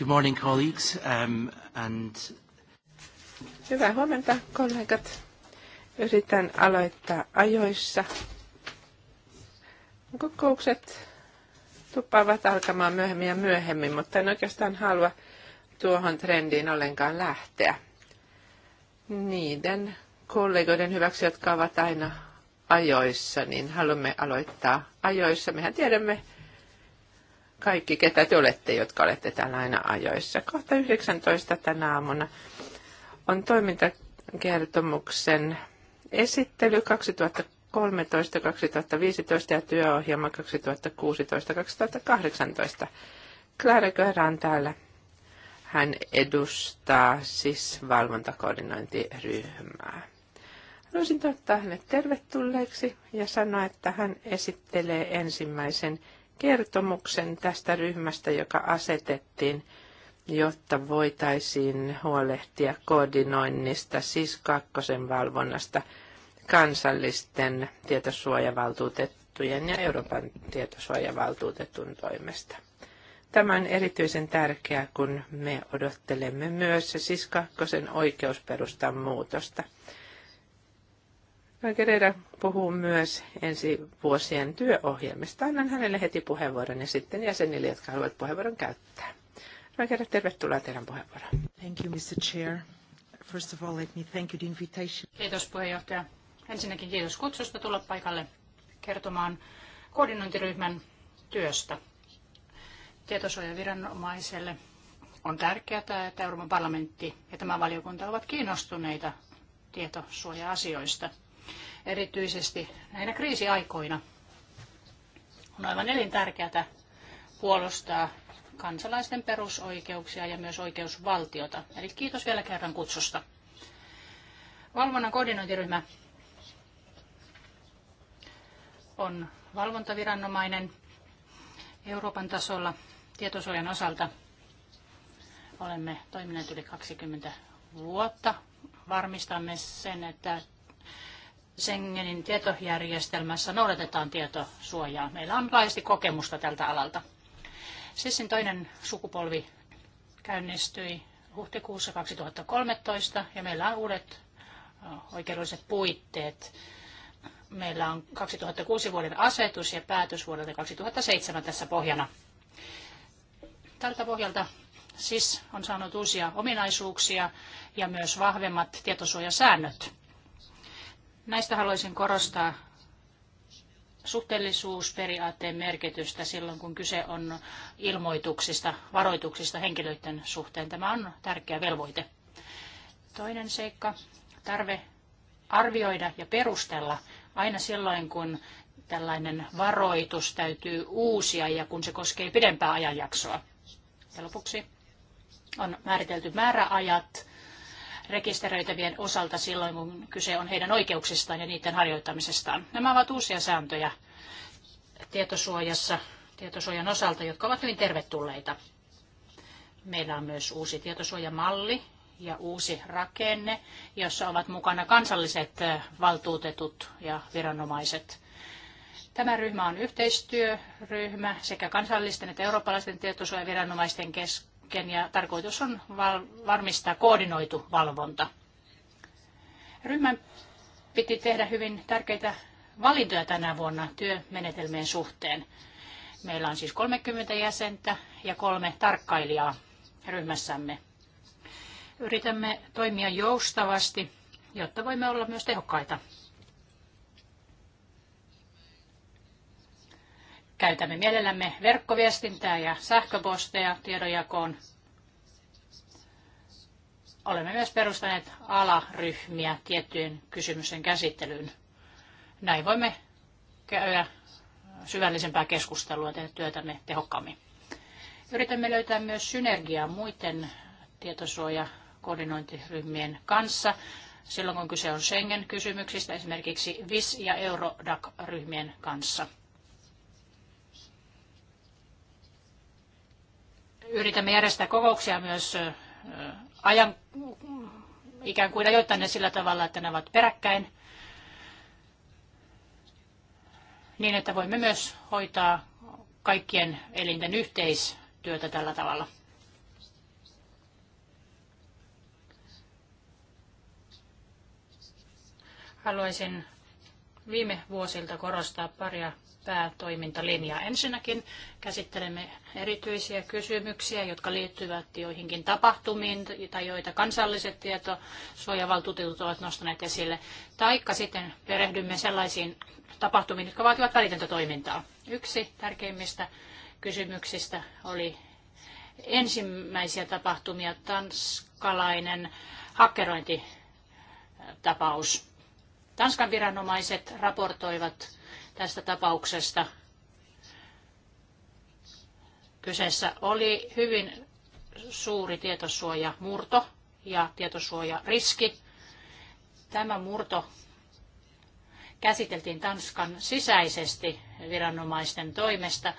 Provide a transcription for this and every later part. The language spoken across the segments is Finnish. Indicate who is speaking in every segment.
Speaker 1: Good morning, colleagues. Um, and... Hyvää huomenta, kollegat. Yritän aloittaa ajoissa. Kokoukset tuppaavat alkamaan myöhemmin ja myöhemmin, mutta en oikeastaan halua tuohon trendiin ollenkaan lähteä. Niiden kollegoiden hyväksi, jotka ovat aina ajoissa, niin haluamme aloittaa ajoissa. Mehän tiedämme, kaikki, ketä te olette, jotka olette täällä aina ajoissa. Kohta 19 tänä aamuna on toimintakertomuksen esittely 2013-2015 ja työohjelma 2016-2018. Clara Köhra on täällä. Hän edustaa siis valvontakoordinointiryhmää. Haluaisin toivottaa hänet tervetulleeksi ja sanoa, että hän esittelee ensimmäisen kertomuksen tästä ryhmästä, joka asetettiin, jotta voitaisiin huolehtia koordinoinnista, siis kakkosen valvonnasta, kansallisten tietosuojavaltuutettujen ja Euroopan tietosuojavaltuutetun toimesta. Tämä on erityisen tärkeää, kun me odottelemme myös siis kakkosen oikeusperustan muutosta – Gerera puhuu myös ensi vuosien työohjelmista. Annan hänelle heti puheenvuoron ja sitten jäsenille, jotka haluavat puheenvuoron käyttää. kerran tervetuloa teidän puheenvuoroon. Thank you, Mr. Chair. First of all, let me thank you the invitation.
Speaker 2: Kiitos puheenjohtaja. Ensinnäkin kiitos kutsusta tulla paikalle kertomaan koordinointiryhmän työstä. Tietosuojaviranomaiselle on tärkeää, että Euroopan parlamentti ja tämä valiokunta ovat kiinnostuneita tietosuoja-asioista erityisesti näinä kriisiaikoina. On aivan elintärkeää puolustaa kansalaisten perusoikeuksia ja myös oikeusvaltiota. Eli kiitos vielä kerran kutsusta. Valvonnan koordinointiryhmä on valvontaviranomainen Euroopan tasolla tietosuojan osalta. Olemme toimineet yli 20 vuotta. Varmistamme sen, että Schengenin tietojärjestelmässä noudatetaan tietosuojaa. Meillä on laajasti kokemusta tältä alalta. Sissin toinen sukupolvi käynnistyi huhtikuussa 2013 ja meillä on uudet äh, oikeudelliset puitteet. Meillä on 2006 vuoden asetus ja päätös vuodelta 2007 tässä pohjana. Tältä pohjalta sis on saanut uusia ominaisuuksia ja myös vahvemmat tietosuojasäännöt. Näistä haluaisin korostaa suhteellisuusperiaatteen merkitystä silloin, kun kyse on ilmoituksista, varoituksista henkilöiden suhteen. Tämä on tärkeä velvoite. Toinen seikka, tarve arvioida ja perustella aina silloin, kun tällainen varoitus täytyy uusia ja kun se koskee pidempää ajanjaksoa. Ja lopuksi on määritelty määräajat rekisteröitävien osalta silloin, kun kyse on heidän oikeuksistaan ja niiden harjoittamisestaan. Nämä ovat uusia sääntöjä tietosuojassa, tietosuojan osalta, jotka ovat hyvin tervetulleita. Meillä on myös uusi tietosuojamalli ja uusi rakenne, jossa ovat mukana kansalliset valtuutetut ja viranomaiset. Tämä ryhmä on yhteistyöryhmä sekä kansallisten että eurooppalaisten tietosuojaviranomaisten kesken hankkeen ja tarkoitus on varmistaa koordinoitu valvonta. Ryhmän piti tehdä hyvin tärkeitä valintoja tänä vuonna työmenetelmien suhteen. Meillä on siis 30 jäsentä ja kolme tarkkailijaa ryhmässämme. Yritämme toimia joustavasti, jotta voimme olla myös tehokkaita Käytämme mielellämme verkkoviestintää ja sähköposteja tiedonjakoon. Olemme myös perustaneet alaryhmiä tiettyjen kysymysten käsittelyyn. Näin voimme käydä syvällisempää keskustelua ja tehdä työtämme tehokkaammin. Yritämme löytää myös synergiaa muiden tietosuojakoordinointiryhmien kanssa silloin, kun kyse on Schengen-kysymyksistä, esimerkiksi VIS- ja Eurodac-ryhmien kanssa – yritämme järjestää kokouksia myös ajan ikään kuin ajoittain ne sillä tavalla, että ne ovat peräkkäin, niin että voimme myös hoitaa kaikkien elinten yhteistyötä tällä tavalla. Haluaisin viime vuosilta korostaa paria päätoimintalinjaa. Ensinnäkin käsittelemme erityisiä kysymyksiä, jotka liittyvät joihinkin tapahtumiin tai joita kansalliset tietosuojavaltuutetut ovat nostaneet esille. Taikka sitten perehdymme sellaisiin tapahtumiin, jotka vaativat välitöntä toimintaa. Yksi tärkeimmistä kysymyksistä oli ensimmäisiä tapahtumia tanskalainen hakkerointitapaus. Tanskan viranomaiset raportoivat tästä tapauksesta. Kyseessä oli hyvin suuri tietosuojamurto ja tietosuojariski. Tämä murto käsiteltiin Tanskan sisäisesti viranomaisten toimesta.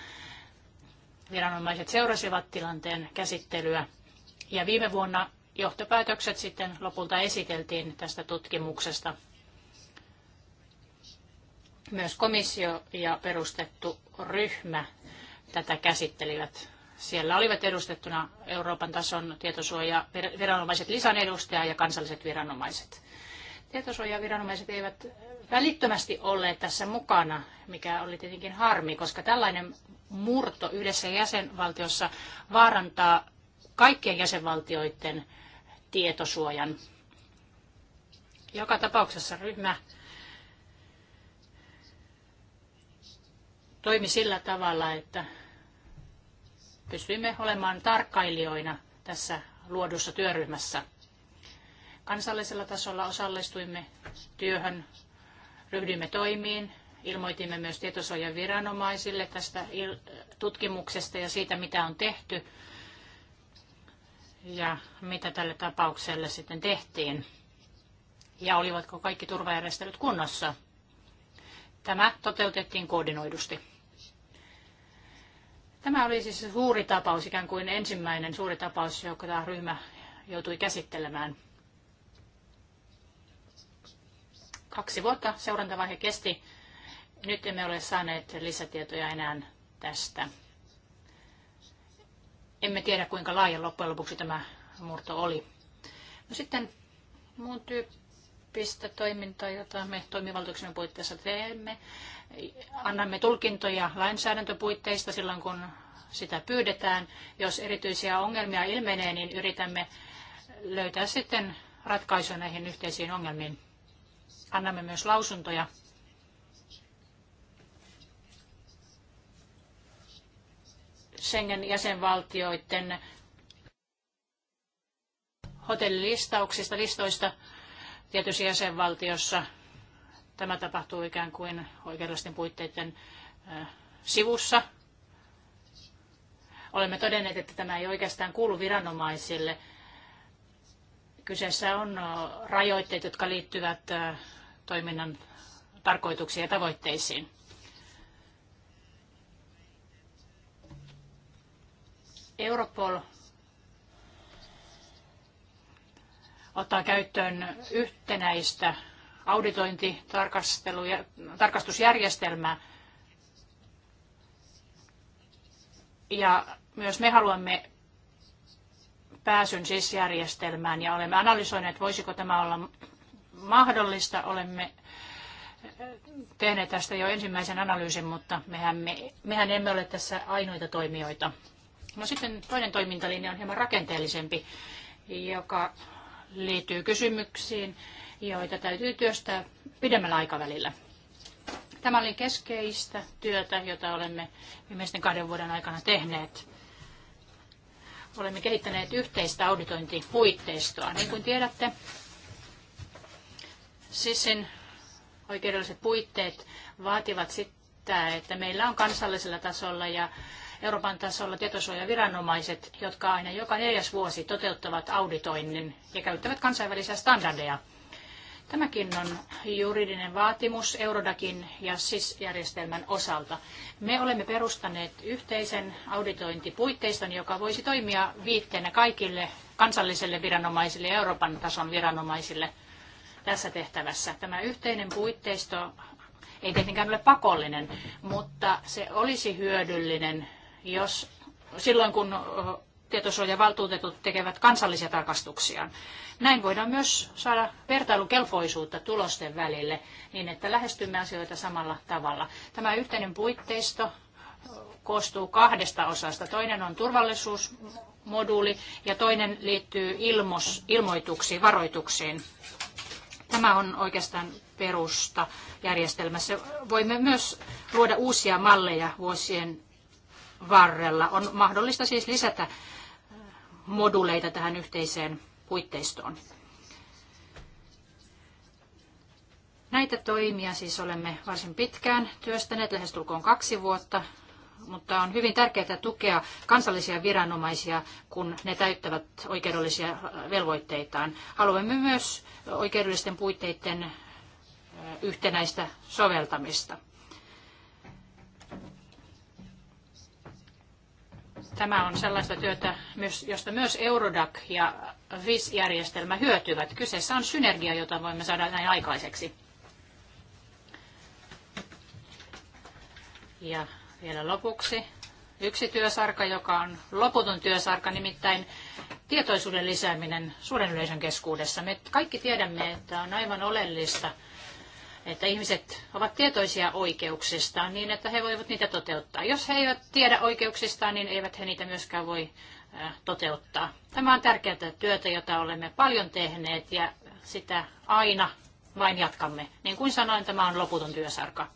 Speaker 2: Viranomaiset seurasivat tilanteen käsittelyä ja viime vuonna johtopäätökset sitten lopulta esiteltiin tästä tutkimuksesta. Myös komissio ja perustettu ryhmä tätä käsittelivät. Siellä olivat edustettuna Euroopan tason tietosuojaviranomaiset, lisän edustaja ja kansalliset viranomaiset. Tietosuojaviranomaiset eivät välittömästi olleet tässä mukana, mikä oli tietenkin harmi, koska tällainen murto yhdessä jäsenvaltiossa vaarantaa kaikkien jäsenvaltioiden tietosuojan. Joka tapauksessa ryhmä toimi sillä tavalla, että pystyimme olemaan tarkkailijoina tässä luodussa työryhmässä. Kansallisella tasolla osallistuimme työhön, ryhdyimme toimiin, ilmoitimme myös tietosuojan viranomaisille tästä tutkimuksesta ja siitä, mitä on tehty ja mitä tälle tapaukselle sitten tehtiin ja olivatko kaikki turvajärjestelyt kunnossa. Tämä toteutettiin koordinoidusti. Tämä oli siis suuri tapaus, ikään kuin ensimmäinen suuri tapaus, joka tämä ryhmä joutui käsittelemään. Kaksi vuotta seurantavaihe kesti. Nyt emme ole saaneet lisätietoja enää tästä. Emme tiedä, kuinka laaja loppujen lopuksi tämä murto oli. No sitten muun tyyppi tyyppistä toimintaa, jota me toimivaltuuksien puitteissa teemme. Annamme tulkintoja lainsäädäntöpuitteista silloin, kun sitä pyydetään. Jos erityisiä ongelmia ilmenee, niin yritämme löytää sitten ratkaisuja näihin yhteisiin ongelmiin. Annamme myös lausuntoja. Schengen jäsenvaltioiden hotellilistauksista, listoista tietyssä jäsenvaltiossa tämä tapahtuu ikään kuin oikeudellisten puitteiden sivussa. Olemme todenneet, että tämä ei oikeastaan kuulu viranomaisille. Kyseessä on rajoitteet, jotka liittyvät toiminnan tarkoituksiin ja tavoitteisiin. Europol ottaa käyttöön yhtenäistä auditointi, ja tarkastusjärjestelmää. Ja myös me haluamme pääsyn siis järjestelmään ja olemme analysoineet, voisiko tämä olla mahdollista. Olemme eh, tehneet tästä jo ensimmäisen analyysin, mutta mehän, me, mehän emme ole tässä ainoita toimijoita. No sitten toinen toimintalinja on hieman rakenteellisempi, joka liittyy kysymyksiin, joita täytyy työstää pidemmällä aikavälillä. Tämä oli keskeistä työtä, jota olemme viimeisten kahden vuoden aikana tehneet. Olemme kehittäneet yhteistä auditointipuitteistoa. Niin kuin tiedätte, SISin oikeudelliset puitteet vaativat sitä, että meillä on kansallisella tasolla ja Euroopan tasolla tietosuojaviranomaiset, jotka aina joka neljäs vuosi toteuttavat auditoinnin ja käyttävät kansainvälisiä standardeja. Tämäkin on juridinen vaatimus Eurodakin ja SIS-järjestelmän osalta. Me olemme perustaneet yhteisen auditointipuitteiston, joka voisi toimia viitteenä kaikille kansallisille viranomaisille ja Euroopan tason viranomaisille tässä tehtävässä. Tämä yhteinen puitteisto ei tietenkään ole pakollinen, mutta se olisi hyödyllinen jos, silloin kun tietosuojavaltuutetut tekevät kansallisia tarkastuksiaan. Näin voidaan myös saada vertailukelpoisuutta tulosten välille niin, että lähestymme asioita samalla tavalla. Tämä yhteinen puitteisto koostuu kahdesta osasta. Toinen on turvallisuusmoduuli ja toinen liittyy ilmos, ilmoituksiin, varoituksiin. Tämä on oikeastaan perusta järjestelmässä. Voimme myös luoda uusia malleja vuosien varrella. On mahdollista siis lisätä äh, moduleita tähän yhteiseen puitteistoon. Näitä toimia siis olemme varsin pitkään työstäneet, lähestulkoon kaksi vuotta, mutta on hyvin tärkeää tukea kansallisia viranomaisia, kun ne täyttävät oikeudellisia äh, velvoitteitaan. Haluamme myös oikeudellisten puitteiden äh, yhtenäistä soveltamista. Tämä on sellaista työtä, josta myös Eurodac ja VIS-järjestelmä hyötyvät. Kyseessä on synergia, jota voimme saada näin aikaiseksi. Ja vielä lopuksi yksi työsarka, joka on loputon työsarka, nimittäin tietoisuuden lisääminen suuren yleisön keskuudessa. Me kaikki tiedämme, että on aivan oleellista – että ihmiset ovat tietoisia oikeuksistaan niin, että he voivat niitä toteuttaa. Jos he eivät tiedä oikeuksistaan, niin eivät he niitä myöskään voi toteuttaa. Tämä on tärkeää työtä, jota olemme paljon tehneet ja sitä aina vain jatkamme. Niin kuin sanoin, tämä on loputon työsarka.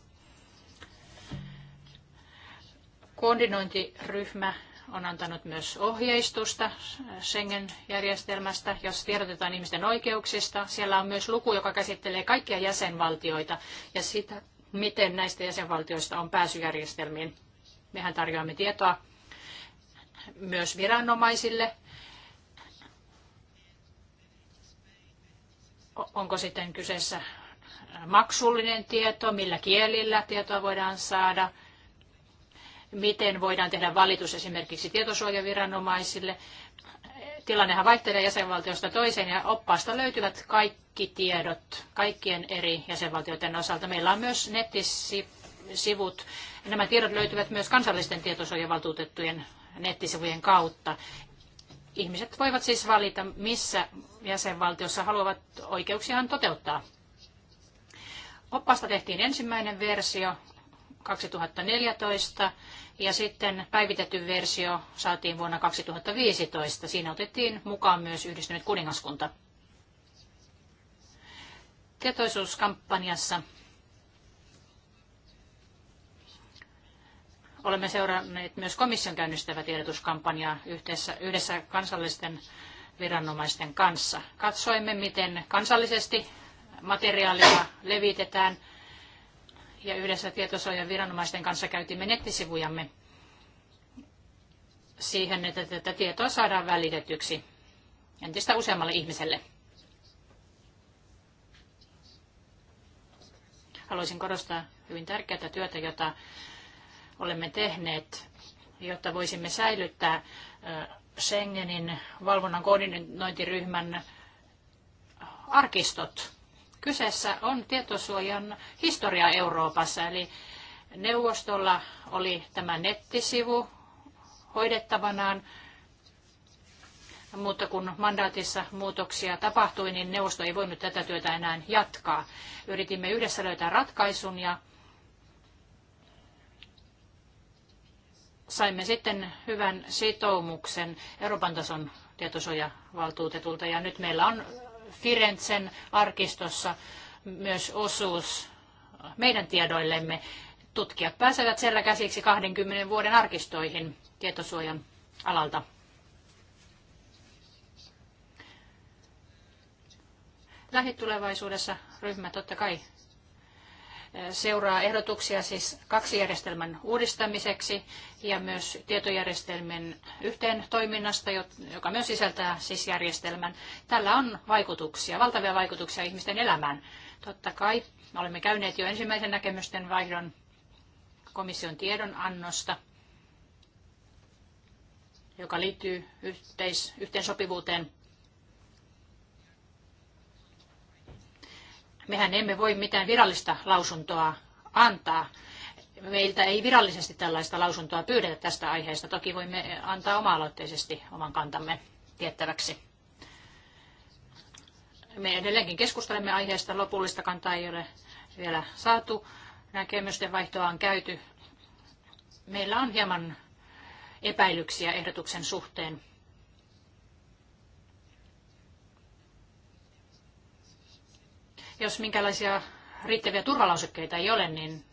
Speaker 2: Koordinointiryhmä on antanut myös ohjeistusta Schengen-järjestelmästä, jos tiedotetaan ihmisten oikeuksista. Siellä on myös luku, joka käsittelee kaikkia jäsenvaltioita ja sitä, miten näistä jäsenvaltioista on pääsyjärjestelmiin. Mehän tarjoamme tietoa myös viranomaisille. Onko sitten kyseessä maksullinen tieto, millä kielillä tietoa voidaan saada – miten voidaan tehdä valitus esimerkiksi tietosuojaviranomaisille. Tilannehan vaihtelee jäsenvaltiosta toiseen ja oppaasta löytyvät kaikki tiedot kaikkien eri jäsenvaltioiden osalta. Meillä on myös nettisivut. Nämä tiedot löytyvät myös kansallisten tietosuojavaltuutettujen nettisivujen kautta. Ihmiset voivat siis valita, missä jäsenvaltiossa haluavat oikeuksiaan toteuttaa. Oppaasta tehtiin ensimmäinen versio 2014 ja sitten päivitetty versio saatiin vuonna 2015. Siinä otettiin mukaan myös yhdistynyt kuningaskunta. Tietoisuuskampanjassa olemme seuranneet myös komission käynnistävää tiedotuskampanjaa yhdessä, yhdessä kansallisten viranomaisten kanssa. Katsoimme, miten kansallisesti materiaalia levitetään – ja yhdessä tietosuojan viranomaisten kanssa käytimme nettisivujamme siihen, että tätä tietoa saadaan välitetyksi entistä useammalle ihmiselle. Haluaisin korostaa hyvin tärkeää työtä, jota olemme tehneet, jotta voisimme säilyttää Schengenin valvonnan koordinointiryhmän arkistot Kyseessä on tietosuojan historia Euroopassa, eli neuvostolla oli tämä nettisivu hoidettavanaan, mutta kun mandaatissa muutoksia tapahtui, niin neuvosto ei voinut tätä työtä enää jatkaa. Yritimme yhdessä löytää ratkaisun ja saimme sitten hyvän sitoumuksen Euroopan tason tietosuojavaltuutetulta ja nyt meillä on Firenzen arkistossa myös osuus meidän tiedoillemme. Tutkijat pääsevät siellä käsiksi 20 vuoden arkistoihin tietosuojan alalta. Lähitulevaisuudessa ryhmä totta kai seuraa ehdotuksia siis kaksi järjestelmän uudistamiseksi ja myös tietojärjestelmien yhteen toiminnasta, joka myös sisältää siis järjestelmän. Tällä on vaikutuksia, valtavia vaikutuksia ihmisten elämään. Totta kai olemme käyneet jo ensimmäisen näkemysten vaihdon komission tiedonannosta, joka liittyy yhteis, yhteensopivuuteen Mehän emme voi mitään virallista lausuntoa antaa. Meiltä ei virallisesti tällaista lausuntoa pyydetä tästä aiheesta. Toki voimme antaa oma-aloitteisesti oman kantamme tiettäväksi. Me edelleenkin keskustelemme aiheesta. Lopullista kantaa ei ole vielä saatu. Näkemysten vaihtoa on käyty. Meillä on hieman epäilyksiä ehdotuksen suhteen. Jos minkälaisia riittäviä turvalausekkeita ei ole, niin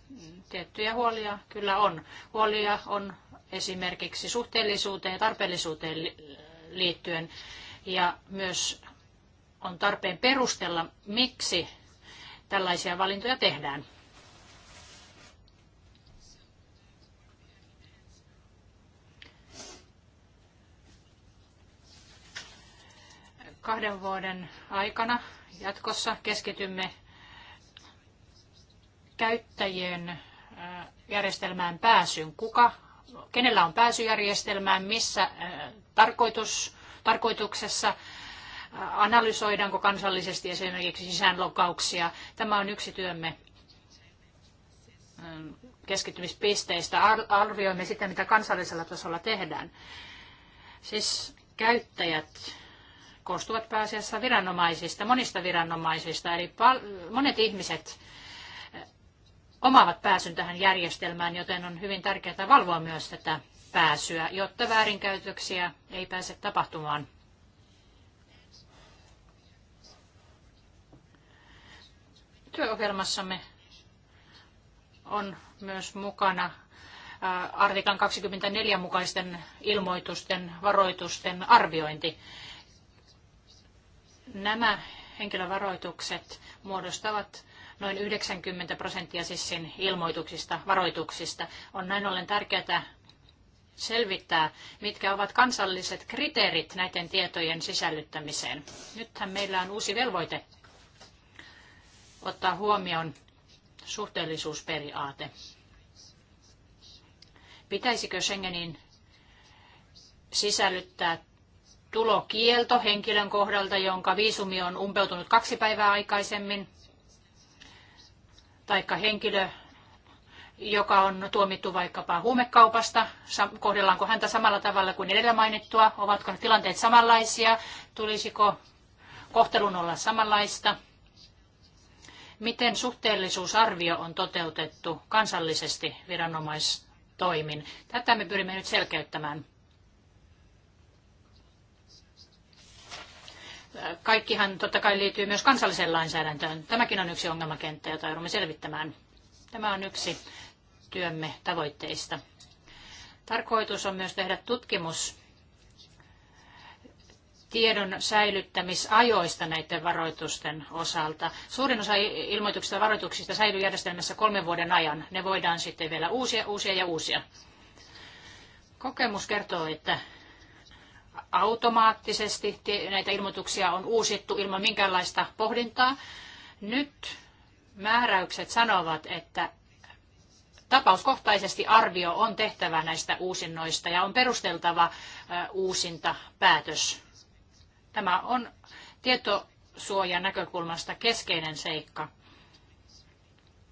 Speaker 2: tiettyjä huolia kyllä on. Huolia on esimerkiksi suhteellisuuteen ja tarpeellisuuteen liittyen. Ja myös on tarpeen perustella, miksi tällaisia valintoja tehdään. Kahden vuoden aikana Jatkossa keskitymme käyttäjien järjestelmään pääsyn. Kuka, kenellä on pääsyjärjestelmään, missä tarkoitus, tarkoituksessa, analysoidaanko kansallisesti esimerkiksi sisäänlokauksia. Tämä on yksi työmme keskittymispisteistä. Arvioimme sitä, mitä kansallisella tasolla tehdään. Siis käyttäjät koostuvat pääasiassa viranomaisista, monista viranomaisista, eli monet ihmiset eh, omaavat pääsyn tähän järjestelmään, joten on hyvin tärkeää valvoa myös tätä pääsyä, jotta väärinkäytöksiä ei pääse tapahtumaan. Työohjelmassamme on myös mukana eh, artiklan 24 mukaisten ilmoitusten, varoitusten arviointi. Nämä henkilövaroitukset muodostavat noin 90 prosenttia SISin ilmoituksista, varoituksista. On näin ollen tärkeää selvittää, mitkä ovat kansalliset kriteerit näiden tietojen sisällyttämiseen. Nythän meillä on uusi velvoite ottaa huomioon suhteellisuusperiaate. Pitäisikö Schengenin sisällyttää tulokielto henkilön kohdalta, jonka viisumi on umpeutunut kaksi päivää aikaisemmin, taikka henkilö, joka on tuomittu vaikkapa huumekaupasta, kohdellaanko häntä samalla tavalla kuin edellä mainittua, ovatko ne tilanteet samanlaisia, tulisiko kohtelun olla samanlaista, miten suhteellisuusarvio on toteutettu kansallisesti viranomaistoimin. Tätä me pyrimme nyt selkeyttämään. kaikkihan totta kai liittyy myös kansalliseen lainsäädäntöön. Tämäkin on yksi ongelmakenttä, jota joudumme selvittämään. Tämä on yksi työmme tavoitteista. Tarkoitus on myös tehdä tutkimus tiedon säilyttämisajoista näiden varoitusten osalta. Suurin osa ilmoituksista ja varoituksista säilyy järjestelmässä kolmen vuoden ajan. Ne voidaan sitten vielä uusia, uusia ja uusia. Kokemus kertoo, että automaattisesti. Näitä ilmoituksia on uusittu ilman minkäänlaista pohdintaa. Nyt määräykset sanovat, että tapauskohtaisesti arvio on tehtävä näistä uusinnoista ja on perusteltava uusinta päätös. Tämä on tietosuojan näkökulmasta keskeinen seikka.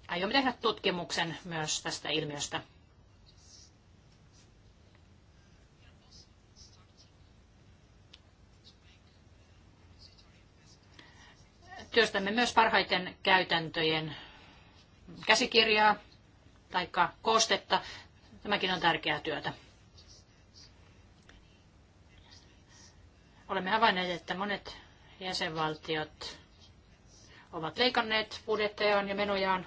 Speaker 2: Aiomme tehdä tutkimuksen myös tästä ilmiöstä. Työstämme myös parhaiten käytäntöjen käsikirjaa tai koostetta. Tämäkin on tärkeää työtä. Olemme havainneet, että monet jäsenvaltiot ovat leikanneet budjettejaan ja menojaan.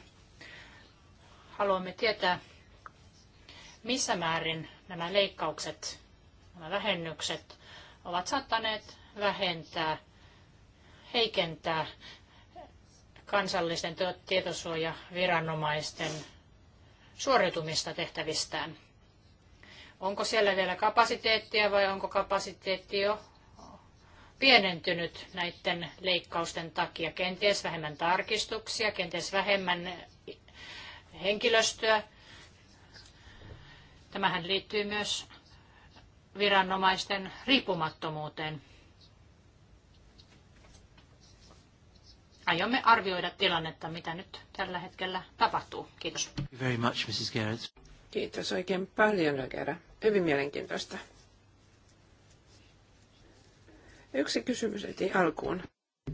Speaker 2: Haluamme tietää, missä määrin nämä leikkaukset, nämä vähennykset ovat saattaneet vähentää heikentää kansallisten tietosuojaviranomaisten suoriutumista tehtävistään. Onko siellä vielä kapasiteettia vai onko kapasiteetti jo pienentynyt näiden leikkausten takia? Kenties vähemmän tarkistuksia, kenties vähemmän henkilöstöä. Tämähän liittyy myös viranomaisten riippumattomuuteen. aiomme arvioida tilannetta, mitä nyt tällä hetkellä tapahtuu. Kiitos.
Speaker 1: Very much, Mrs. Garrett. Kiitos oikein paljon, Rogera. Hyvin mielenkiintoista. Yksi kysymys heti alkuun.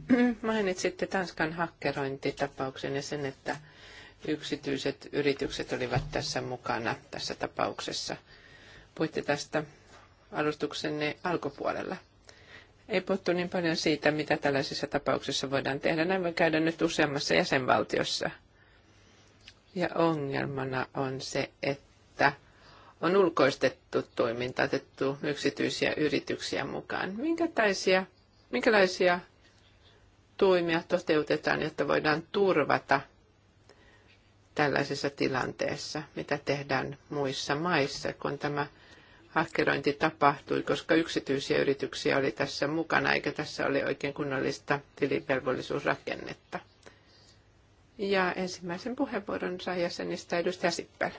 Speaker 1: Mainitsitte Tanskan hakkerointitapauksen ja sen, että yksityiset yritykset olivat tässä mukana tässä tapauksessa. Puhuitte tästä alustuksenne alkupuolella ei puhuttu niin paljon siitä, mitä tällaisissa tapauksissa voidaan tehdä. Näin voi käydä nyt useammassa jäsenvaltiossa. Ja ongelmana on se, että on ulkoistettu toiminta, otettu yksityisiä yrityksiä mukaan. Minkälaisia, minkälaisia toimia toteutetaan, jotta voidaan turvata tällaisessa tilanteessa, mitä tehdään muissa maissa, kun tämä hakkerointi tapahtui, koska yksityisiä yrityksiä oli tässä mukana, eikä tässä ole oikein kunnollista tilivelvollisuusrakennetta. Ja ensimmäisen puheenvuoron sai jäsenistä edustaja Sippel.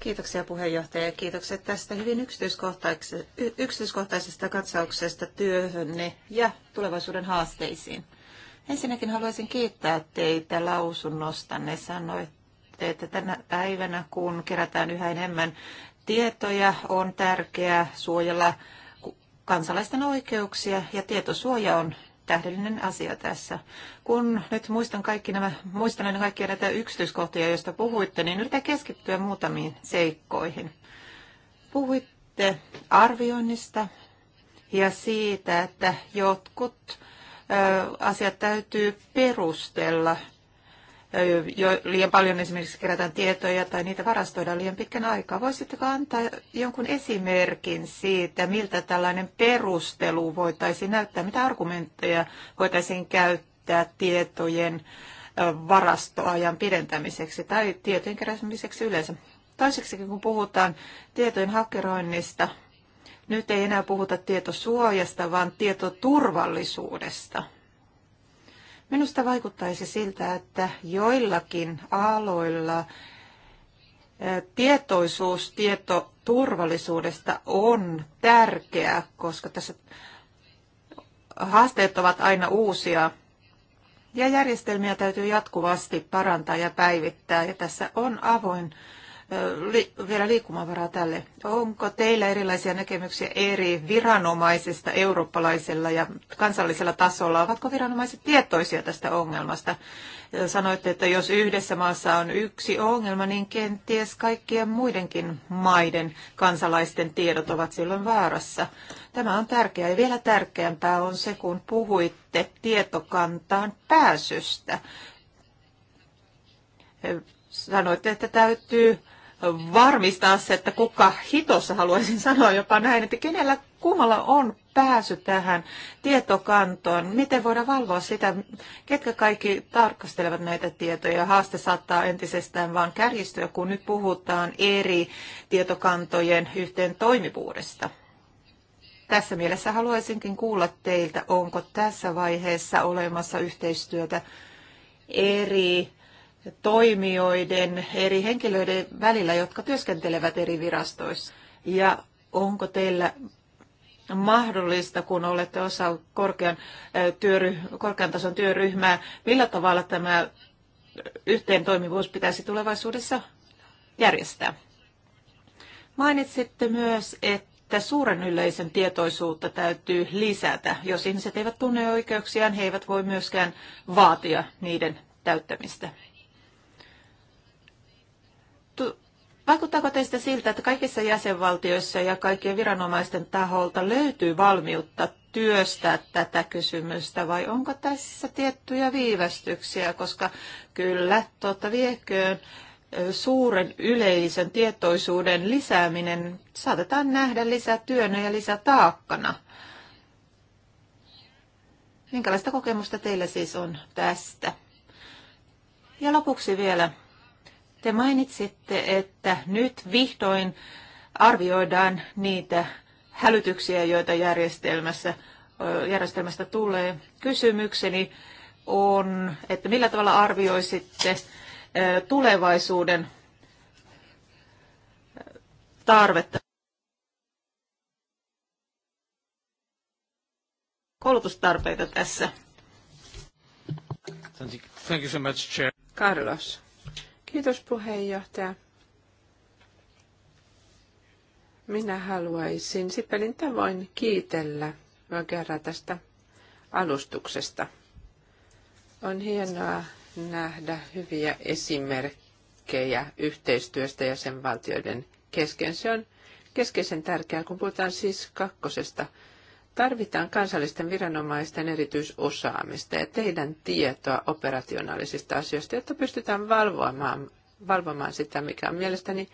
Speaker 1: Kiitoksia puheenjohtaja ja kiitokset tästä hyvin yksityiskohtaisesta, yksityiskohtaisesta
Speaker 3: katsauksesta työhönne ja tulevaisuuden haasteisiin. Ensinnäkin haluaisin kiittää teitä lausunnostanne. Sanoitte, että tänä päivänä, kun kerätään yhä enemmän tietoja on tärkeää suojella kansalaisten oikeuksia ja tietosuoja on tähdellinen asia tässä. Kun nyt muistan kaikki nämä, muistan aina kaikkia näitä yksityiskohtia, joista puhuitte, niin yritän keskittyä muutamiin seikkoihin. Puhuitte arvioinnista ja siitä, että jotkut asiat täytyy perustella jo liian paljon esimerkiksi kerätään tietoja tai niitä varastoidaan liian pitkän aikaa. Voisitteko antaa jonkun esimerkin siitä, miltä tällainen perustelu voitaisiin näyttää, mitä argumentteja voitaisiin käyttää tietojen varastoajan pidentämiseksi tai tietojen keräämiseksi yleensä? Toiseksi, kun puhutaan tietojen hakeroinnista, nyt ei enää puhuta tietosuojasta, vaan tietoturvallisuudesta – Minusta vaikuttaisi siltä, että joillakin aloilla tietoisuus tietoturvallisuudesta on tärkeää, koska tässä haasteet ovat aina uusia ja järjestelmiä täytyy jatkuvasti parantaa ja päivittää. Ja tässä on avoin vielä liikkumavaraa tälle. Onko teillä erilaisia näkemyksiä eri viranomaisista eurooppalaisella ja kansallisella tasolla? Ovatko viranomaiset tietoisia tästä ongelmasta? Sanoitte, että jos yhdessä maassa on yksi ongelma, niin kenties kaikkien muidenkin maiden kansalaisten tiedot ovat silloin vaarassa. Tämä on tärkeää ja vielä tärkeämpää on se, kun puhuitte tietokantaan pääsystä sanoitte, että täytyy varmistaa se, että kuka hitossa haluaisin sanoa jopa näin, että kenellä kummalla on pääsy tähän tietokantoon, miten voidaan valvoa sitä, ketkä kaikki tarkastelevat näitä tietoja. Haaste saattaa entisestään vaan kärjistyä, kun nyt puhutaan eri tietokantojen yhteen toimivuudesta. Tässä mielessä haluaisinkin kuulla teiltä, onko tässä vaiheessa olemassa yhteistyötä eri toimijoiden, eri henkilöiden välillä, jotka työskentelevät eri virastoissa? Ja onko teillä mahdollista, kun olette osa korkean, työry, korkean tason työryhmää, millä tavalla tämä yhteen toimivuus pitäisi tulevaisuudessa järjestää? Mainitsitte myös, että suuren yleisen tietoisuutta täytyy lisätä. Jos ihmiset eivät tunne oikeuksiaan, he eivät voi myöskään vaatia niiden täyttämistä. Vaikuttaako teistä siltä, että kaikissa jäsenvaltioissa ja kaikkien viranomaisten taholta löytyy valmiutta työstää tätä kysymystä vai onko tässä tiettyjä viivästyksiä, koska kyllä, tuota vieköön, suuren yleisön tietoisuuden lisääminen saatetaan nähdä lisätyönä ja lisätaakkana. Minkälaista kokemusta teillä siis on tästä? Ja lopuksi vielä te mainitsitte, että nyt vihdoin arvioidaan niitä hälytyksiä, joita järjestelmässä, järjestelmästä tulee. Kysymykseni on, että millä tavalla arvioisitte tulevaisuuden tarvetta koulutustarpeita tässä.
Speaker 1: Thank you so much, Chair. Carlos. Kiitos puheenjohtaja. Minä haluaisin Sipelin tavoin kiitellä kerran tästä alustuksesta. On hienoa nähdä hyviä esimerkkejä yhteistyöstä jäsenvaltioiden kesken. Se on keskeisen tärkeää, kun puhutaan siis kakkosesta Tarvitaan kansallisten viranomaisten erityisosaamista ja teidän tietoa operationaalisista asioista, jotta pystytään valvomaan, valvomaan sitä, mikä on mielestäni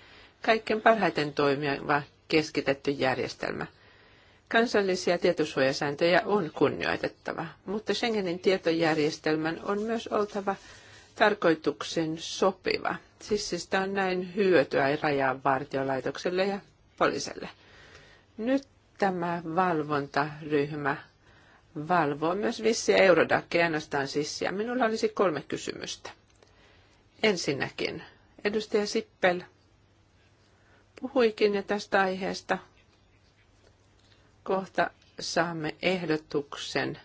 Speaker 1: kaikkein parhaiten toimiva keskitetty järjestelmä. Kansallisia tietosuojasääntöjä on kunnioitettava, mutta Schengenin tietojärjestelmän on myös oltava tarkoituksen sopiva. Siis siis on näin hyötyä vartiolaitokselle ja poliiselle. Nyt tämä valvontaryhmä valvoo myös vissiä eurodakkeja ainoastaan sissiä. Minulla olisi kolme kysymystä. Ensinnäkin, edustaja Sippel puhuikin jo tästä aiheesta. Kohta saamme ehdotuksen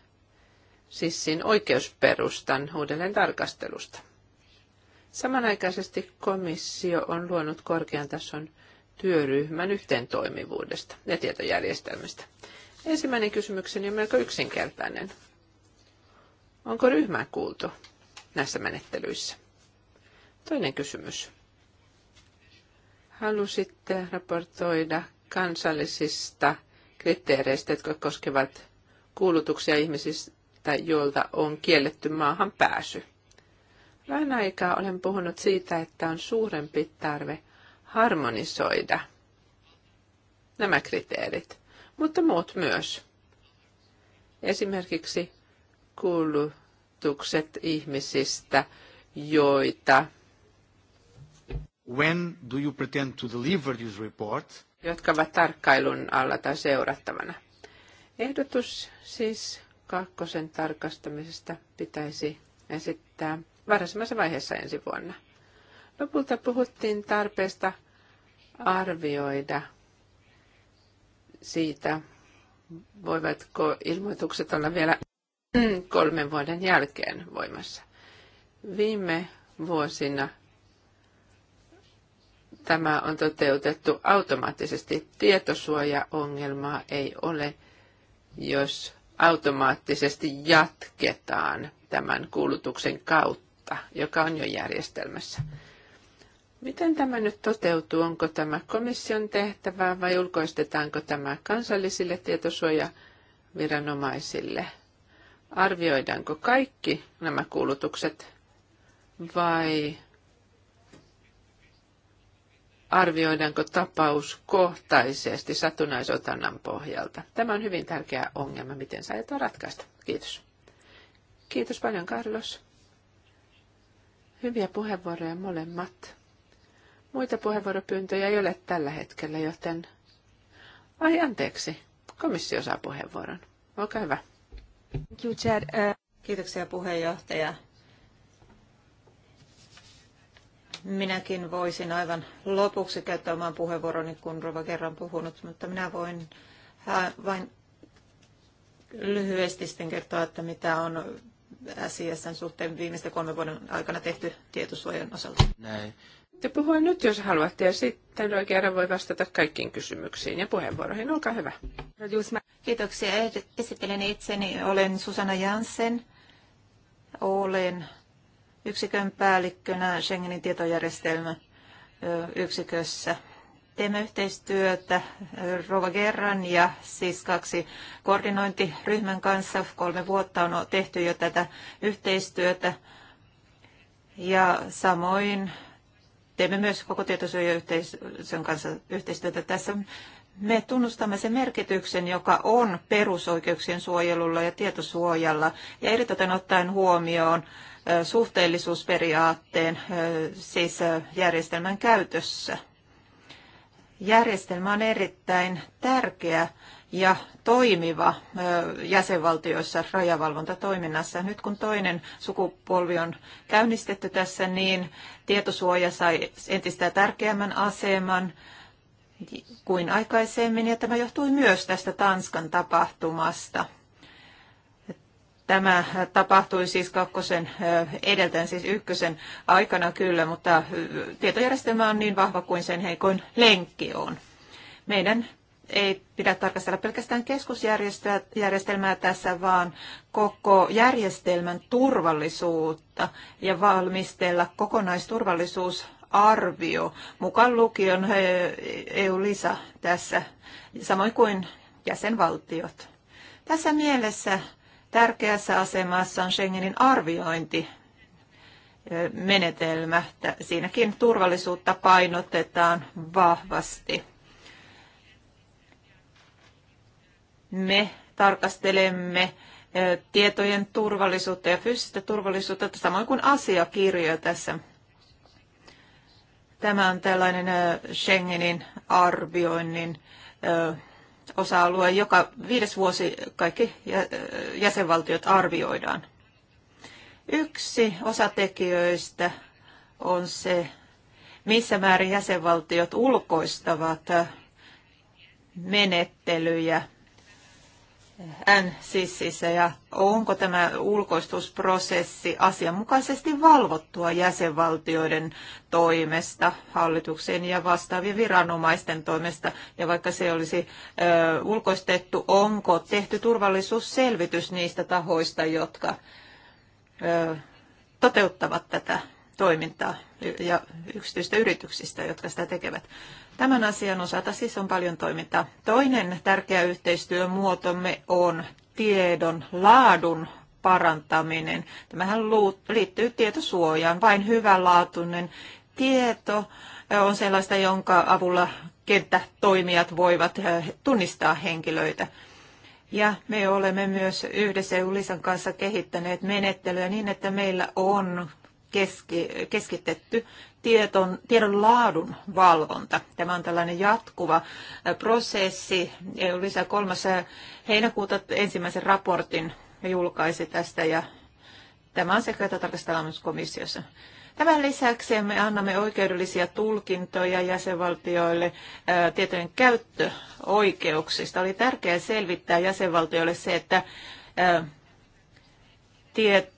Speaker 1: sissin oikeusperustan uudelleen tarkastelusta. Samanaikaisesti komissio on luonut korkean tason työryhmän yhteentoimivuudesta ja tietojärjestelmistä. Ensimmäinen kysymykseni on melko yksinkertainen. Onko ryhmää kuultu näissä menettelyissä? Toinen kysymys. Halusitte raportoida kansallisista kriteereistä, jotka koskevat kuulutuksia ihmisistä, joilta on kielletty maahan pääsy. Vähän aikaa olen puhunut siitä, että on suurempi tarve harmonisoida nämä kriteerit, mutta muut myös. Esimerkiksi kulutukset ihmisistä, joita When do you pretend to deliver this report? jotka ovat tarkkailun alla tai seurattavana. Ehdotus siis kakkosen tarkastamisesta pitäisi esittää varhaisemmassa vaiheessa ensi vuonna. Lopulta puhuttiin tarpeesta arvioida siitä, voivatko ilmoitukset olla vielä kolmen vuoden jälkeen voimassa. Viime vuosina tämä on toteutettu automaattisesti. Tietosuojaongelmaa ei ole, jos automaattisesti jatketaan tämän kuulutuksen kautta, joka on jo järjestelmässä. Miten tämä nyt toteutuu? Onko tämä komission tehtävä vai ulkoistetaanko tämä kansallisille tietosuojaviranomaisille? Arvioidaanko kaikki nämä kuulutukset vai arvioidaanko kohtaisesti satunnaisotannan pohjalta? Tämä on hyvin tärkeä ongelma, miten se aiotaan ratkaista. Kiitos. Kiitos paljon, Carlos. Hyviä puheenvuoroja molemmat Muita puheenvuoropyyntöjä ei ole tällä hetkellä, joten... Ai anteeksi, komissio saa puheenvuoron.
Speaker 3: Olkaa hyvä. Uh, Kiitoksia puheenjohtaja. Minäkin voisin aivan lopuksi käyttää oman puheenvuoroni, kun Rova kerran puhunut, mutta minä voin äh, vain lyhyesti sitten kertoa, että mitä on SISn suhteen viimeisten
Speaker 1: kolmen vuoden aikana tehty tietosuojan osalta. Näin. Te puhua nyt, jos haluatte, ja sitten Roy kerran voi vastata kaikkiin kysymyksiin ja puheenvuoroihin. Olkaa hyvä.
Speaker 3: Kiitoksia. Esittelen itseni. Olen Susanna Jansen. Olen yksikön päällikkönä Schengenin tietojärjestelmä yksikössä. Teemme yhteistyötä Rova Gerran ja siis kaksi koordinointiryhmän kanssa. Kolme vuotta on tehty jo tätä yhteistyötä. Ja samoin teemme myös koko tietosuojayhteisön kanssa yhteistyötä tässä. Me tunnustamme sen merkityksen, joka on perusoikeuksien suojelulla ja tietosuojalla, ja erityisen ottaen huomioon suhteellisuusperiaatteen, siis järjestelmän käytössä. Järjestelmä on erittäin tärkeä ja toimiva jäsenvaltioissa rajavalvontatoiminnassa. Nyt kun toinen sukupolvi on käynnistetty tässä, niin tietosuoja sai entistä tärkeämmän aseman kuin aikaisemmin, ja tämä johtui myös tästä Tanskan tapahtumasta. Tämä tapahtui siis kakkosen edeltäen, siis ykkösen aikana kyllä, mutta tietojärjestelmä on niin vahva kuin sen heikoin lenkki on. Meidän ei pidä tarkastella pelkästään keskusjärjestelmää tässä, vaan koko järjestelmän turvallisuutta ja valmistella kokonaisturvallisuusarvio, mukaan lukion eu e lisa tässä, samoin kuin jäsenvaltiot. Tässä mielessä tärkeässä asemassa on Schengenin arviointi e, menetelmä. Siinäkin turvallisuutta painotetaan vahvasti. me tarkastelemme tietojen turvallisuutta ja fyysistä turvallisuutta, samoin kuin asiakirjoja tässä. Tämä on tällainen Schengenin arvioinnin osa-alue, joka viides vuosi kaikki jäsenvaltiot arvioidaan. Yksi osatekijöistä on se, missä määrin jäsenvaltiot ulkoistavat menettelyjä NCCissä siis, siis, ja onko tämä ulkoistusprosessi asianmukaisesti valvottua jäsenvaltioiden toimesta, hallituksen ja vastaavien viranomaisten toimesta ja vaikka se olisi ö, ulkoistettu, onko tehty turvallisuusselvitys niistä tahoista, jotka ö, toteuttavat tätä toimintaa ja yksityistä yrityksistä, jotka sitä tekevät. Tämän asian osalta siis on paljon toimintaa. Toinen tärkeä yhteistyömuotomme on tiedon laadun parantaminen. Tämähän liittyy tietosuojaan. Vain hyvänlaatuinen tieto on sellaista, jonka avulla kenttätoimijat voivat tunnistaa henkilöitä. Ja me olemme myös yhdessä Ulisan kanssa kehittäneet menettelyä niin, että meillä on keski, keskitetty tieton, tiedon laadun valvonta. Tämä on tällainen jatkuva prosessi. eu lisää 3. heinäkuuta ensimmäisen raportin julkaisi tästä ja tämä on sekä tarkastellaan myös komissiossa. Tämän lisäksi me annamme oikeudellisia tulkintoja jäsenvaltioille tietojen käyttöoikeuksista. Oli tärkeää selvittää jäsenvaltioille se, että tiet,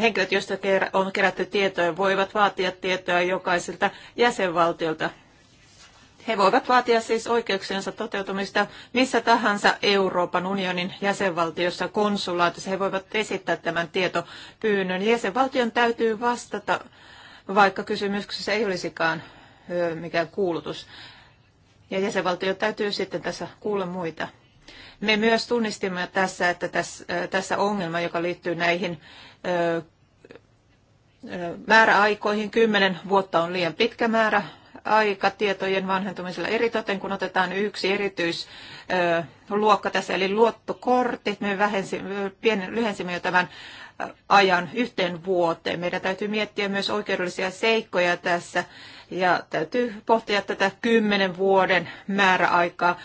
Speaker 3: henkilöt, joista on kerätty tietoja, voivat vaatia tietoa jokaiselta jäsenvaltiolta. He voivat vaatia siis oikeuksiensa toteutumista missä tahansa Euroopan unionin jäsenvaltiossa konsulaatissa. He voivat esittää tämän tietopyynnön. Jäsenvaltion täytyy vastata, vaikka kysymyksessä ei olisikaan mikään kuulutus. Ja jäsenvaltio täytyy sitten tässä kuulla muita. Me myös tunnistimme tässä, että tässä, ongelma, joka liittyy näihin määräaikoihin, kymmenen vuotta on liian pitkä määrä aika tietojen vanhentumisella eritoten, kun otetaan yksi erityisluokka tässä, eli luottokortit. Me vähensimme, pienen, lyhensimme jo tämän ajan yhteen vuoteen. Meidän täytyy miettiä myös oikeudellisia seikkoja tässä ja täytyy pohtia tätä kymmenen vuoden määräaikaa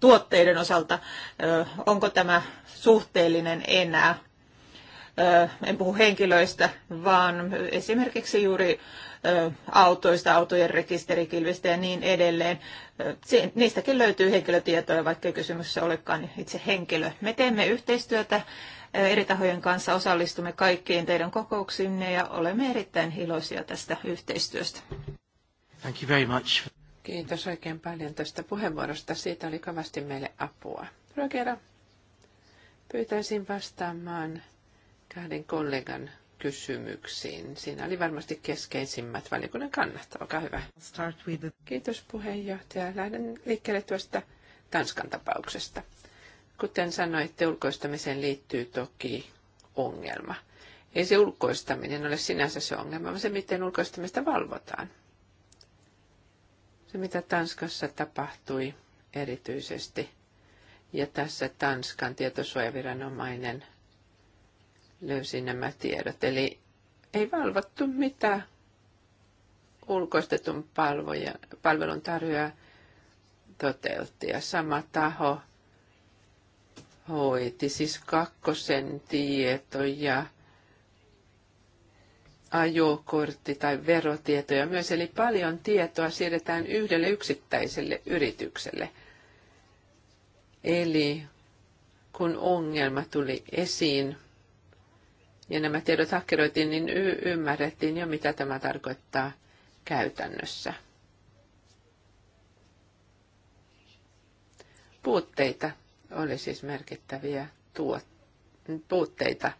Speaker 3: tuotteiden osalta, onko tämä suhteellinen enää. En puhu henkilöistä, vaan esimerkiksi juuri autoista, autojen rekisterikilvistä ja niin edelleen. Niistäkin löytyy henkilötietoja, vaikka kysymyksessä olekaan itse henkilö. Me teemme yhteistyötä eri tahojen kanssa, osallistumme kaikkiin teidän
Speaker 1: kokouksiinne ja olemme erittäin iloisia tästä yhteistyöstä. Thank you very much. Kiitos oikein paljon tästä puheenvuorosta. Siitä oli kovasti meille apua. Rogera, pyytäisin vastaamaan kahden kollegan kysymyksiin. Siinä oli varmasti keskeisimmät valiokunnan kannat. Olkaa hyvä. Start with the... Kiitos puheenjohtaja. Lähden liikkeelle tuosta Tanskan tapauksesta. Kuten sanoitte, ulkoistamiseen liittyy toki ongelma. Ei se ulkoistaminen ole sinänsä se ongelma, vaan se, miten ulkoistamista valvotaan. Se, mitä Tanskassa tapahtui erityisesti, ja tässä Tanskan tietosuojaviranomainen löysi nämä tiedot. Eli ei valvottu mitä ulkoistetun palvelun tarjoaja toteutti. Ja sama taho hoiti siis kakkosen tietoja ajokortti- tai verotietoja myös, eli paljon tietoa siirretään yhdelle yksittäiselle yritykselle. Eli kun ongelma tuli esiin ja nämä tiedot hakkeroitiin, niin y- ymmärrettiin jo, mitä tämä tarkoittaa käytännössä. Puutteita oli siis merkittäviä tuot- puutteita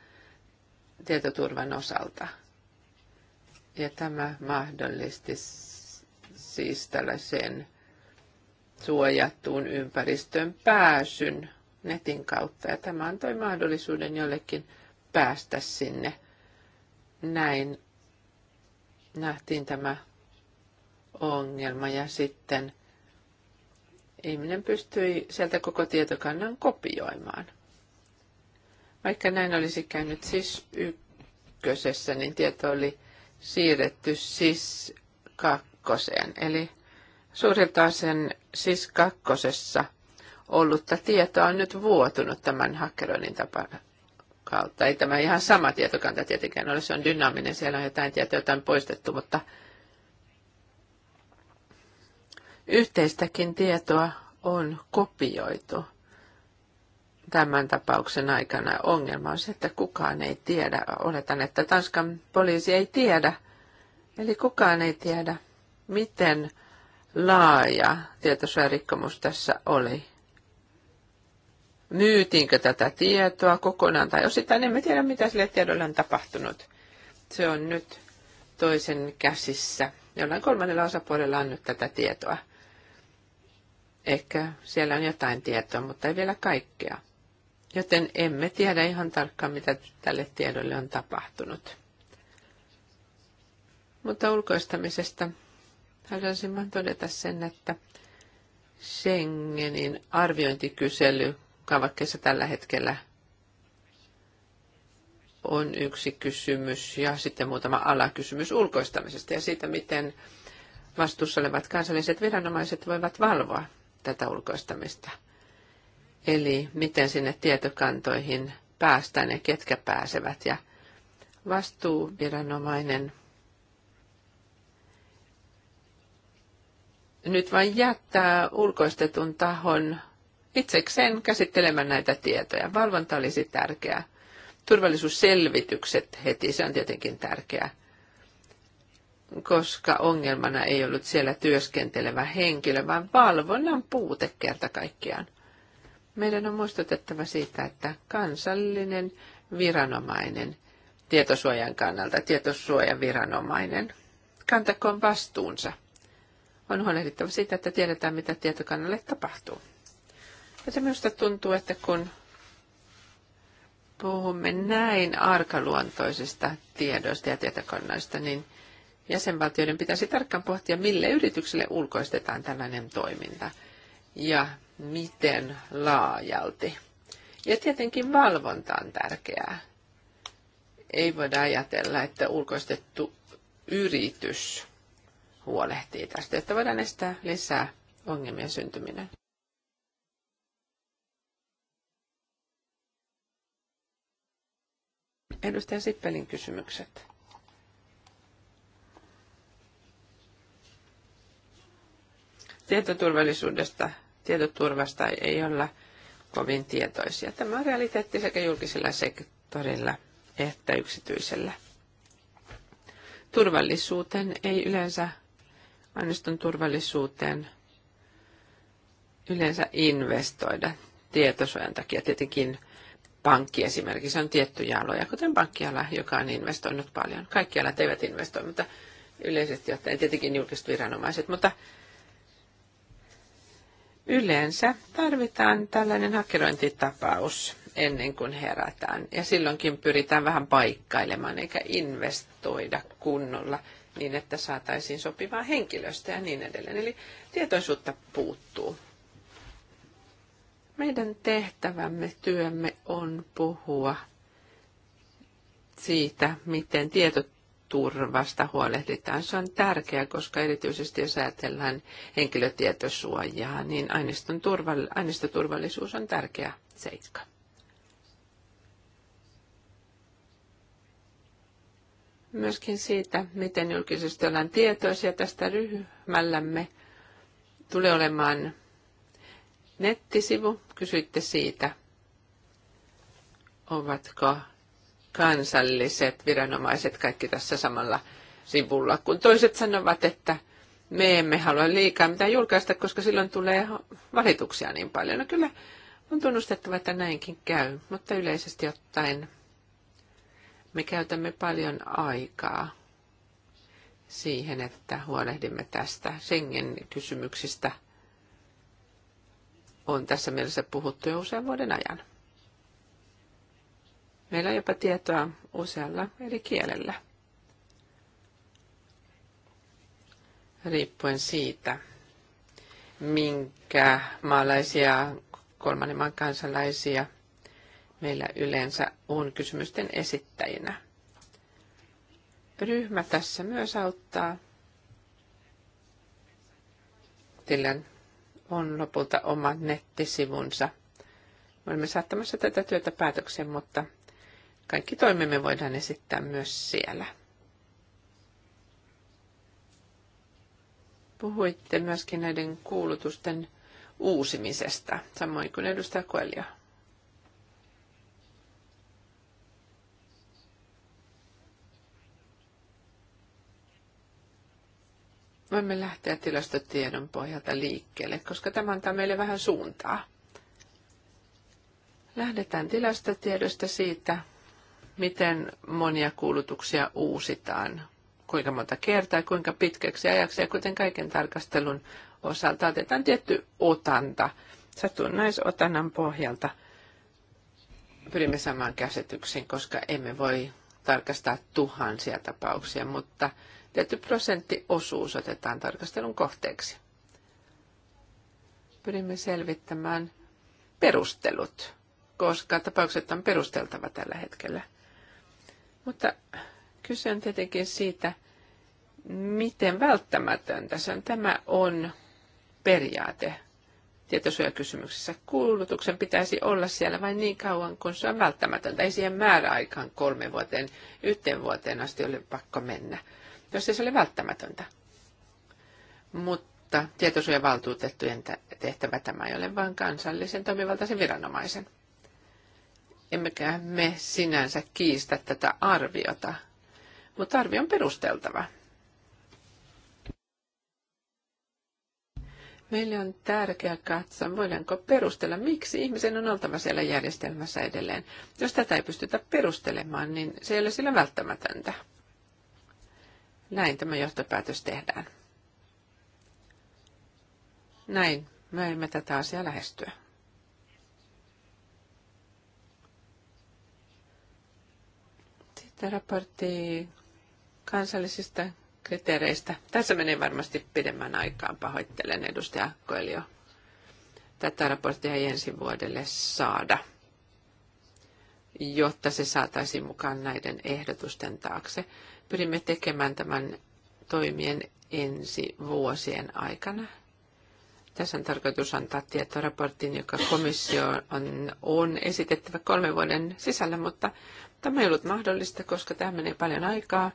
Speaker 1: tietoturvan osalta. Ja tämä mahdollisti siis tällaisen suojattuun ympäristön pääsyn netin kautta. Ja tämä antoi mahdollisuuden jollekin päästä sinne. Näin nähtiin tämä ongelma ja sitten ihminen pystyi sieltä koko tietokannan kopioimaan. Vaikka näin olisi käynyt siis ykkösessä, niin tieto oli siirretty siis kakkoseen. Eli suurilta sen siis kakkosessa ollutta tietoa on nyt vuotunut tämän hakkeroinnin tapana kautta. Ei tämä ihan sama tietokanta tietenkään ole, se on dynaaminen, siellä on jotain tietoa, jotain poistettu, mutta yhteistäkin tietoa on kopioitu tämän tapauksen aikana ongelma on se, että kukaan ei tiedä. Oletan, että Tanskan poliisi ei tiedä. Eli kukaan ei tiedä, miten laaja tietosuojarikkomus tässä oli. Myytiinkö tätä tietoa kokonaan tai osittain, emme tiedä mitä sille tiedolle on tapahtunut. Se on nyt toisen käsissä. Jollain kolmannella osapuolella on nyt tätä tietoa. Ehkä siellä on jotain tietoa, mutta ei vielä kaikkea joten emme tiedä ihan tarkkaan, mitä tälle tiedolle on tapahtunut. Mutta ulkoistamisesta haluaisin vain todeta sen, että Schengenin arviointikysely kavakkeessa tällä hetkellä on yksi kysymys ja sitten muutama alakysymys ulkoistamisesta ja siitä, miten vastuussa olevat kansalliset viranomaiset voivat valvoa tätä ulkoistamista. Eli miten sinne tietokantoihin päästään ja ketkä pääsevät. Ja vastuuviranomainen nyt vain jättää ulkoistetun tahon itsekseen käsittelemään näitä tietoja. Valvonta olisi tärkeää. Turvallisuusselvitykset heti, se on tietenkin tärkeää, koska ongelmana ei ollut siellä työskentelevä henkilö, vaan valvonnan puute kerta kaikkiaan. Meidän on muistutettava siitä, että kansallinen viranomainen tietosuojan kannalta, tietosuojan viranomainen, kantakoon vastuunsa. On huolehdittava siitä, että tiedetään, mitä tietokannalle tapahtuu. Ja se minusta tuntuu, että kun puhumme näin arkaluontoisista tiedoista ja tietokannoista, niin jäsenvaltioiden pitäisi tarkkaan pohtia, mille yritykselle ulkoistetaan tällainen toiminta ja miten laajalti. Ja tietenkin valvonta on tärkeää. Ei voida ajatella, että ulkoistettu yritys huolehtii tästä, että voidaan estää lisää ongelmien syntyminen. Edustaja Sippelin kysymykset. Tietoturvallisuudesta tietoturvasta ei olla kovin tietoisia. Tämä on realiteetti sekä julkisella sektorilla että yksityisellä. Turvallisuuteen ei yleensä, aineiston turvallisuuteen yleensä investoida tietosuojan takia. Tietenkin pankki esimerkiksi on tiettyjä aloja, kuten pankkiala, joka on investoinut paljon. Kaikki alat eivät investoi, mutta yleisesti ottaen tietenkin julkiset viranomaiset, mutta Yleensä tarvitaan tällainen hakerointitapaus ennen kuin herätään. Ja silloinkin pyritään vähän paikkailemaan eikä investoida kunnolla niin, että saataisiin sopivaa henkilöstöä ja niin edelleen. Eli tietoisuutta puuttuu. Meidän tehtävämme, työmme on puhua siitä, miten tietot turvasta huolehditaan. Se on tärkeää, koska erityisesti jos ajatellaan henkilötietosuojaa, niin aineiston turval- aineistoturvallisuus on tärkeä seikka. Myöskin siitä, miten julkisesti ollaan tietoisia tästä ryhmällämme, tulee olemaan nettisivu. Kysyitte siitä, ovatko kansalliset viranomaiset kaikki tässä samalla sivulla, kun toiset sanovat, että me emme halua liikaa mitään julkaista, koska silloin tulee valituksia niin paljon. No kyllä on tunnustettava, että näinkin käy, mutta yleisesti ottaen me käytämme paljon aikaa siihen, että huolehdimme tästä Schengen-kysymyksistä. On tässä mielessä puhuttu jo usean vuoden ajan. Meillä on jopa tietoa usealla eri kielellä. Riippuen siitä, minkä maalaisia kolmannen maan kansalaisia meillä yleensä on kysymysten esittäjinä. Ryhmä tässä myös auttaa. Sillä on lopulta oma nettisivunsa. Me olemme saattamassa tätä työtä päätökseen, mutta kaikki toimemme voidaan esittää myös siellä. Puhuitte myöskin näiden kuulutusten uusimisesta, samoin kuin edustaja Koelia. Voimme lähteä tilastotiedon pohjalta liikkeelle, koska tämä antaa meille vähän suuntaa. Lähdetään tilastotiedosta siitä, miten monia kuulutuksia uusitaan, kuinka monta kertaa, kuinka pitkäksi ajaksi ja kuten kaiken tarkastelun osalta otetaan tietty otanta satunnaisotannan pohjalta. Pyrimme samaan käsityksen, koska emme voi tarkastaa tuhansia tapauksia, mutta tietty prosenttiosuus otetaan tarkastelun kohteeksi. Pyrimme selvittämään perustelut, koska tapaukset on perusteltava tällä hetkellä. Mutta kyse on tietenkin siitä, miten välttämätöntä se on. Tämä on periaate tietosuojakysymyksessä. Kuulutuksen pitäisi olla siellä vain niin kauan, kun se on välttämätöntä. Ei siihen määräaikaan kolme vuoteen, yhteen vuoteen asti ole pakko mennä, jos ei se ole välttämätöntä. Mutta tietosuojavaltuutettujen tehtävä tämä ei ole, vaan kansallisen toimivaltaisen viranomaisen. Emmekä me sinänsä kiistä tätä arviota, mutta arvio on perusteltava. Meille on tärkeää katsoa, voidaanko perustella, miksi ihmisen on oltava siellä järjestelmässä edelleen. Jos tätä ei pystytä perustelemaan, niin se ei ole sillä välttämätöntä. Näin tämä johtopäätös tehdään. Näin me emme tätä asiaa lähestyä. Tämä raportti kansallisista kriteereistä. Tässä menee varmasti pidemmän aikaan, pahoittelen edustaja Koelio. Tätä raporttia ei ensi vuodelle saada, jotta se saataisiin mukaan näiden ehdotusten taakse. Pyrimme tekemään tämän toimien ensi vuosien aikana. Tässä on tarkoitus antaa tietoraportin, joka komissio on, on esitettävä kolmen vuoden sisällä, mutta Tämä ei ollut mahdollista, koska tähän menee paljon aikaa.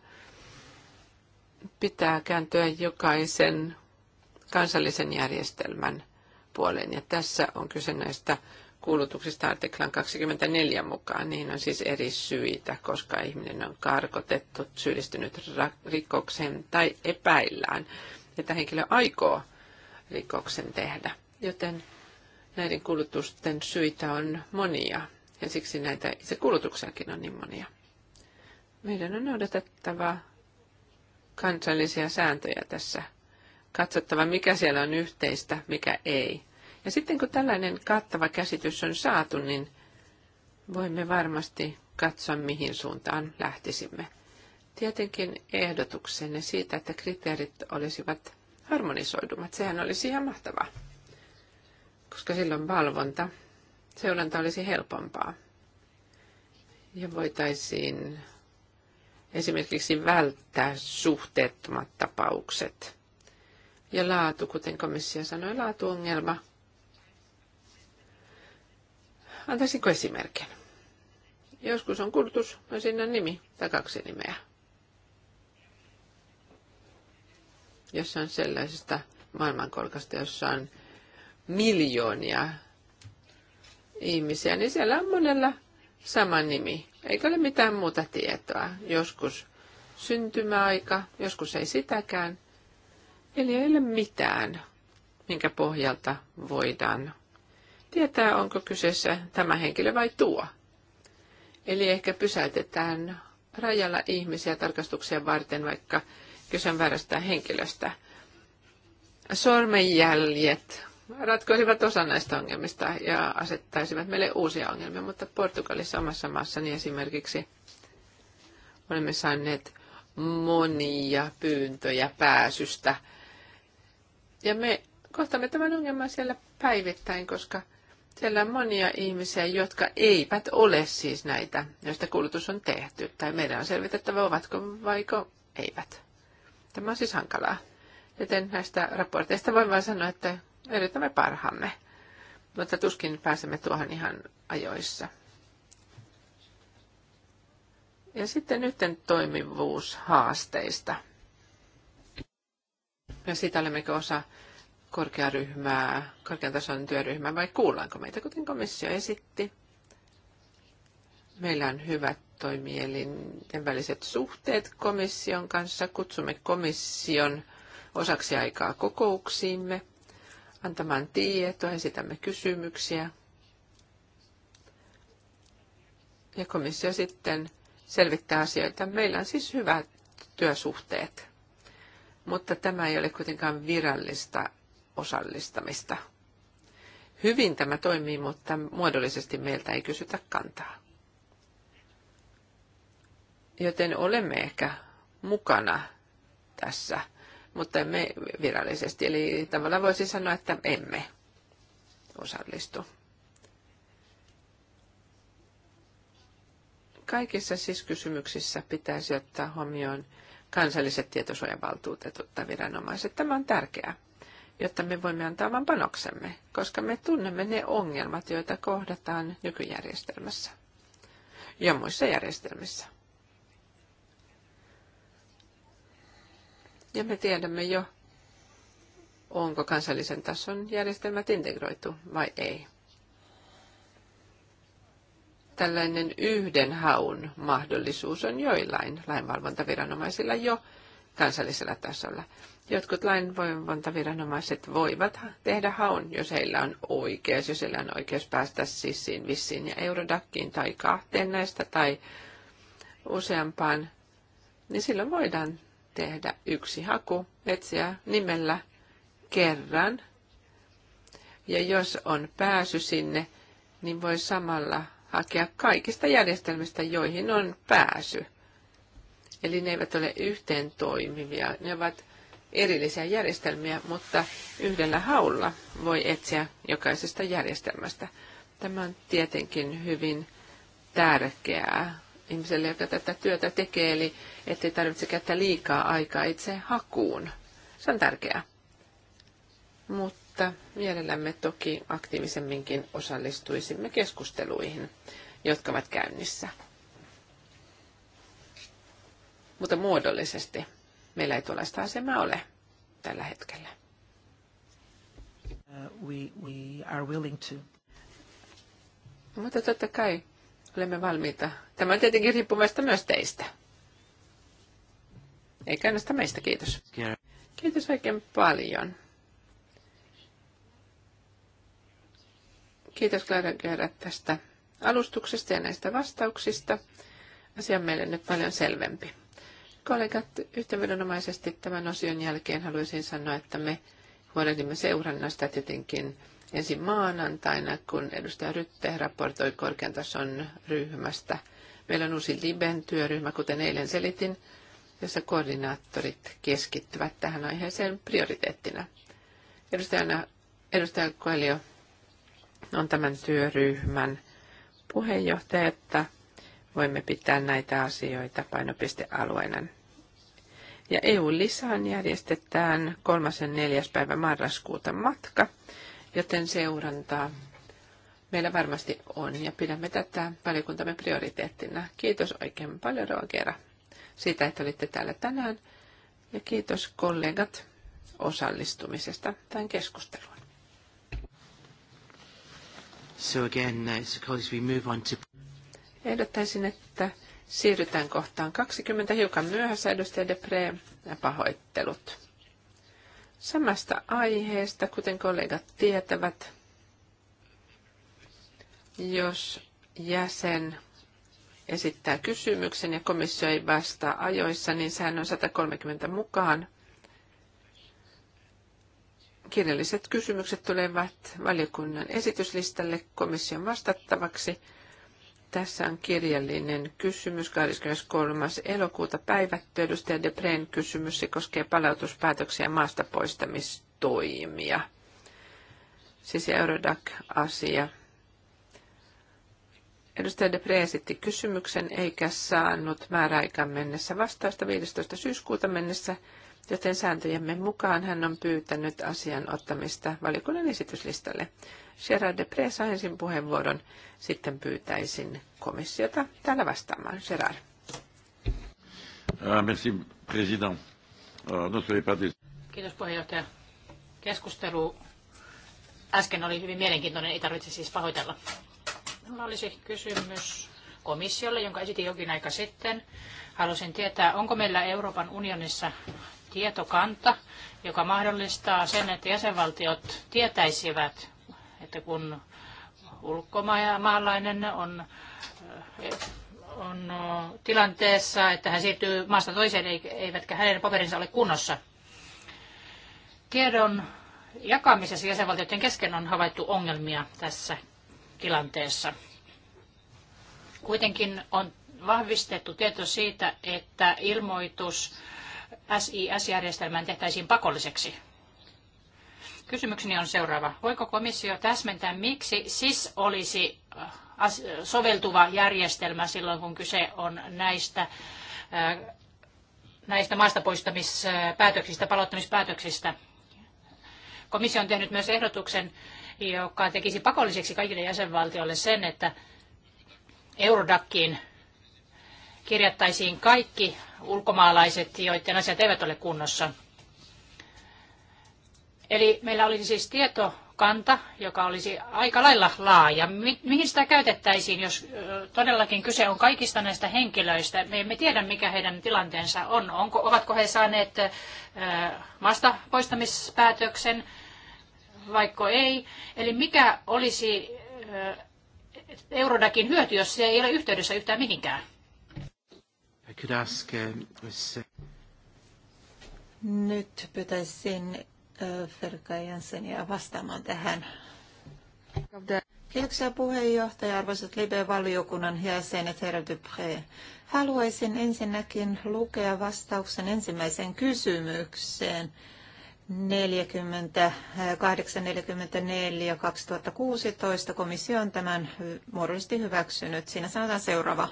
Speaker 1: Pitää kääntyä jokaisen kansallisen järjestelmän puoleen. Ja tässä on kyse näistä kuulutuksista artiklan 24 mukaan. Niihin on siis eri syitä, koska ihminen on karkotettu, syyllistynyt rikokseen tai epäillään, että henkilö aikoo rikoksen tehdä. Joten näiden kulutusten syitä on monia. Ja siksi näitä itse kulutuksiakin on niin monia. Meidän on noudatettava kansallisia sääntöjä tässä. Katsottava, mikä siellä on yhteistä, mikä ei. Ja sitten kun tällainen kattava käsitys on saatu, niin voimme varmasti katsoa, mihin suuntaan lähtisimme. Tietenkin ehdotuksenne siitä, että kriteerit olisivat harmonisoidumat, sehän olisi ihan mahtavaa, koska silloin valvonta seuranta olisi helpompaa. Ja voitaisiin esimerkiksi välttää suhteettomat tapaukset. Ja laatu, kuten komissio sanoi, laatuongelma. Antaisinko esimerkin? Joskus on kultus, no siinä on nimi tai kaksi nimeä. Jos on sellaisesta maailmankolkasta, jossa on miljoonia ihmisiä, niin siellä on monella sama nimi. Eikä ole mitään muuta tietoa. Joskus syntymäaika, joskus ei sitäkään. Eli ei ole mitään, minkä pohjalta voidaan tietää, onko kyseessä tämä henkilö vai tuo. Eli ehkä pysäytetään rajalla ihmisiä tarkastuksia varten, vaikka kyse on väärästä henkilöstä. Sormenjäljet ratkoisivat osan näistä ongelmista ja asettaisivat meille uusia ongelmia, mutta Portugalissa omassa niin esimerkiksi olemme saaneet monia pyyntöjä pääsystä. Ja me kohtamme tämän ongelman siellä päivittäin, koska siellä on monia ihmisiä, jotka eivät ole siis näitä, joista kulutus on tehty. Tai meidän on selvitettävä, ovatko vaiko eivät. Tämä on siis hankalaa. Joten näistä raporteista voin vain sanoa, että yritämme parhaamme, mutta tuskin pääsemme tuohon ihan ajoissa. Ja sitten nyt toimivuus haasteista. Ja siitä olemmeko osa korkearyhmää, korkean tason työryhmää vai kuullaanko meitä, kuten komissio esitti. Meillä on hyvät toimielinten väliset suhteet komission kanssa. Kutsumme komission osaksi aikaa kokouksiimme – antamaan tietoa, esitämme kysymyksiä. Ja komissio sitten selvittää asioita. Meillä on siis hyvät työsuhteet, mutta tämä ei ole kuitenkaan virallista osallistamista. Hyvin tämä toimii, mutta muodollisesti meiltä ei kysytä kantaa. Joten olemme ehkä mukana tässä – mutta emme virallisesti. Eli tavallaan voisi sanoa, että emme osallistu. Kaikissa siis kysymyksissä pitäisi ottaa huomioon kansalliset tietosuojavaltuutetut tai viranomaiset. Tämä on tärkeää, jotta me voimme antaa oman panoksemme, koska me tunnemme ne ongelmat, joita kohdataan nykyjärjestelmässä ja muissa järjestelmissä. Ja me tiedämme jo, onko kansallisen tason järjestelmät integroitu vai ei. Tällainen yhden haun mahdollisuus on joillain lainvalvontaviranomaisilla jo kansallisella tasolla. Jotkut lainvalvontaviranomaiset voivat tehdä haun, jos heillä on oikeus, jos heillä on oikeus päästä sissiin, vissiin ja eurodakkiin tai kahteen näistä tai useampaan, niin silloin voidaan tehdä yksi haku, etsiä nimellä kerran. Ja jos on pääsy sinne, niin voi samalla hakea kaikista järjestelmistä, joihin on pääsy. Eli ne eivät ole yhteen toimivia, ne ovat erillisiä järjestelmiä, mutta yhdellä haulla voi etsiä jokaisesta järjestelmästä. Tämä on tietenkin hyvin tärkeää ihmiselle, joka tätä työtä tekee, eli ettei tarvitse käyttää liikaa aikaa itse hakuun. Se on tärkeää. Mutta mielellämme toki aktiivisemminkin osallistuisimme keskusteluihin, jotka ovat käynnissä. Mutta muodollisesti meillä ei tuollaista asemaa ole tällä hetkellä. Uh, we, we are willing to. Mutta totta kai olemme valmiita. Tämä on tietenkin riippuvaista myös teistä. Eikä ainoastaan meistä, kiitos. Kiitos oikein paljon. Kiitos Clara Gerät tästä alustuksesta ja näistä vastauksista. Asia on meille nyt paljon selvempi. Kollegat, yhteenvedonomaisesti tämän osion jälkeen haluaisin sanoa, että me huolehdimme seurannasta tietenkin ensi maanantaina, kun edustaja Rytte raportoi korkean tason ryhmästä. Meillä on uusi Liben työryhmä, kuten eilen selitin, jossa koordinaattorit keskittyvät tähän aiheeseen prioriteettina. Edustajana, edustaja Koelio on tämän työryhmän puheenjohtaja, että voimme pitää näitä asioita painopistealueena. Ja EU-lisään järjestetään 3. ja 4. päivä marraskuuta matka – joten seurantaa meillä varmasti on ja pidämme tätä valiokuntamme prioriteettina. Kiitos oikein paljon Roger siitä, että olitte täällä tänään ja kiitos kollegat osallistumisesta tämän keskusteluun. So again, uh, we move on to... Ehdottaisin, että siirrytään kohtaan 20 hiukan myöhässä edustaja Depre ja pahoittelut samasta aiheesta, kuten kollegat tietävät. Jos jäsen esittää kysymyksen ja komissio ei vastaa ajoissa, niin säännön 130 mukaan kirjalliset kysymykset tulevat valiokunnan esityslistalle komission vastattavaksi – tässä on kirjallinen kysymys 23. elokuuta päivätty edustaja Debren kysymys. Se koskee palautuspäätöksiä maasta poistamistoimia. Siis Eurodac-asia. Edustaja Depre esitti kysymyksen eikä saanut määräaikaan mennessä vastausta 15. syyskuuta mennessä joten sääntöjemme mukaan hän on pyytänyt asian ottamista valiokunnan esityslistalle. Gerard de Pre saa ensin puheenvuoron, sitten pyytäisin komissiota täällä vastaamaan. Gerard. Ah, merci, président. Ah,
Speaker 2: Kiitos puheenjohtaja. Keskustelu äsken oli hyvin mielenkiintoinen, ei tarvitse siis pahoitella. Minulla olisi kysymys komissiolle, jonka esitin jokin aika sitten. Haluaisin tietää, onko meillä Euroopan unionissa tietokanta, joka mahdollistaa sen, että jäsenvaltiot tietäisivät, että kun ulkomaalainen on, äh, on äh, tilanteessa, että hän siirtyy maasta toiseen, eivätkä hänen paperinsa ole kunnossa. Tiedon jakamisessa jäsenvaltioiden kesken on havaittu ongelmia tässä tilanteessa. Kuitenkin on vahvistettu tieto siitä, että ilmoitus SIS-järjestelmään tehtäisiin pakolliseksi? Kysymykseni on seuraava. Voiko komissio täsmentää, miksi SIS olisi äh, soveltuva järjestelmä silloin, kun kyse on näistä, äh, näistä maasta poistamispäätöksistä, palauttamispäätöksistä? Komissio on tehnyt myös ehdotuksen, joka tekisi pakolliseksi kaikille jäsenvaltioille sen, että Eurodakkiin kirjattaisiin kaikki ulkomaalaiset, joiden asiat eivät ole kunnossa. Eli meillä olisi siis tietokanta, joka olisi aika lailla laaja. Mihin sitä käytettäisiin, jos todellakin kyse on kaikista näistä henkilöistä? Me emme tiedä, mikä heidän tilanteensa on. Onko, ovatko he saaneet maasta poistamispäätöksen vaikka ei? Eli mikä olisi Eurodakin
Speaker 3: hyöty, jos se ei ole yhteydessä yhtään mihinkään?
Speaker 1: I could ask, um, uh,
Speaker 3: Nyt pyytäisin uh, Ferka Jansenia vastaamaan tähän. Kiitoksia puheenjohtaja, arvoisat Libe-valiokunnan jäsenet, herra Dupré. Haluaisin ensinnäkin lukea vastauksen ensimmäiseen kysymykseen. 4844 2016 komissio on tämän muodollisesti hyväksynyt. Siinä sanotaan seuraava.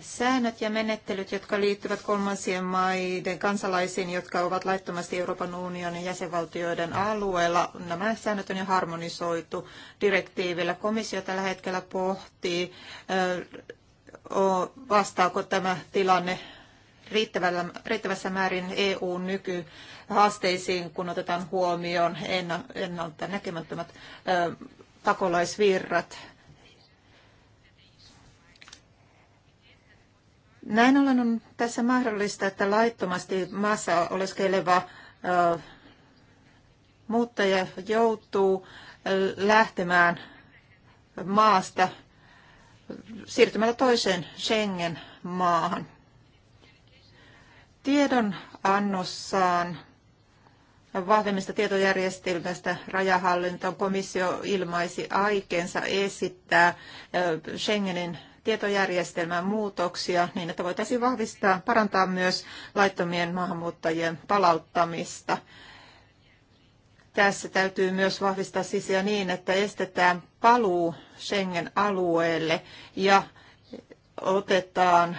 Speaker 3: Säännöt ja menettelyt, jotka liittyvät kolmansien maiden kansalaisiin, jotka ovat laittomasti Euroopan unionin jäsenvaltioiden alueella, nämä säännöt on jo harmonisoitu direktiivillä. Komissio tällä hetkellä pohtii, vastaako tämä tilanne riittävässä määrin EUn nykyhaasteisiin, kun otetaan huomioon ennalta näkemättömät pakolaisvirrat Näin ollen on tässä mahdollista, että laittomasti maassa oleskeleva muuttaja joutuu lähtemään maasta siirtymällä toiseen Schengen-maahan. Tiedon annossaan vahvemmista tietojärjestelmästä rajahallinto komissio ilmaisi aikeensa esittää Schengenin Tietojärjestelmän muutoksia niin, että voitaisiin vahvistaa, parantaa myös laittomien maahanmuuttajien palauttamista. Tässä täytyy myös vahvistaa sisiä niin, että estetään paluu Schengen-alueelle ja otetaan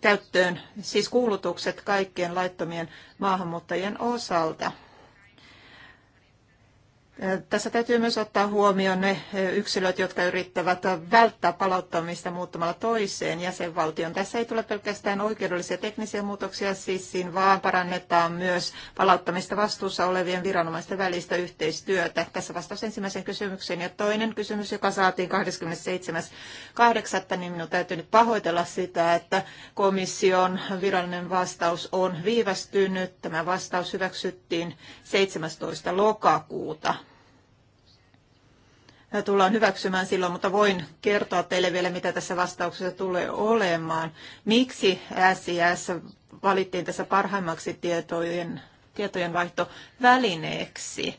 Speaker 3: käyttöön siis kuulutukset kaikkien laittomien maahanmuuttajien osalta. Tässä täytyy myös ottaa huomioon ne yksilöt, jotka yrittävät välttää palauttamista muuttamalla toiseen jäsenvaltion. Tässä ei tule pelkästään oikeudellisia teknisiä muutoksia sissiin, vaan parannetaan myös palauttamista vastuussa olevien viranomaisten välistä yhteistyötä. Tässä vastaus ensimmäiseen kysymykseen. Ja toinen kysymys, joka saatiin 27.8., niin minun täytyy nyt pahoitella sitä, että komission virallinen vastaus on viivästynyt. Tämä vastaus hyväksyttiin 17. lokakuuta tullaan hyväksymään silloin, mutta voin kertoa teille vielä, mitä tässä vastauksessa tulee olemaan. Miksi SIS valittiin tässä parhaimmaksi tietojen, tietojenvaihtovälineeksi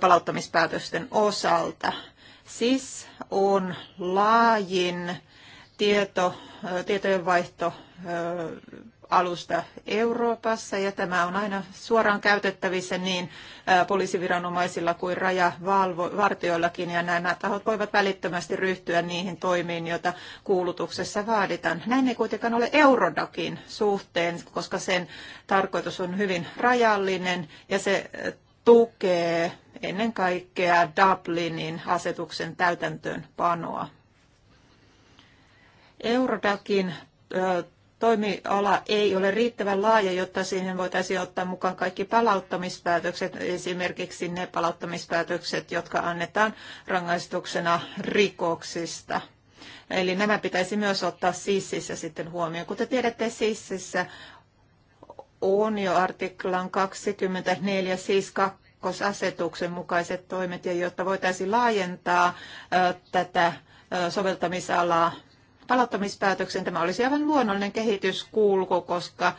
Speaker 3: palauttamispäätösten osalta? SIS on laajin tieto, tietojenvaihto alusta Euroopassa ja tämä on aina suoraan käytettävissä niin poliisiviranomaisilla kuin rajavartioillakin ja nämä tahot voivat välittömästi ryhtyä niihin toimiin, joita kuulutuksessa vaaditaan. Näin ei kuitenkaan ole Eurodakin suhteen, koska sen tarkoitus on hyvin rajallinen ja se tukee ennen kaikkea Dublinin asetuksen täytäntöönpanoa. Eurodakin toimiala ei ole riittävän laaja, jotta siihen voitaisiin ottaa mukaan kaikki palauttamispäätökset, esimerkiksi ne palauttamispäätökset, jotka annetaan rangaistuksena rikoksista. Eli nämä pitäisi myös ottaa SISissä sitten huomioon. Kuten tiedätte, SISissä on jo artiklan 24 siis 2 kakkosasetuksen mukaiset toimet, ja jotta voitaisiin laajentaa tätä soveltamisalaa palauttamispäätöksen. Tämä olisi aivan luonnollinen kehityskulku, koska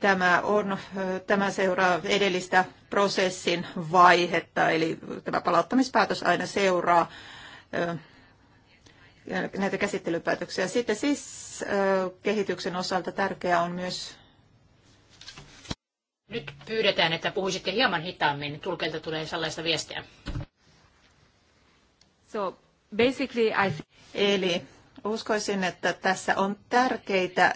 Speaker 3: tämä, on, tämä seuraa edellistä prosessin vaihetta, eli tämä palauttamispäätös aina seuraa näitä käsittelypäätöksiä. Sitten siis kehityksen osalta tärkeää on myös...
Speaker 2: Nyt pyydetään, että puhuisitte hieman hitaammin. Tulkeilta tulee sellaista viestiä.
Speaker 3: So basically I... Eli uskoisin, että tässä on tärkeitä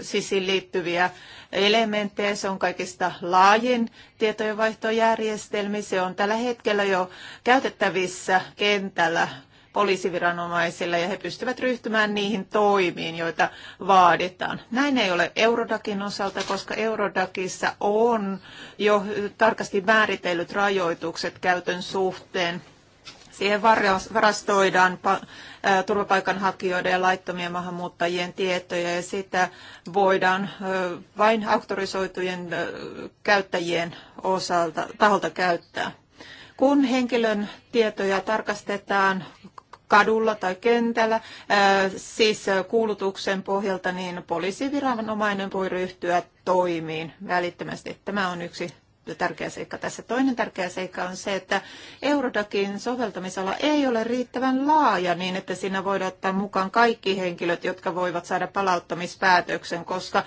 Speaker 3: sisiin liittyviä elementtejä. Se on kaikista laajin tietojenvaihtojärjestelmi. Se on tällä hetkellä jo käytettävissä kentällä poliisiviranomaisilla ja he pystyvät ryhtymään niihin toimiin, joita vaaditaan. Näin ei ole Eurodakin osalta, koska Eurodakissa on jo tarkasti määritellyt rajoitukset käytön suhteen Siihen varastoidaan turvapaikanhakijoiden ja laittomien maahanmuuttajien tietoja ja sitä voidaan vain auktorisoitujen käyttäjien osalta, taholta käyttää. Kun henkilön tietoja tarkastetaan kadulla tai kentällä, siis kuulutuksen pohjalta, niin poliisiviranomainen voi ryhtyä toimiin välittömästi. Tämä on yksi tärkeä seikka tässä. Toinen tärkeä seikka on se, että Eurodakin soveltamisala ei ole riittävän laaja niin, että siinä voidaan ottaa mukaan kaikki henkilöt, jotka voivat saada palauttamispäätöksen, koska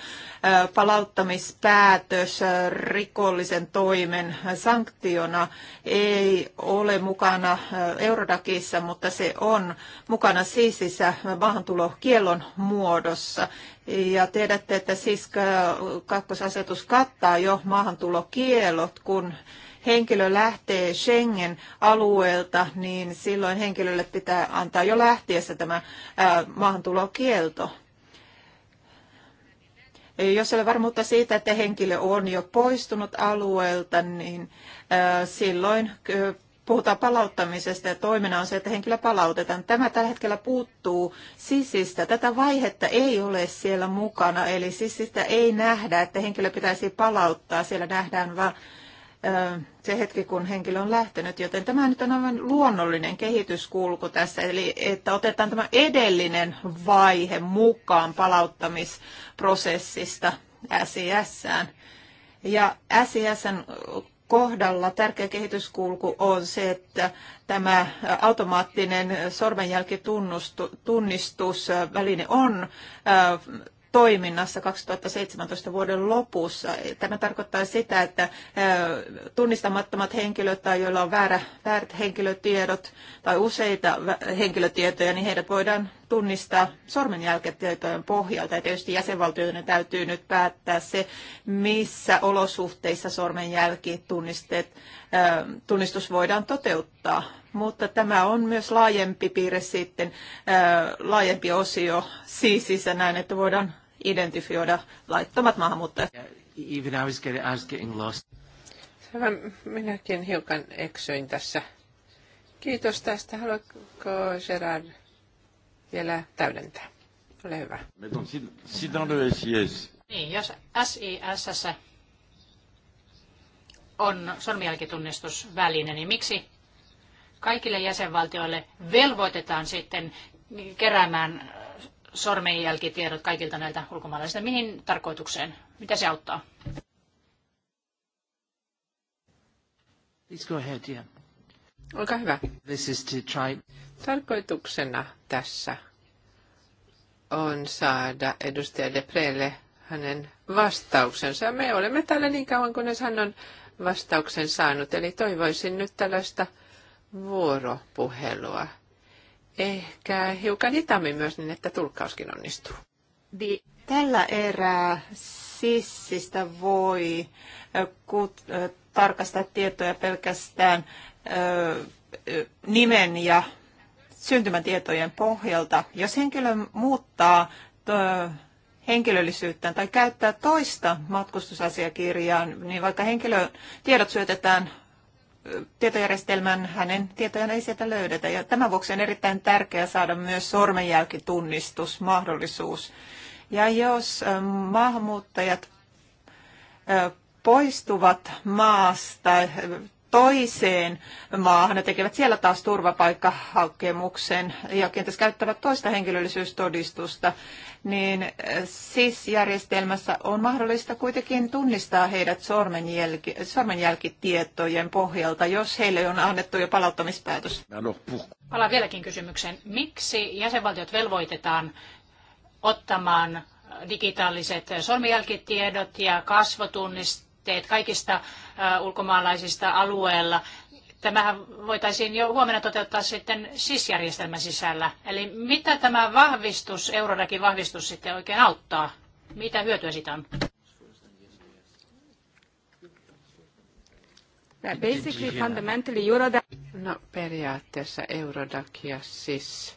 Speaker 3: palauttamispäätös rikollisen toimen sanktiona ei ole mukana Eurodakissa, mutta se on mukana siisissä maahantulokielon muodossa. Ja tiedätte, että siis kakkosasetus kattaa jo maahantulokielot, kun henkilö lähtee Schengen-alueelta, niin silloin henkilölle pitää antaa jo lähtiessä tämä maahantulokielto. Jos ei ole varmuutta siitä, että henkilö on jo poistunut alueelta, niin silloin puhutaan palauttamisesta ja toimena on se, että henkilö palautetaan. Tämä tällä hetkellä puuttuu sisistä. Tätä vaihetta ei ole siellä mukana, eli sisistä ei nähdä, että henkilö pitäisi palauttaa. Siellä nähdään vain se hetki, kun henkilö on lähtenyt, joten tämä nyt on aivan luonnollinen kehityskulku tässä, eli että otetaan tämä edellinen vaihe mukaan palauttamisprosessista SIS-ään. Ja SIS kohdalla tärkeä kehityskulku on se, että tämä automaattinen sormenjälkitunnistusväline väline on äh, toiminnassa 2017 vuoden lopussa. Tämä tarkoittaa sitä, että tunnistamattomat henkilöt tai joilla on väärä, väärät henkilötiedot tai useita henkilötietoja, niin heidät voidaan tunnistaa sormenjälketietojen pohjalta. Ja tietysti jäsenvaltioiden täytyy nyt päättää se, missä olosuhteissa tunnistus voidaan toteuttaa. Mutta tämä on myös laajempi piirre sitten, laajempi osio siis näin, että voidaan identifioida laittomat maahanmuuttajat.
Speaker 1: Even I was getting, I was getting lost. minäkin hiukan eksyin tässä. Kiitos tästä. Haluatko Gerard vielä täydentää? Ole hyvä.
Speaker 3: Si dans SIS.
Speaker 2: E niin, jos SIS e on sormijälkitunnistusväline, niin miksi kaikille jäsenvaltioille velvoitetaan sitten keräämään sormenjälkitiedot kaikilta näiltä ulkomaalaisilta? Mihin tarkoitukseen? Mitä se auttaa?
Speaker 1: Please go ahead, yeah. Olkaa hyvä. This is to try... Tarkoituksena tässä on saada edustaja Deprelle hänen vastauksensa. Me olemme täällä niin kauan, kunnes hän on vastauksen saanut. Eli toivoisin nyt tällaista vuoropuhelua ehkä hiukan hitaammin myös niin, että tulkkauskin onnistuu.
Speaker 3: Tällä erää sissistä voi tarkastaa tietoja pelkästään nimen ja syntymätietojen pohjalta. Jos henkilö muuttaa henkilöllisyyttään tai käyttää toista matkustusasiakirjaa, niin vaikka henkilötiedot tiedot syötetään tietojärjestelmän, hänen tietojaan ei sieltä löydetä. Ja tämän vuoksi on erittäin tärkeää saada myös sormenjälkitunnistusmahdollisuus. Ja jos maahanmuuttajat poistuvat maasta toiseen maahan ja tekevät siellä taas turvapaikkahakemuksen ja kenties käyttävät toista henkilöllisyystodistusta, niin eh, SIS-järjestelmässä on mahdollista kuitenkin tunnistaa heidät sormenjälki, sormenjälkitietojen pohjalta, jos heille on annettu jo palauttamispäätös.
Speaker 2: Palaan vieläkin kysymykseen. Miksi jäsenvaltiot velvoitetaan ottamaan digitaaliset sormenjälkitiedot ja kasvotunnisteet kaikista ulkomaalaisista alueella. Tämähän voitaisiin jo huomenna toteuttaa sitten SIS-järjestelmän sisällä. Eli mitä tämä vahvistus, Eurodakin vahvistus sitten oikein auttaa? Mitä hyötyä siitä on?
Speaker 1: Basically, fundamentally, Eurodac... No periaatteessa Eurodac ja SIS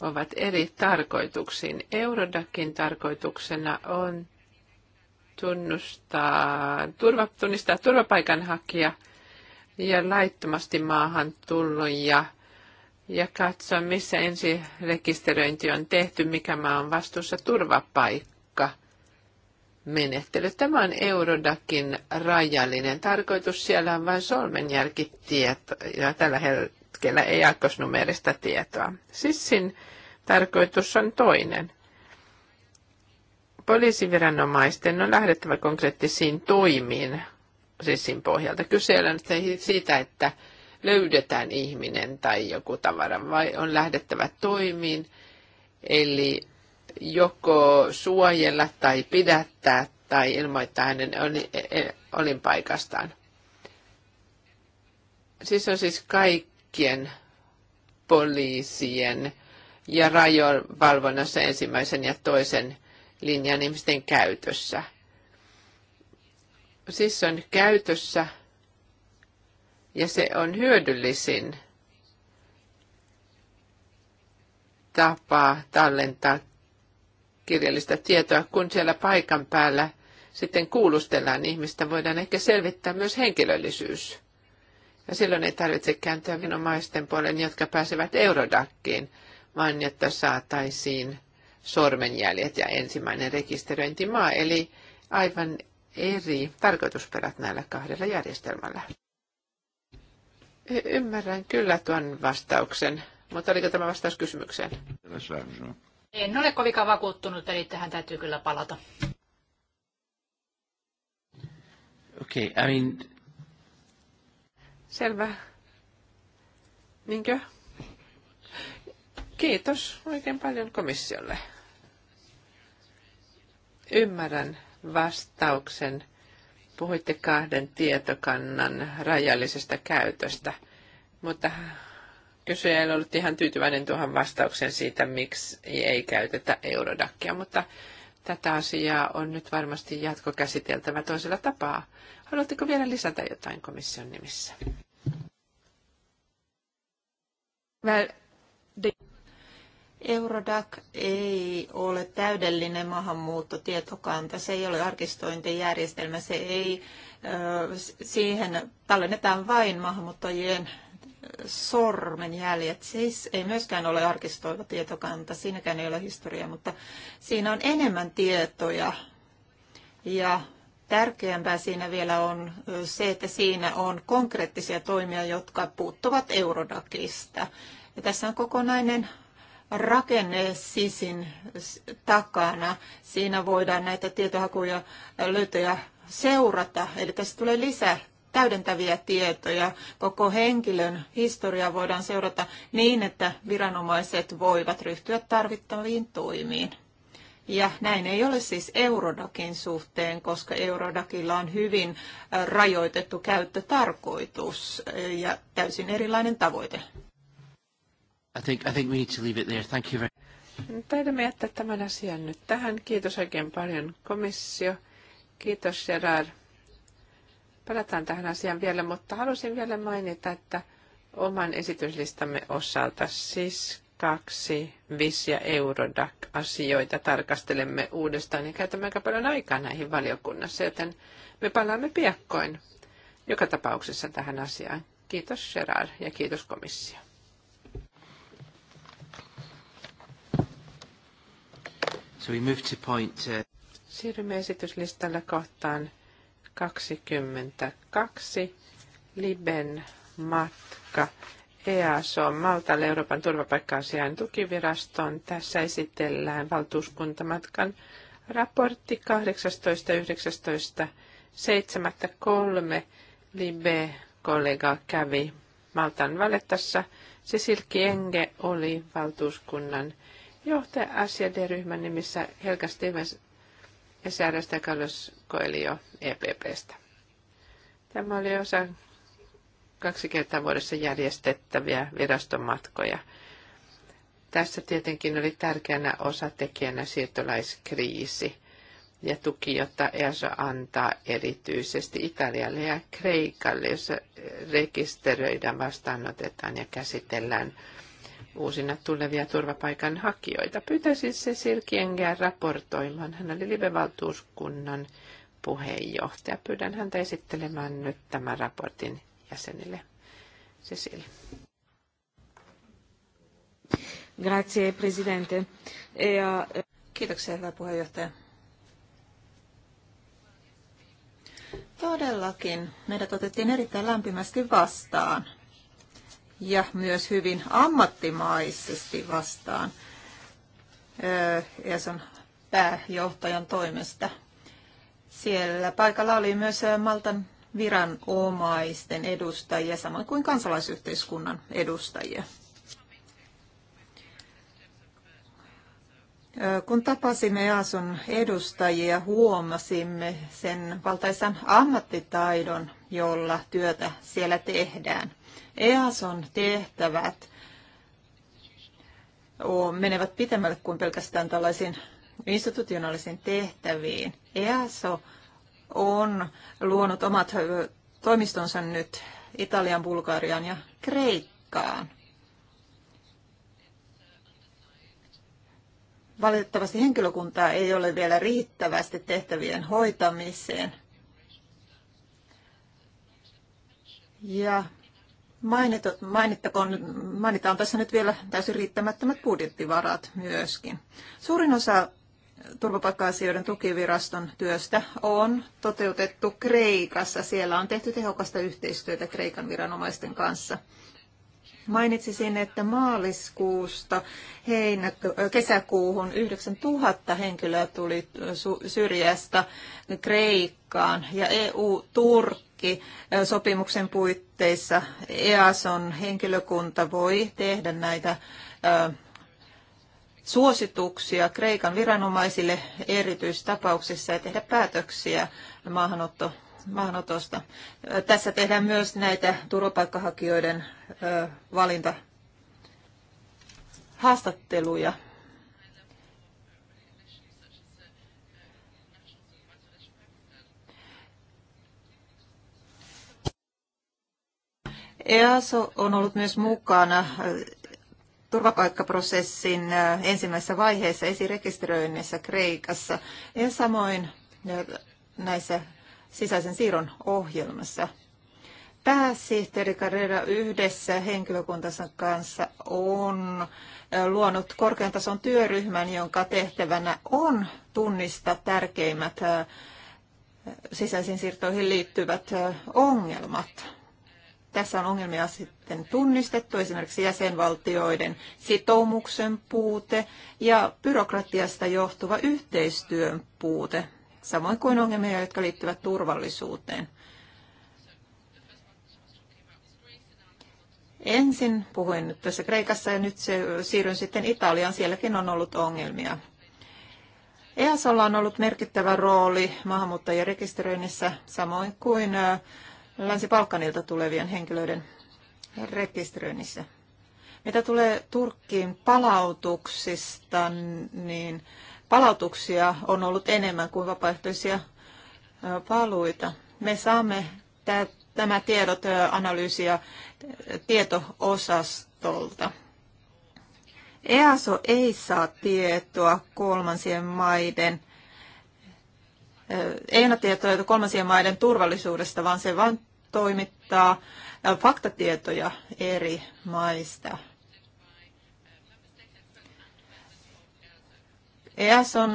Speaker 1: ovat eri tarkoituksiin. Eurodakin tarkoituksena on tunnustaa, turva, tunnistaa turvapaikanhakija ja laittomasti maahan tullut ja, ja katsoa, missä rekisteröinti on tehty, mikä maa on vastuussa turvapaikka menettely. Tämä on Eurodakin rajallinen tarkoitus. Siellä on vain ja Tällä hetkellä ei jakosnumerista tietoa. Sissin tarkoitus on toinen poliisiviranomaisten on lähdettävä konkreettisiin toimiin siis siinä pohjalta. Kyse on siitä, että löydetään ihminen tai joku tavara, vai on lähdettävä toimiin, eli joko suojella tai pidättää tai ilmoittaa hänen e, olinpaikastaan. Siis on siis kaikkien poliisien ja rajovalvonnassa ensimmäisen ja toisen linjan ihmisten käytössä. Siis on käytössä ja se on hyödyllisin tapa tallentaa kirjallista tietoa, kun siellä paikan päällä sitten kuulustellaan ihmistä, voidaan ehkä selvittää myös henkilöllisyys. Ja silloin ei tarvitse kääntyä omaisten puolen, jotka pääsevät Eurodakkiin, vaan että saataisiin sormenjäljet ja ensimmäinen rekisteröintimaa, eli aivan eri tarkoitusperät näillä kahdella järjestelmällä. Ymmärrän kyllä tuon vastauksen, mutta oliko tämä vastaus kysymykseen?
Speaker 2: En ole kovinkaan vakuuttunut, eli tähän täytyy kyllä palata.
Speaker 1: Okei, okay, I mean... Selvä. Niinkö? Kiitos oikein paljon komissiolle. Ymmärrän vastauksen. Puhuitte kahden tietokannan rajallisesta käytöstä, mutta kysyjä ei ollut ihan tyytyväinen tuohon vastaukseen siitä, miksi ei käytetä eurodakkia, mutta tätä asiaa on nyt varmasti jatkokäsiteltävä toisella tapaa. Haluatteko vielä lisätä jotain komission nimissä? Well, the...
Speaker 3: Eurodac ei ole täydellinen maahanmuuttotietokanta, se ei ole arkistointijärjestelmä, se ei, siihen tallennetaan vain maahanmuuttajien sormenjäljet. Siis ei myöskään ole arkistoiva tietokanta, siinäkään ei ole historiaa, mutta siinä on enemmän tietoja. Ja tärkeämpää siinä vielä on se, että siinä on konkreettisia toimia, jotka puuttuvat Eurodakista. Ja tässä on kokonainen rakenne sisin takana. Siinä voidaan näitä tietohakuja löytöjä seurata, eli tässä tulee lisää täydentäviä tietoja. Koko henkilön historiaa voidaan seurata niin, että viranomaiset voivat ryhtyä tarvittaviin toimiin. Ja näin ei ole siis Eurodakin suhteen, koska Eurodakilla on hyvin rajoitettu käyttötarkoitus
Speaker 1: ja täysin erilainen tavoite. I think, I think we need to leave it there. Thank you very Taidamme jättää tämän asian nyt tähän. Kiitos oikein paljon komissio. Kiitos Gerard. Palataan tähän asiaan vielä, mutta halusin vielä mainita, että oman esityslistamme osalta siis kaksi VIS- ja Eurodac-asioita tarkastelemme uudestaan ja käytämme aika paljon aikaa näihin valiokunnassa, joten me palaamme piakkoin joka tapauksessa tähän asiaan. Kiitos Gerard ja kiitos komissio. So we move to point, uh... Siirrymme esityslistalle kohtaan 22. Liben matka EASO Maltalle Euroopan turvapaikka-asiain tukivirastoon. Tässä esitellään valtuuskuntamatkan raportti 18.19.73. Libe-kollega kävi Maltan valettassa. Cecil Kienge oli valtuuskunnan johtaja SJD-ryhmän nimissä Helga Stevens ja Säädöstä Carlos Coelho EPPstä. Tämä oli osa kaksi kertaa vuodessa järjestettäviä virastomatkoja. Tässä tietenkin oli tärkeänä osatekijänä siirtolaiskriisi ja tuki, jota EASO antaa erityisesti Italialle ja Kreikalle, jossa rekisteröidään, vastaanotetaan ja käsitellään – uusina tulevia turvapaikanhakijoita. Pyytäisin Cecil Kiengeä raportoimaan. Hän oli livevaltuuskunnan puheenjohtaja. Pyydän häntä esittelemään nyt tämän raportin jäsenille. Cecil. Grazie,
Speaker 3: presidente. Ja... E, Kiitoksia, hyvä puheenjohtaja. Todellakin. Meidät otettiin erittäin lämpimästi vastaan ja myös hyvin ammattimaisesti vastaan ESOn pääjohtajan toimesta. Siellä paikalla oli myös Maltan viranomaisten edustajia, samoin kuin kansalaisyhteiskunnan edustajia. Kun tapasimme Jaason edustajia, huomasimme sen valtaisan ammattitaidon, jolla työtä siellä tehdään – EASON tehtävät menevät pitemmälle kuin pelkästään tällaisiin institutionaalisiin tehtäviin. EASO on luonut omat toimistonsa nyt Italian, Bulgarian ja Kreikkaan. Valitettavasti henkilökuntaa ei ole vielä riittävästi tehtävien hoitamiseen. Ja mainittakoon, mainitaan tässä nyt vielä täysin riittämättömät budjettivarat myöskin. Suurin osa turvapaikka-asioiden tukiviraston työstä on toteutettu Kreikassa. Siellä on tehty tehokasta yhteistyötä Kreikan viranomaisten kanssa. Mainitsisin, että maaliskuusta heinä, kesäkuuhun 9000 henkilöä tuli syrjästä Kreikkaan ja EU-Turkki sopimuksen puitteissa EASON henkilökunta voi tehdä näitä suosituksia Kreikan viranomaisille erityistapauksissa ja tehdä päätöksiä maahanotto maanotosta. Tässä tehdään myös näitä turvapaikkahakijoiden valinta haastatteluja. EASO on ollut myös mukana turvapaikkaprosessin ensimmäisessä vaiheessa esirekisteröinnissä Kreikassa ja samoin näissä sisäisen siirron ohjelmassa. Pääsihteeri Carrera yhdessä henkilökuntansa kanssa on luonut korkean tason työryhmän, jonka tehtävänä on tunnistaa tärkeimmät sisäisiin siirtoihin liittyvät ongelmat. Tässä on ongelmia sitten tunnistettu, esimerkiksi jäsenvaltioiden sitoumuksen puute ja byrokratiasta johtuva yhteistyön puute samoin kuin ongelmia, jotka liittyvät turvallisuuteen. Ensin puhuin nyt tässä Kreikassa ja nyt siirryn sitten Italiaan. Sielläkin on ollut ongelmia. EASOlla on ollut merkittävä rooli maahanmuuttajien rekisteröinnissä, samoin kuin Länsi-Balkanilta tulevien henkilöiden rekisteröinnissä. Mitä tulee Turkkiin palautuksista, niin palautuksia on ollut enemmän kuin vapaaehtoisia paluita. Me saamme tämä tiedot analyysiä tietoosastolta. EASO ei saa tietoa kolmansien maiden ei anna kolmansien maiden turvallisuudesta, vaan se vain toimittaa faktatietoja eri maista. EAS on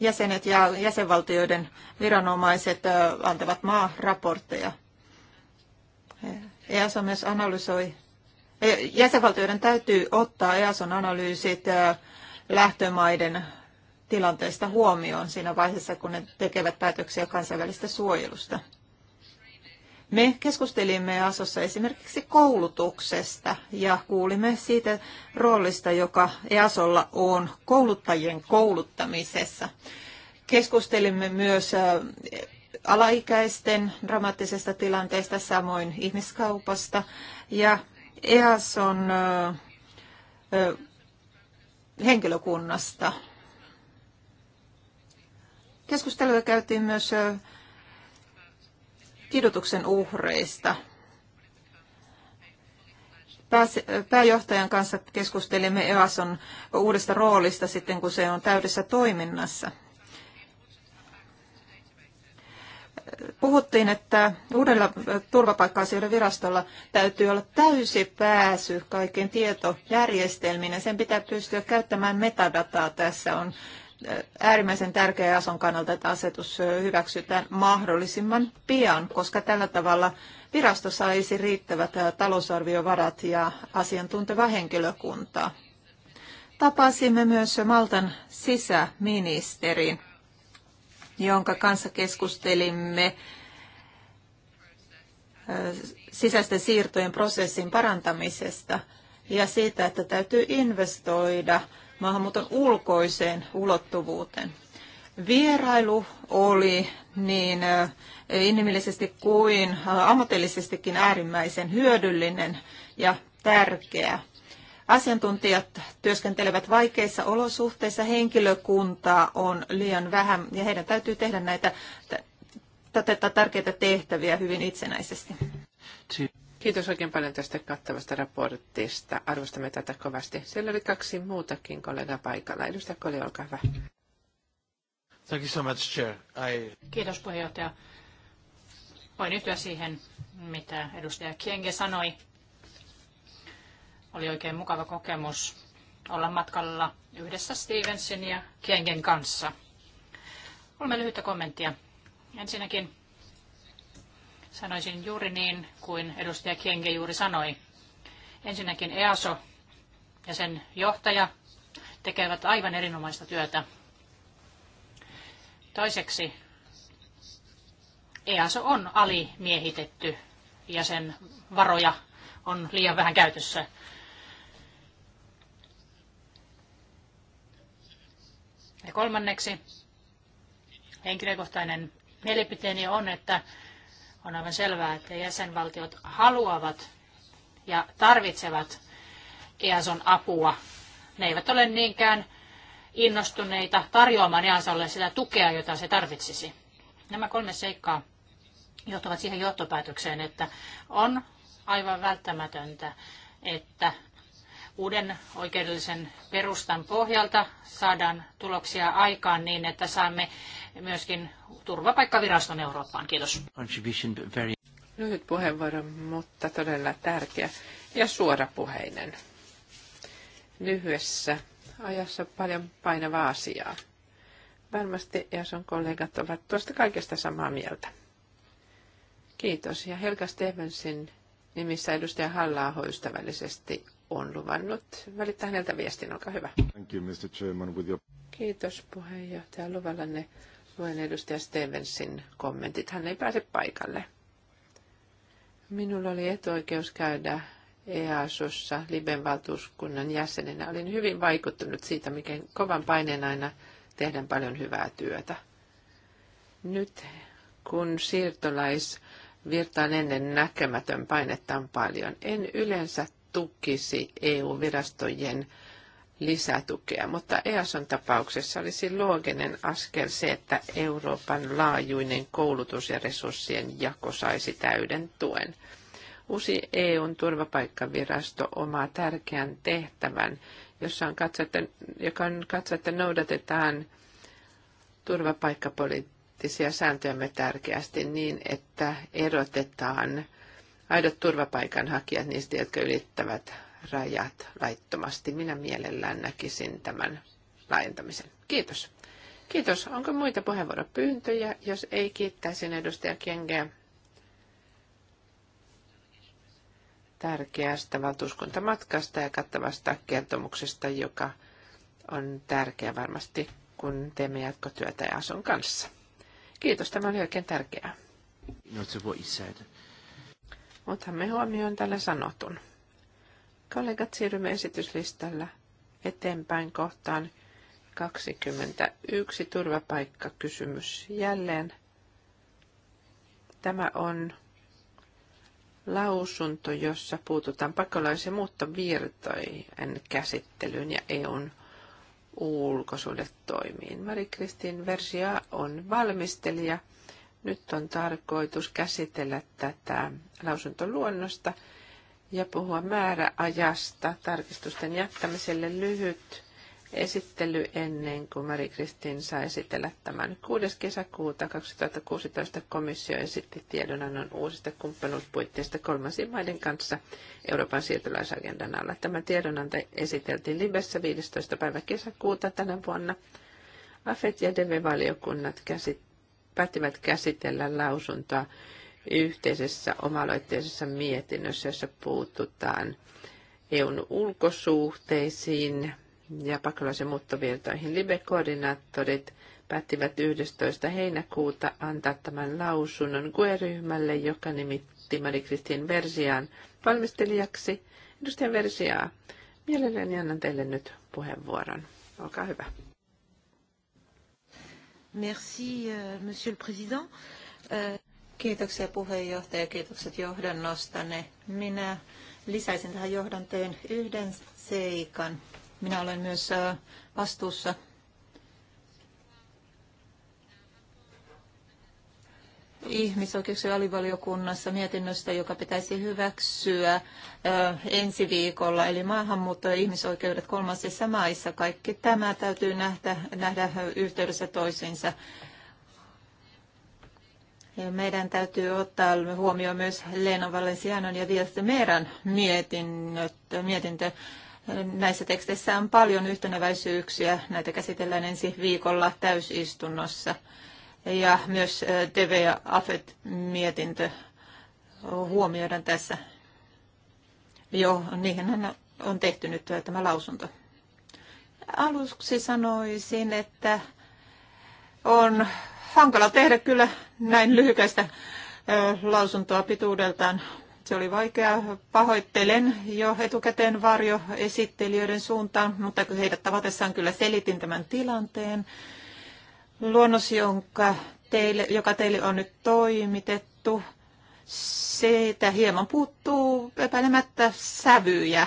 Speaker 3: jäsenet ja jäsenvaltioiden viranomaiset antavat maaraportteja. E on myös analysoi. E, jäsenvaltioiden täytyy ottaa EASOn analyysit lähtömaiden tilanteesta huomioon siinä vaiheessa, kun ne tekevät päätöksiä kansainvälistä suojelusta. Me keskustelimme Asossa esimerkiksi koulutuksesta ja kuulimme siitä roolista, joka EASOlla on kouluttajien kouluttamisessa. Keskustelimme myös äh, alaikäisten dramaattisesta tilanteesta, samoin ihmiskaupasta. Ja EASON äh, äh, henkilökunnasta. Keskustelua käytiin myös kidutuksen uhreista. Pääjohtajan kanssa keskustelimme EASON uudesta roolista sitten, kun se on täydessä toiminnassa. puhuttiin, että uudella turvapaikka-asioiden virastolla täytyy olla täysi pääsy kaikkien tietojärjestelmiin ja sen pitää pystyä käyttämään metadataa. Tässä on äärimmäisen tärkeä ason kannalta, että asetus hyväksytään mahdollisimman pian, koska tällä tavalla virasto saisi riittävät talousarviovarat ja asiantunteva henkilökunta. Tapasimme myös Maltan sisäministerin, jonka kanssa keskustelimme sisäisten siirtojen prosessin parantamisesta ja siitä, että täytyy investoida – maahanmuuton ulkoiseen ulottuvuuteen. Vierailu oli niin eh, inhimillisesti kuin eh, ammatillisestikin äärimmäisen hyödyllinen ja tärkeä. Asiantuntijat työskentelevät vaikeissa olosuhteissa, henkilökuntaa on liian vähän ja heidän täytyy
Speaker 1: tehdä näitä tätä tärkeitä tehtäviä hyvin itsenäisesti. Kiitos oikein paljon tästä kattavasta raportista. Arvostamme tätä kovasti. Siellä oli kaksi muutakin kollegaa paikalla. Edustaja Koli, olkaa hyvä.
Speaker 2: Thank you so
Speaker 3: much, Chair. I...
Speaker 2: Kiitos puheenjohtaja. Voin yhtyä siihen, mitä edustaja Kienge sanoi. Oli oikein mukava kokemus olla matkalla yhdessä Stevensin ja Kiengen kanssa. Kolme lyhyttä kommenttia. Ensinnäkin Sanoisin juuri niin kuin edustaja Kienge juuri sanoi. Ensinnäkin EASO ja sen johtaja tekevät aivan erinomaista työtä. Toiseksi EASO on alimiehitetty ja sen varoja on liian vähän käytössä. Ja kolmanneksi henkilökohtainen mielipiteeni on, että on aivan selvää, että jäsenvaltiot haluavat ja tarvitsevat EASON apua. Ne eivät ole niinkään innostuneita tarjoamaan EASOlle sitä tukea, jota se tarvitsisi. Nämä kolme seikkaa johtavat siihen johtopäätökseen, että on aivan välttämätöntä, että uuden oikeudellisen perustan pohjalta saadaan tuloksia aikaan niin, että saamme myöskin turvapaikkaviraston Eurooppaan. Kiitos. Lyhyt puheenvuoro,
Speaker 1: mutta todella tärkeä ja suorapuheinen. Lyhyessä ajassa paljon painavaa asiaa. Varmasti Jason kollegat ovat tuosta kaikesta samaa mieltä. Kiitos. Ja Helga Stevensin nimissä edustaja halla ystävällisesti on luvannut välittää häneltä viestin. Olkaa hyvä.
Speaker 3: Thank you, Mr. Chairman, with your...
Speaker 1: Kiitos puheenjohtaja. ne luen edustaja Stevensin kommentit. Hän ei pääse paikalle. Minulla oli etuoikeus käydä EASossa Liben valtuuskunnan jäsenenä. Olin hyvin vaikuttunut siitä, miten kovan paineen aina tehdään paljon hyvää työtä. Nyt kun siirtolaisvirtaan ennen näkemätön painetta on paljon, en yleensä tukisi EU-virastojen lisätukea, mutta EASON tapauksessa olisi looginen askel se, että Euroopan laajuinen koulutus ja resurssien jako saisi täyden tuen. Uusi EUn turvapaikkavirasto omaa tärkeän tehtävän, jossa on katsotte, joka on katso, että noudatetaan turvapaikkapoliittisia sääntöjämme tärkeästi niin, että erotetaan – aidot turvapaikanhakijat, niistä, jotka ylittävät rajat laittomasti. Minä mielellään näkisin tämän laajentamisen. Kiitos. Kiitos. Onko muita puheenvuoropyyntöjä? Jos ei, kiittäisin edustaja Kengeä tärkeästä valtuuskuntamatkasta ja kattavasta kertomuksesta, joka on tärkeä varmasti, kun teemme jatkotyötä ja asun kanssa. Kiitos, tämä oli oikein tärkeää. you Otamme huomioon tällä sanotun. Kollegat, siirrymme esityslistalla eteenpäin kohtaan 21 turvapaikkakysymys jälleen. Tämä on lausunto, jossa puututaan pakolais- ja muuttovirtojen käsittelyyn ja EUn ulkosuhdetoimiin. Mari-Kristin versio on valmistelija. Nyt on tarkoitus käsitellä tätä lausuntoluonnosta ja puhua määräajasta tarkistusten jättämiselle lyhyt esittely ennen kuin Mari-Kristin saa esitellä tämän. 6. kesäkuuta 2016 komissio esitti tiedonannon uusista kumppanuuspuitteista kolmansien maiden kanssa Euroopan siirtolaisagendan alla. Tämä tiedonanto esiteltiin Libessä 15. päivä kesäkuuta tänä vuonna. AFET ja DEVE-valiokunnat käsittelivät päättivät käsitellä lausuntoa yhteisessä omaloitteisessa mietinnössä, jossa puututaan EUn ulkosuhteisiin ja pakolaisen muuttovirtoihin. Libe-koordinaattorit päättivät 11. heinäkuuta antaa tämän lausunnon GUE-ryhmälle, joka nimitti Mari-Kristin Versiaan valmistelijaksi. Edustaja Versiaa, mielelläni annan teille nyt puheenvuoron. Olkaa hyvä. Merci,
Speaker 3: euh, monsieur le président. Euh, Kiitoksia puheenjohtaja, kiitokset johdannostanne. Minä lisäisin tähän johdanteen yhden seikan. Minä olen myös äh, vastuussa ihmisoikeuksien alivaliokunnassa mietinnöstä, joka pitäisi hyväksyä ensi viikolla, eli maahanmuutto ja ihmisoikeudet kolmansissa maissa. Kaikki tämä täytyy nähdä, nähdä yhteydessä toisiinsa. Ja meidän täytyy ottaa huomioon myös Leena Valensianon ja Vieste Meeran mietinnöt, mietintö. Näissä teksteissä on paljon yhtenäväisyyksiä. Näitä käsitellään ensi viikolla täysistunnossa ja myös TV- ja AFET-mietintö huomioidaan tässä. Joo, niihin on tehty nyt tämä lausunto. Aluksi sanoisin, että on hankala tehdä kyllä näin lyhykäistä lausuntoa pituudeltaan. Se oli vaikea. Pahoittelen jo etukäteen varjo esittelijöiden suuntaan, mutta heidät tavatessaan kyllä selitin tämän tilanteen. Luonnos, jonka teille, joka teille on nyt toimitettu, siitä hieman puuttuu epäilemättä sävyjä,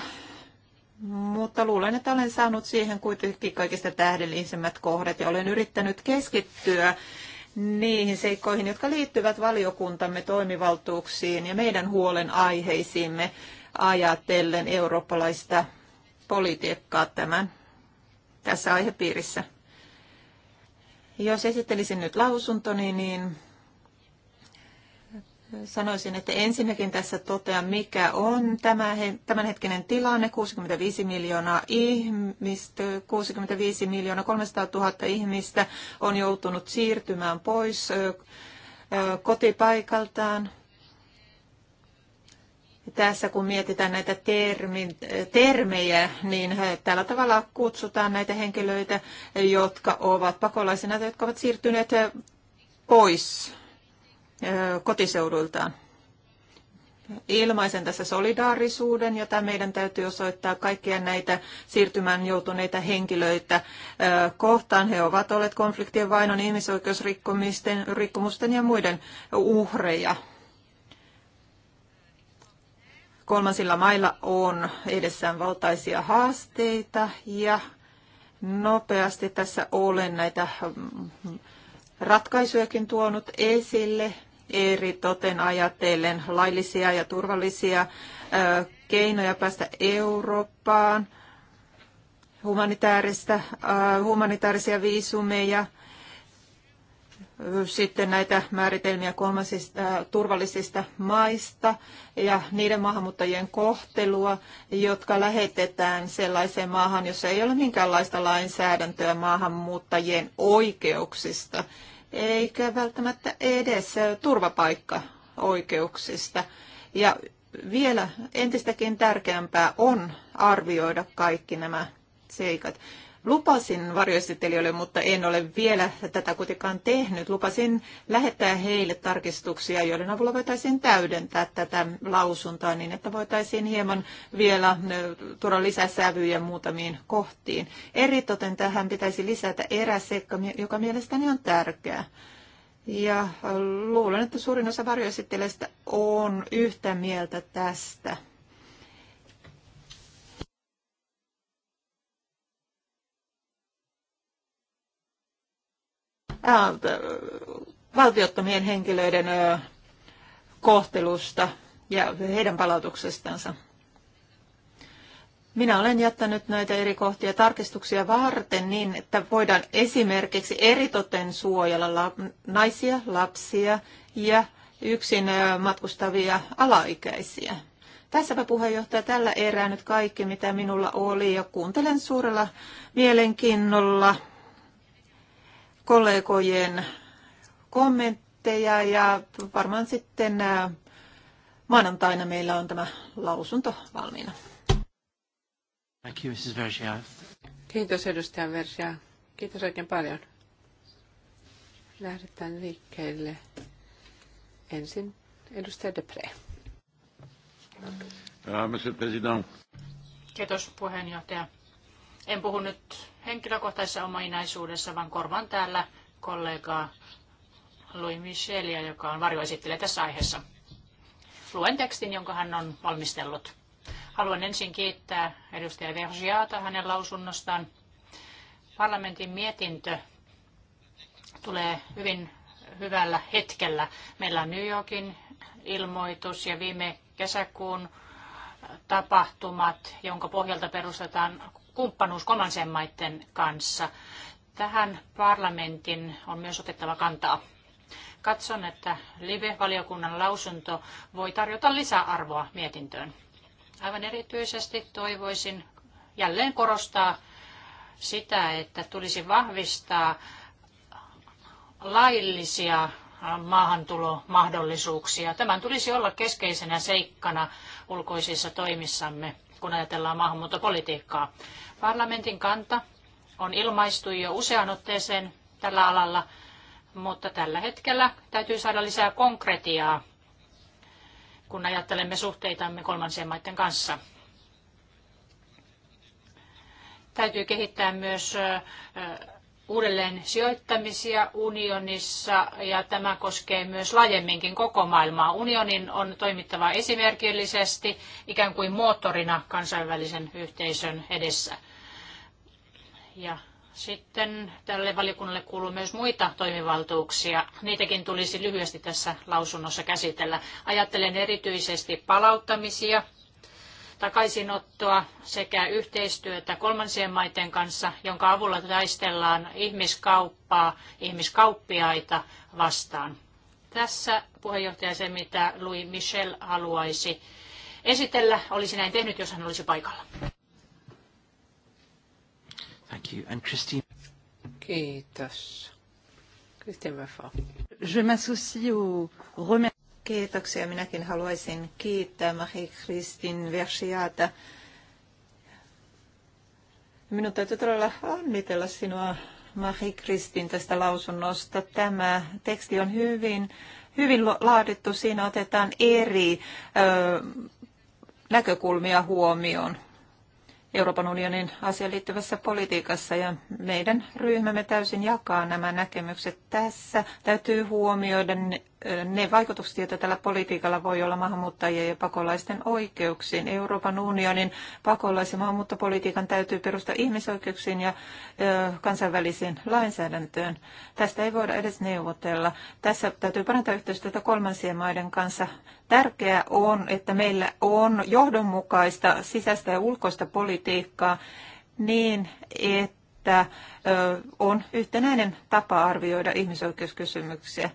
Speaker 3: mutta luulen, että olen saanut siihen kuitenkin kaikista tähdellisimmät kohdat ja olen yrittänyt keskittyä niihin seikkoihin, jotka liittyvät valiokuntamme toimivaltuuksiin ja meidän huolen aiheisiimme ajatellen eurooppalaista politiikkaa tämän tässä aihepiirissä. Jos esittelisin nyt lausuntoni, niin sanoisin, että ensinnäkin tässä totean, mikä on tämä, tämänhetkinen tilanne. 65 miljoonaa ihmistä, 65 miljoonaa 300 000 ihmistä on joutunut siirtymään pois kotipaikaltaan tässä kun mietitään näitä termi, termejä, niin tällä tavalla kutsutaan näitä henkilöitä, jotka ovat pakolaisina tai jotka ovat siirtyneet pois kotiseuduiltaan. Ilmaisen tässä solidaarisuuden, jota meidän täytyy osoittaa kaikkia näitä siirtymään joutuneita henkilöitä kohtaan. He ovat olleet konfliktien vainon, ihmisoikeusrikkomusten ja muiden uhreja kolmansilla mailla on edessään valtaisia haasteita ja nopeasti tässä olen näitä mm, ratkaisujakin tuonut esille eri toten ajatellen laillisia ja turvallisia keinoja päästä Eurooppaan, humanitaarista, humanitaarisia viisumeja – sitten näitä määritelmiä kolmansista äh, turvallisista maista ja niiden maahanmuuttajien kohtelua, jotka lähetetään sellaiseen maahan, jossa ei ole minkäänlaista lainsäädäntöä maahanmuuttajien oikeuksista, eikä välttämättä edes äh, turvapaikkaoikeuksista. Ja vielä entistäkin tärkeämpää on arvioida kaikki nämä seikat. Lupasin varjoesittelijöille, mutta en ole vielä tätä kuitenkaan tehnyt. Lupasin lähettää heille tarkistuksia, joiden avulla voitaisiin täydentää tätä lausuntoa niin, että voitaisiin hieman vielä tuoda lisäsävyjä muutamiin kohtiin. Eritoten tähän pitäisi lisätä eräs seikka, joka mielestäni on tärkeä. Ja luulen, että suurin osa varjoesittelijöistä on yhtä mieltä tästä. valtiottomien henkilöiden kohtelusta ja heidän palautuksestansa. Minä olen jättänyt näitä eri kohtia tarkistuksia varten niin, että voidaan esimerkiksi eritoten suojella naisia, lapsia ja yksin matkustavia alaikäisiä. Tässäpä puheenjohtaja tällä erää nyt kaikki, mitä minulla oli ja kuuntelen suurella mielenkiinnolla kollegojen kommentteja ja varmaan sitten äh, maanantaina
Speaker 1: meillä on tämä lausunto valmiina. Thank you, Mrs. Vergia. Kiitos edustaja Versia. Kiitos oikein paljon. Lähdetään liikkeelle. Ensin edustaja Depre. Äh, Monsieur Président.
Speaker 2: Kiitos puheenjohtaja. En puhu nyt henkilökohtaisessa ominaisuudessa, vaan korvan täällä kollegaa Louis Michelia, joka on varjoesittelijä tässä aiheessa. Luen tekstin, jonka hän on valmistellut. Haluan ensin kiittää edustaja Vergiata hänen lausunnostaan. Parlamentin mietintö tulee hyvin hyvällä hetkellä. Meillä on New Yorkin ilmoitus ja viime kesäkuun tapahtumat, jonka pohjalta perustetaan kumppanuus kolmansien maiden kanssa. Tähän parlamentin on myös otettava kantaa. Katson, että live-valiokunnan lausunto voi tarjota lisäarvoa mietintöön. Aivan erityisesti toivoisin jälleen korostaa sitä, että tulisi vahvistaa laillisia maahantulomahdollisuuksia. Tämän tulisi olla keskeisenä seikkana ulkoisissa toimissamme kun ajatellaan maahanmuuttopolitiikkaa. Parlamentin kanta on ilmaistu jo useaan otteeseen tällä alalla, mutta tällä hetkellä täytyy saada lisää konkretiaa, kun ajattelemme suhteitamme kolmansien maiden kanssa. Täytyy kehittää myös uudelleen sijoittamisia unionissa ja tämä koskee myös laajemminkin koko maailmaa. Unionin on toimittava esimerkillisesti ikään kuin moottorina kansainvälisen yhteisön edessä. Ja sitten tälle valiokunnalle kuuluu myös muita toimivaltuuksia. Niitäkin tulisi lyhyesti tässä lausunnossa käsitellä. Ajattelen erityisesti palauttamisia, takaisinottoa sekä yhteistyötä kolmansien maiden kanssa, jonka avulla taistellaan ihmiskauppaa, ihmiskauppiaita vastaan. Tässä puheenjohtaja se, mitä Louis Michel haluaisi esitellä, olisi näin tehnyt, jos hän olisi paikalla.
Speaker 1: Thank you. And Christine.
Speaker 3: Kiitos. Christine Je m'associe au Kiitoksia. Minäkin haluaisin kiittää Marie-Kristin Versiata. Minun täytyy todella onnitella sinua, Marie-Kristin, tästä lausunnosta. Tämä teksti on hyvin, hyvin laadittu. Siinä otetaan eri ö, näkökulmia huomioon Euroopan unionin asiaan liittyvässä politiikassa ja meidän ryhmämme täysin jakaa nämä näkemykset tässä. Täytyy huomioida ne vaikutukset, joita tällä politiikalla voi olla maahanmuuttajien ja pakolaisten oikeuksiin. Euroopan unionin pakolais- ja maahanmuuttopolitiikan täytyy perustaa ihmisoikeuksiin ja kansainväliseen lainsäädäntöön. Tästä ei voida edes neuvotella. Tässä täytyy parantaa yhteistyötä kolmansien maiden kanssa. Tärkeää on, että meillä on johdonmukaista sisäistä ja ulkoista politiikkaa niin, että että on yhtenäinen tapa arvioida ihmisoikeuskysymyksiä.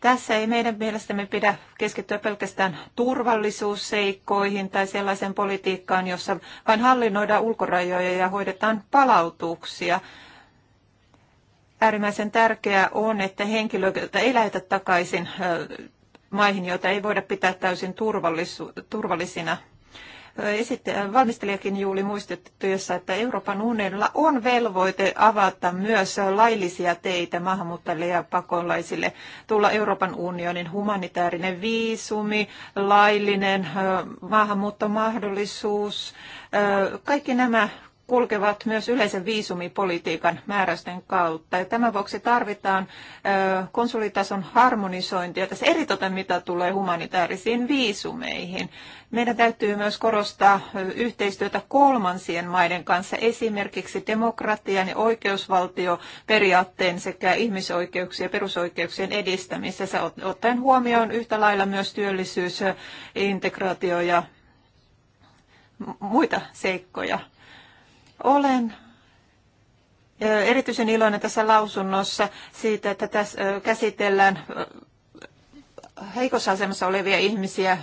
Speaker 3: Tässä ei meidän mielestämme pidä keskittyä pelkästään turvallisuusseikkoihin tai sellaiseen politiikkaan, jossa vain hallinnoidaan ulkorajoja ja hoidetaan palautuksia. Äärimmäisen tärkeää on, että henkilöitä ei lähetä takaisin maihin, joita ei voida pitää täysin turvallisina esitte, valmistelijakin Juuli muistutti että Euroopan unionilla on velvoite avata myös laillisia teitä maahanmuuttajille ja pakolaisille, tulla Euroopan unionin humanitaarinen viisumi, laillinen maahanmuuttomahdollisuus, kaikki nämä kulkevat myös yleisen viisumipolitiikan määräysten kautta. Ja tämän vuoksi tarvitaan konsulitason harmonisointia tässä eritoten, mitä tulee humanitaarisiin viisumeihin. Meidän täytyy myös korostaa yhteistyötä kolmansien maiden kanssa, esimerkiksi demokratian ja oikeusvaltioperiaatteen sekä ihmisoikeuksien ja perusoikeuksien edistämisessä, ottaen huomioon yhtä lailla myös työllisyys, integraatio ja muita seikkoja. Olen erityisen iloinen tässä lausunnossa siitä, että tässä käsitellään heikossa asemassa olevia ihmisiä,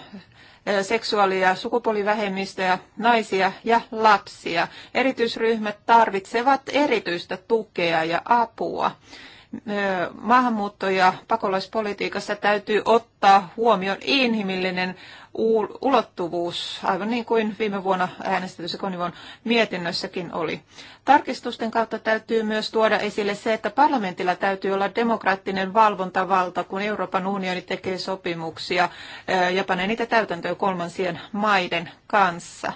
Speaker 3: seksuaali- ja sukupuolivähemmistöjä, naisia ja lapsia. Erityisryhmät tarvitsevat erityistä tukea ja apua maahanmuutto- ja pakolaispolitiikassa täytyy ottaa huomioon inhimillinen ulottuvuus, aivan niin kuin viime vuonna äänestetyssä Konivon mietinnössäkin oli. Tarkistusten kautta täytyy myös tuoda esille se, että parlamentilla täytyy olla demokraattinen valvontavalta, kun Euroopan unioni tekee sopimuksia ja panee niitä täytäntöön kolmansien maiden kanssa.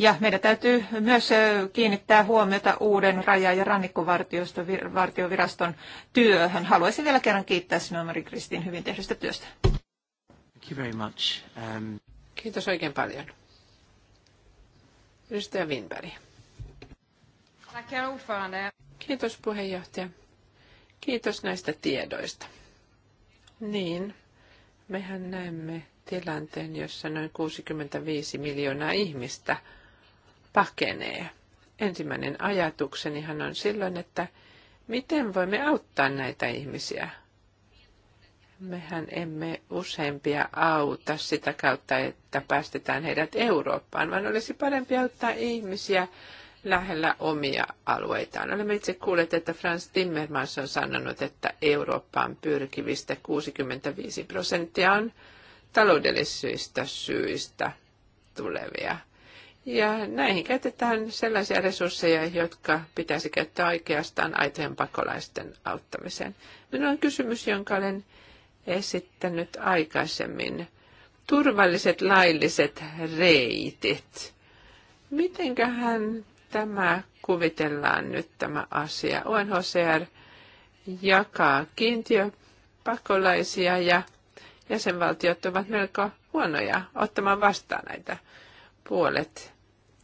Speaker 3: Ja meidän täytyy myös kiinnittää huomiota uuden raja- ja rannikkovartioviraston työhön. Haluaisin vielä kerran kiittää sinua, Mari Kristin, hyvin tehdystä työstä.
Speaker 1: Thank you very much. Um... Kiitos oikein paljon. Edustaja Winberg. Kiitos puheenjohtaja. Kiitos näistä tiedoista. Niin, mehän näemme tilanteen, jossa noin 65 miljoonaa ihmistä – pakenee. Ensimmäinen ajatuksenihan on silloin, että miten voimme auttaa näitä ihmisiä. Mehän emme useimpia auta sitä kautta, että päästetään heidät Eurooppaan, vaan olisi parempi auttaa ihmisiä lähellä omia alueitaan. Olemme itse kuulleet, että Franz Timmermans on sanonut, että Eurooppaan pyrkivistä 65 prosenttia on taloudellisista syistä tulevia. Ja näihin käytetään sellaisia resursseja, jotka pitäisi käyttää oikeastaan aitojen pakolaisten auttamiseen. Minulla on kysymys, jonka olen esittänyt aikaisemmin. Turvalliset lailliset reitit. Mitenköhän tämä kuvitellaan nyt tämä asia? UNHCR jakaa kiintiöpakolaisia ja jäsenvaltiot ovat melko huonoja ottamaan vastaan näitä puolet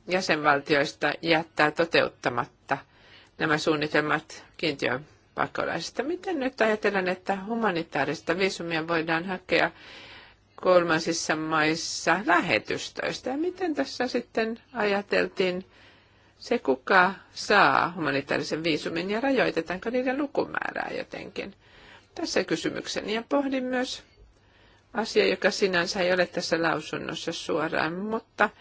Speaker 1: jäsenvaltioista jättää toteuttamatta nämä suunnitelmat pakolaisista. Miten nyt ajatellaan, että humanitaarista viisumia voidaan hakea kolmansissa maissa lähetystöistä? Ja miten tässä sitten ajateltiin se, kuka saa humanitaarisen viisumin ja rajoitetaanko niiden lukumäärää jotenkin? Tässä kysymykseni ja pohdin myös asia, joka sinänsä ei ole tässä lausunnossa suoraan, mutta –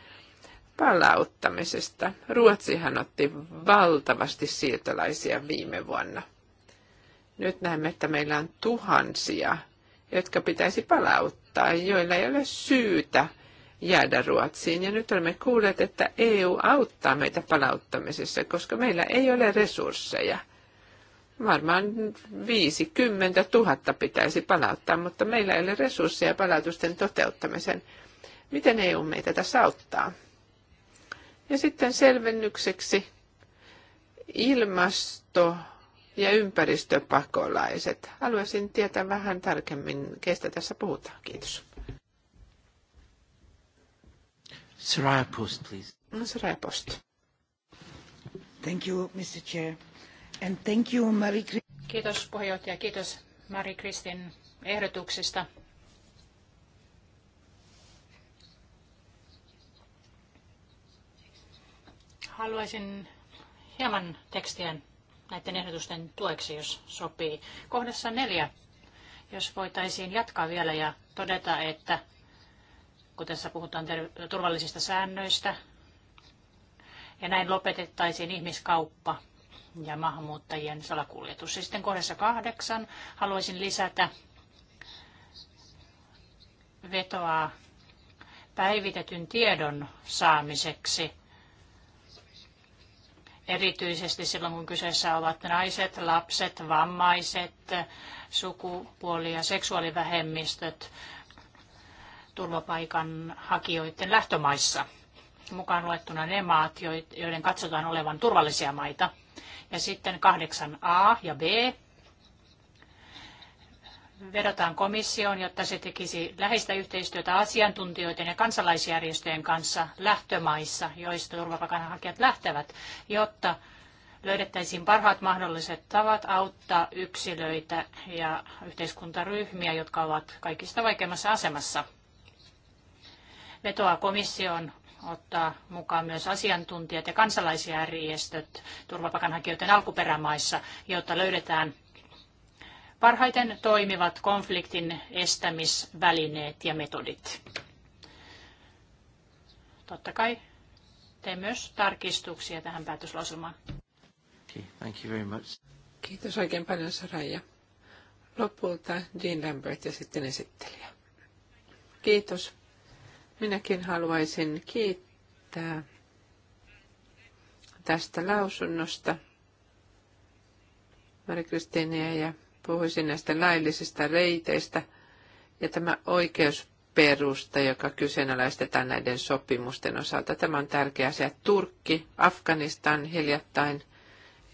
Speaker 1: palauttamisesta. Ruotsihan otti valtavasti siirtolaisia viime vuonna. Nyt näemme, että meillä on tuhansia, jotka pitäisi palauttaa, joilla ei ole syytä jäädä Ruotsiin. Ja nyt olemme kuulleet, että EU auttaa meitä palauttamisessa, koska meillä ei ole resursseja. Varmaan 50 000 pitäisi palauttaa, mutta meillä ei ole resursseja palautusten toteuttamiseen. Miten EU meitä tässä auttaa? Ja sitten selvennykseksi ilmasto- ja ympäristöpakolaiset. Haluaisin tietää vähän tarkemmin, kestä tässä puhutaan. Kiitos. Soraya Post, please. No, Soraya
Speaker 3: Post. Thank you, Mr. Chair. And thank you, Marie
Speaker 2: Kiitos puheenjohtaja, kiitos Mari Kristin ehdotuksista haluaisin hieman tekstiä näiden ehdotusten tueksi, jos sopii. Kohdassa neljä, jos voitaisiin jatkaa vielä ja todeta, että kun tässä puhutaan turvallisista säännöistä, ja näin lopetettaisiin ihmiskauppa ja maahanmuuttajien salakuljetus. Ja sitten kohdassa kahdeksan haluaisin lisätä vetoa päivitetyn tiedon saamiseksi erityisesti silloin, kun kyseessä ovat naiset, lapset, vammaiset, sukupuoli- ja seksuaalivähemmistöt turvapaikan hakijoiden lähtömaissa, mukaan luettuna ne maat, joiden katsotaan olevan turvallisia maita. Ja sitten 8a ja b vedotaan komissioon, jotta se tekisi läheistä yhteistyötä asiantuntijoiden ja kansalaisjärjestöjen kanssa lähtömaissa, joista turvapaikanhakijat lähtevät, jotta löydettäisiin parhaat mahdolliset tavat auttaa yksilöitä ja yhteiskuntaryhmiä, jotka ovat kaikista vaikeimmassa asemassa. Vetoa komission ottaa mukaan myös asiantuntijat ja kansalaisjärjestöt turvapaikanhakijoiden alkuperämaissa, jotta löydetään parhaiten toimivat konfliktin estämisvälineet ja metodit. Totta kai teen myös
Speaker 1: tarkistuksia tähän päätöslausumaan. Okay, thank you very much. Kiitos oikein paljon Saraja. Lopulta Dean Lambert ja sitten esittelijä. Kiitos. Minäkin haluaisin kiittää tästä lausunnosta Mari-Kristiinia ja Puhuisin näistä laillisista reiteistä ja tämä oikeusperusta, joka kyseenalaistetaan näiden sopimusten osalta. Tämä on tärkeä asia. Turkki, Afganistan hiljattain.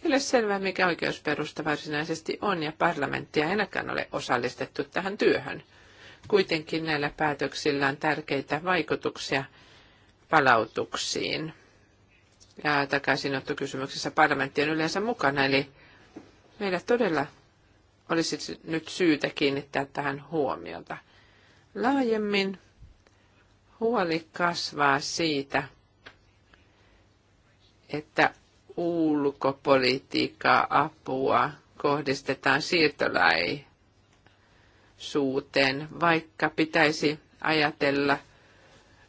Speaker 1: Ei ole selvää, mikä oikeusperusta varsinaisesti on, ja parlamenttia ei ainakaan ole osallistettu tähän työhön. Kuitenkin näillä päätöksillä on tärkeitä vaikutuksia palautuksiin. Ja takaisinottokysymyksessä parlamentti on yleensä mukana, eli meillä todella olisi nyt syytä kiinnittää tähän huomiota. Laajemmin huoli kasvaa siitä, että ulkopolitiikkaa apua kohdistetaan siirtolaisuuteen, vaikka pitäisi ajatella –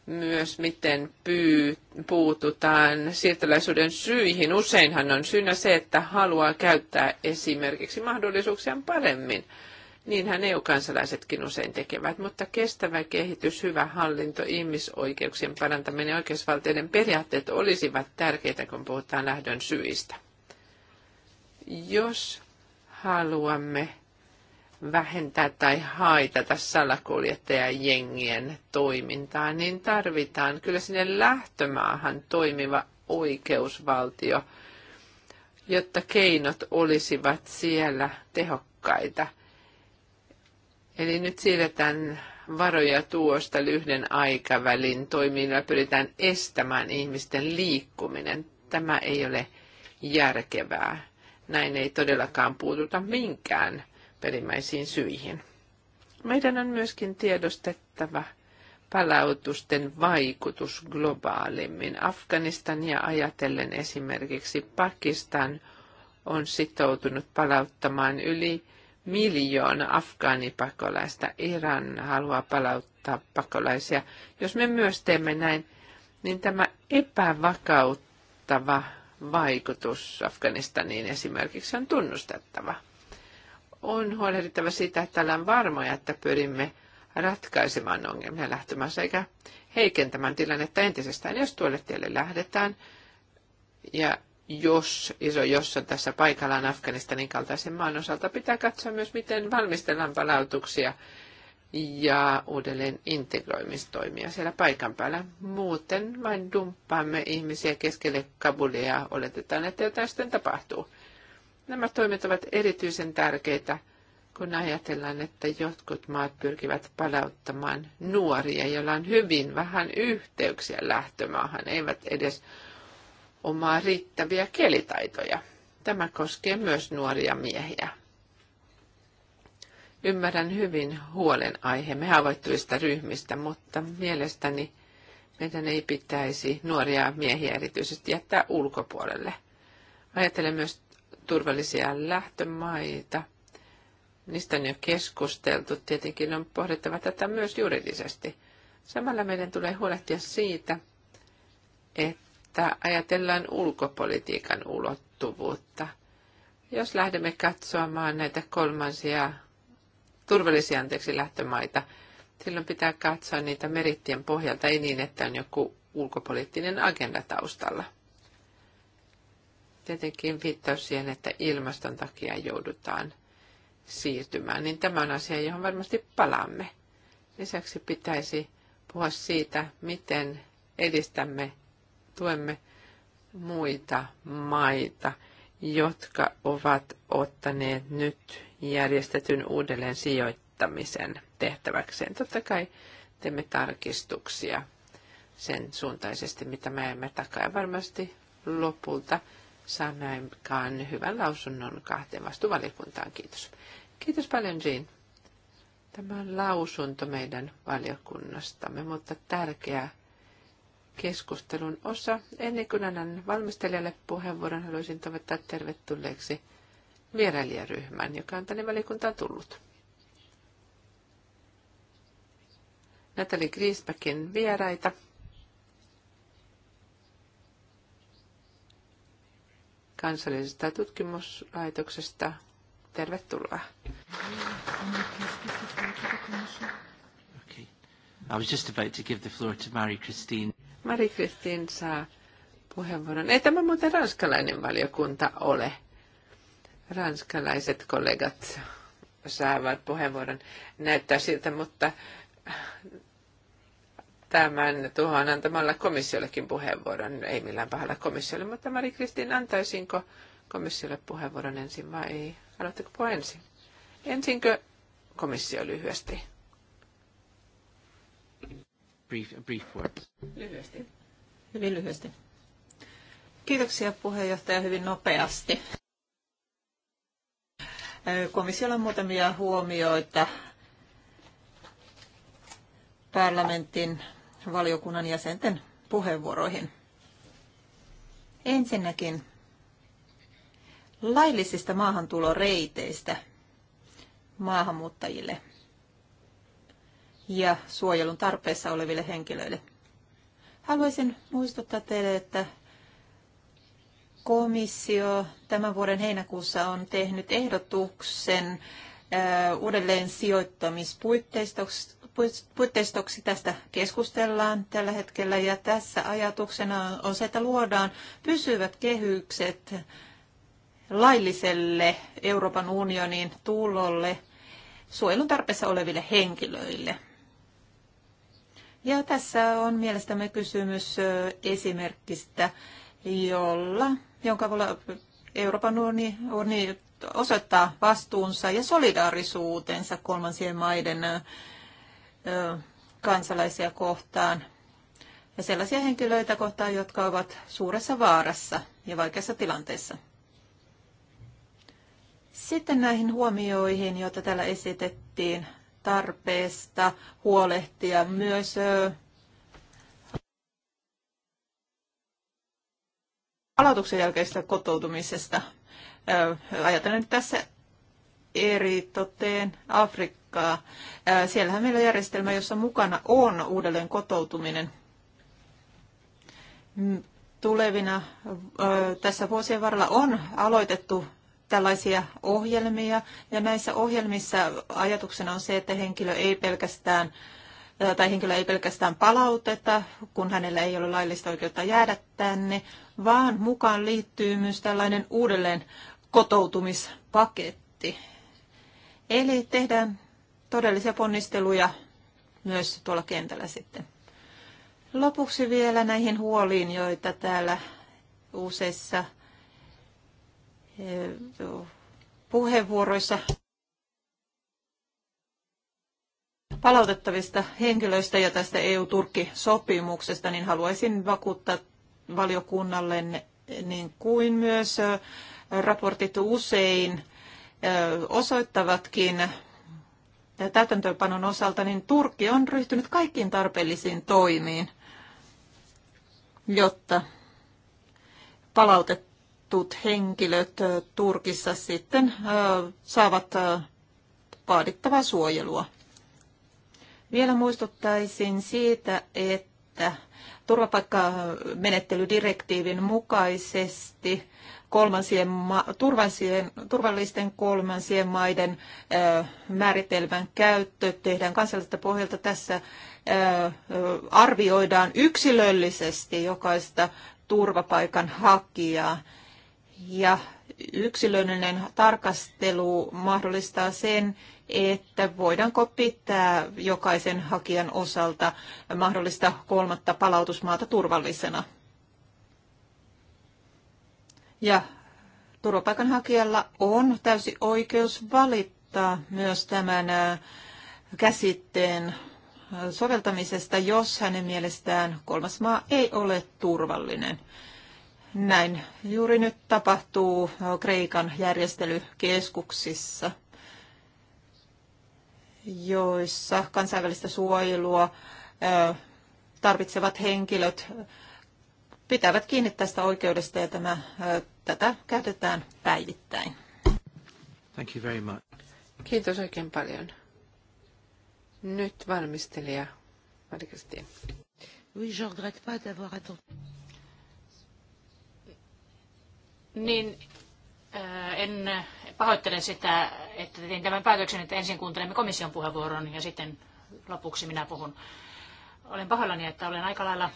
Speaker 1: myös, miten pyy, puututaan siirtolaisuuden syihin. Useinhan on syynä se, että haluaa käyttää esimerkiksi mahdollisuuksia paremmin. Niinhän EU-kansalaisetkin usein tekevät, mutta kestävä kehitys, hyvä hallinto, ihmisoikeuksien parantaminen ja oikeusvaltioiden periaatteet olisivat tärkeitä, kun puhutaan lähdön syistä. Jos haluamme vähentää tai haitata jengien toimintaa, niin tarvitaan kyllä sinne lähtömaahan toimiva oikeusvaltio, jotta keinot olisivat siellä tehokkaita. Eli nyt siirretään varoja tuosta lyhden aikavälin toimilla pyritään estämään ihmisten liikkuminen. Tämä ei ole järkevää. Näin ei todellakaan puututa minkään perimmäisiin syihin. Meidän on myöskin tiedostettava palautusten vaikutus globaalimmin. Afganistania ajatellen esimerkiksi Pakistan on sitoutunut palauttamaan yli miljoona afgaanipakolaista. Iran haluaa palauttaa pakolaisia. Jos me myös teemme näin, niin tämä epävakauttava vaikutus Afganistaniin esimerkiksi on tunnustettava on huolehdittava siitä, että ollaan varmoja, että pyrimme ratkaisemaan ongelmia lähtemässä eikä heikentämään tilannetta entisestään, jos tuolle tielle lähdetään. Ja jos, iso jos on tässä paikallaan Afganistanin kaltaisen maan osalta, pitää katsoa myös, miten valmistellaan palautuksia ja uudelleen integroimistoimia siellä paikan päällä. Muuten vain dumppaamme ihmisiä keskelle Kabulia ja oletetaan, että jotain sitten tapahtuu. Nämä toimet ovat erityisen tärkeitä, kun ajatellaan, että jotkut maat pyrkivät palauttamaan nuoria, joilla on hyvin vähän yhteyksiä lähtömaahan, eivät edes omaa riittäviä kielitaitoja. Tämä koskee myös nuoria miehiä. Ymmärrän hyvin huolen aiheemme haavoittuvista ryhmistä, mutta mielestäni meidän ei pitäisi nuoria miehiä erityisesti jättää ulkopuolelle. Ajattelen myös turvallisia lähtömaita. Niistä on jo keskusteltu. Tietenkin on pohdittava tätä myös juridisesti. Samalla meidän tulee huolehtia siitä, että ajatellaan ulkopolitiikan ulottuvuutta. Jos lähdemme katsomaan näitä kolmansia turvallisia anteeksi lähtömaita, silloin pitää katsoa niitä merittien pohjalta, ei niin, että on joku ulkopoliittinen agenda taustalla tietenkin viittaus siihen, että ilmaston takia joudutaan siirtymään, niin tämä on asia, johon varmasti palaamme. Lisäksi pitäisi puhua siitä, miten edistämme, tuemme muita maita, jotka ovat ottaneet nyt järjestetyn uudelleen sijoittamisen tehtäväkseen. Totta kai teemme tarkistuksia sen suuntaisesti, mitä me emme takaa. Varmasti lopulta sanoinkaan hyvän lausunnon kahteen vastuvaliokuntaan. Kiitos. Kiitos paljon, Jean. Tämä on lausunto meidän valiokunnastamme, mutta tärkeä keskustelun osa. Ennen kuin annan valmistelijalle puheenvuoron, haluaisin toivottaa tervetulleeksi vierailijaryhmän, joka on tänne valiokuntaan tullut. Natalie Griesbäckin vieraita. kansallisesta tutkimuslaitoksesta. Tervetuloa. Okay. I was just about to give the floor to Marie-Christine. Marie-Christine saa puheenvuoron. Ei tämä muuten ranskalainen valiokunta ole. Ranskalaiset kollegat saavat puheenvuoron. Näyttää siltä, mutta tämän tuohon antamalla komissiollekin puheenvuoron, ei millään pahalla komissiolle, mutta Mari-Kristin, antaisinko komissiolle puheenvuoron ensin vai ei? Haluatteko puhua ensin? Ensinkö komissio lyhyesti? Brief, brief words. Lyhyesti. Hyvin lyhyesti.
Speaker 3: Kiitoksia puheenjohtaja hyvin nopeasti. Komissiolla on muutamia huomioita parlamentin valiokunnan jäsenten puheenvuoroihin. Ensinnäkin laillisista maahantuloreiteistä maahanmuuttajille ja suojelun tarpeessa oleville henkilöille. Haluaisin muistuttaa teille, että komissio tämän vuoden heinäkuussa on tehnyt ehdotuksen uudelleen sijoittamispuitteistoksi tästä keskustellaan tällä hetkellä ja tässä ajatuksena on se, että luodaan pysyvät kehykset lailliselle Euroopan unionin tulolle suojelun tarpeessa oleville henkilöille. Ja tässä on mielestämme kysymys esimerkistä, jolla, jonka Euroopan unioni osoittaa vastuunsa ja solidaarisuutensa kolmansien maiden kansalaisia kohtaan ja sellaisia henkilöitä kohtaan, jotka ovat suuressa vaarassa ja vaikeassa tilanteessa. Sitten näihin huomioihin, joita täällä esitettiin tarpeesta huolehtia myös palautuksen jälkeistä kotoutumisesta Ajatellen nyt tässä eri toteen Afrikkaa. Siellähän meillä on järjestelmä, jossa mukana on uudelleen kotoutuminen. Tulevina tässä vuosien varrella on aloitettu tällaisia ohjelmia, ja näissä ohjelmissa ajatuksena on se, että henkilö ei pelkästään tai henkilö ei pelkästään palauteta, kun hänellä ei ole laillista oikeutta jäädä tänne, vaan mukaan liittyy myös tällainen uudelleen kotoutumispaketti. Eli tehdään todellisia ponnisteluja myös tuolla kentällä sitten. Lopuksi vielä näihin huoliin, joita täällä useissa eh, puheenvuoroissa palautettavista henkilöistä ja tästä EU-Turkki-sopimuksesta, niin haluaisin vakuuttaa valiokunnalle, niin kuin myös eh, raportit usein osoittavatkin täytäntöönpanon osalta, niin Turkki on ryhtynyt kaikkiin tarpeellisiin toimiin, jotta palautetut henkilöt Turkissa sitten saavat vaadittavaa suojelua. Vielä muistuttaisin siitä, että turvapaikkamenettelydirektiivin mukaisesti kolmansien, turvansien, turvallisten kolmansien maiden määritelmän käyttö tehdään kansalliselta pohjalta. Tässä arvioidaan yksilöllisesti jokaista turvapaikan hakijaa. Ja yksilöllinen tarkastelu mahdollistaa sen, että voidaanko pitää jokaisen hakijan osalta mahdollista kolmatta palautusmaata turvallisena. Ja turvapaikanhakijalla on täysi oikeus valittaa myös tämän äh, käsitteen äh, soveltamisesta, jos hänen mielestään kolmas maa ei ole turvallinen. Näin juuri nyt tapahtuu äh, Kreikan järjestelykeskuksissa, joissa kansainvälistä suojelua tarvitsevat henkilöt pitävät kiinni tästä oikeudesta ja tämä tätä käytetään päivittäin.
Speaker 1: Thank you very much. Kiitos oikein paljon. Nyt valmistelija Marikasti. Oui, je regrette pas d'avoir attendu.
Speaker 2: Niin, äh, en pahoittele sitä, että tein tämän päätöksen, että ensin kuuntelemme komission puheenvuoron ja sitten lopuksi minä puhun. Olen pahoillani, että olen aika lailla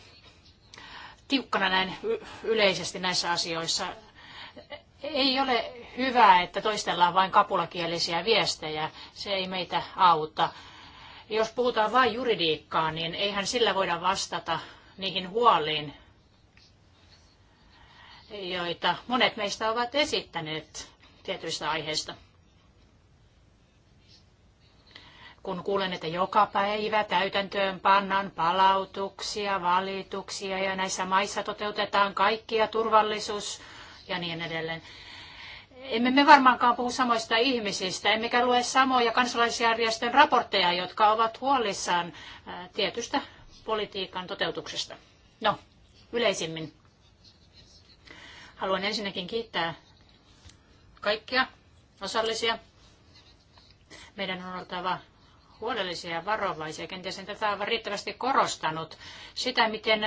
Speaker 2: tiukkana näin yleisesti näissä asioissa ei ole hyvä, että toistellaan vain kapulakielisiä viestejä. Se ei meitä auta. Jos puhutaan vain juridiikkaa, niin eihän sillä voida vastata niihin huoliin, joita monet meistä ovat esittäneet tietyistä aiheista. Kun kuulen, että joka päivä täytäntöön pannaan palautuksia, valituksia ja näissä maissa toteutetaan kaikkia turvallisuus- ja niin edelleen. Emme me varmaankaan puhu samoista ihmisistä, emmekä lue samoja kansalaisjärjestön raportteja, jotka ovat huolissaan tietystä politiikan toteutuksesta. No, yleisimmin. Haluan ensinnäkin kiittää kaikkia osallisia. Meidän on oltava huolellisia ja varovaisia. Kenties en tätä aivan riittävästi korostanut sitä, miten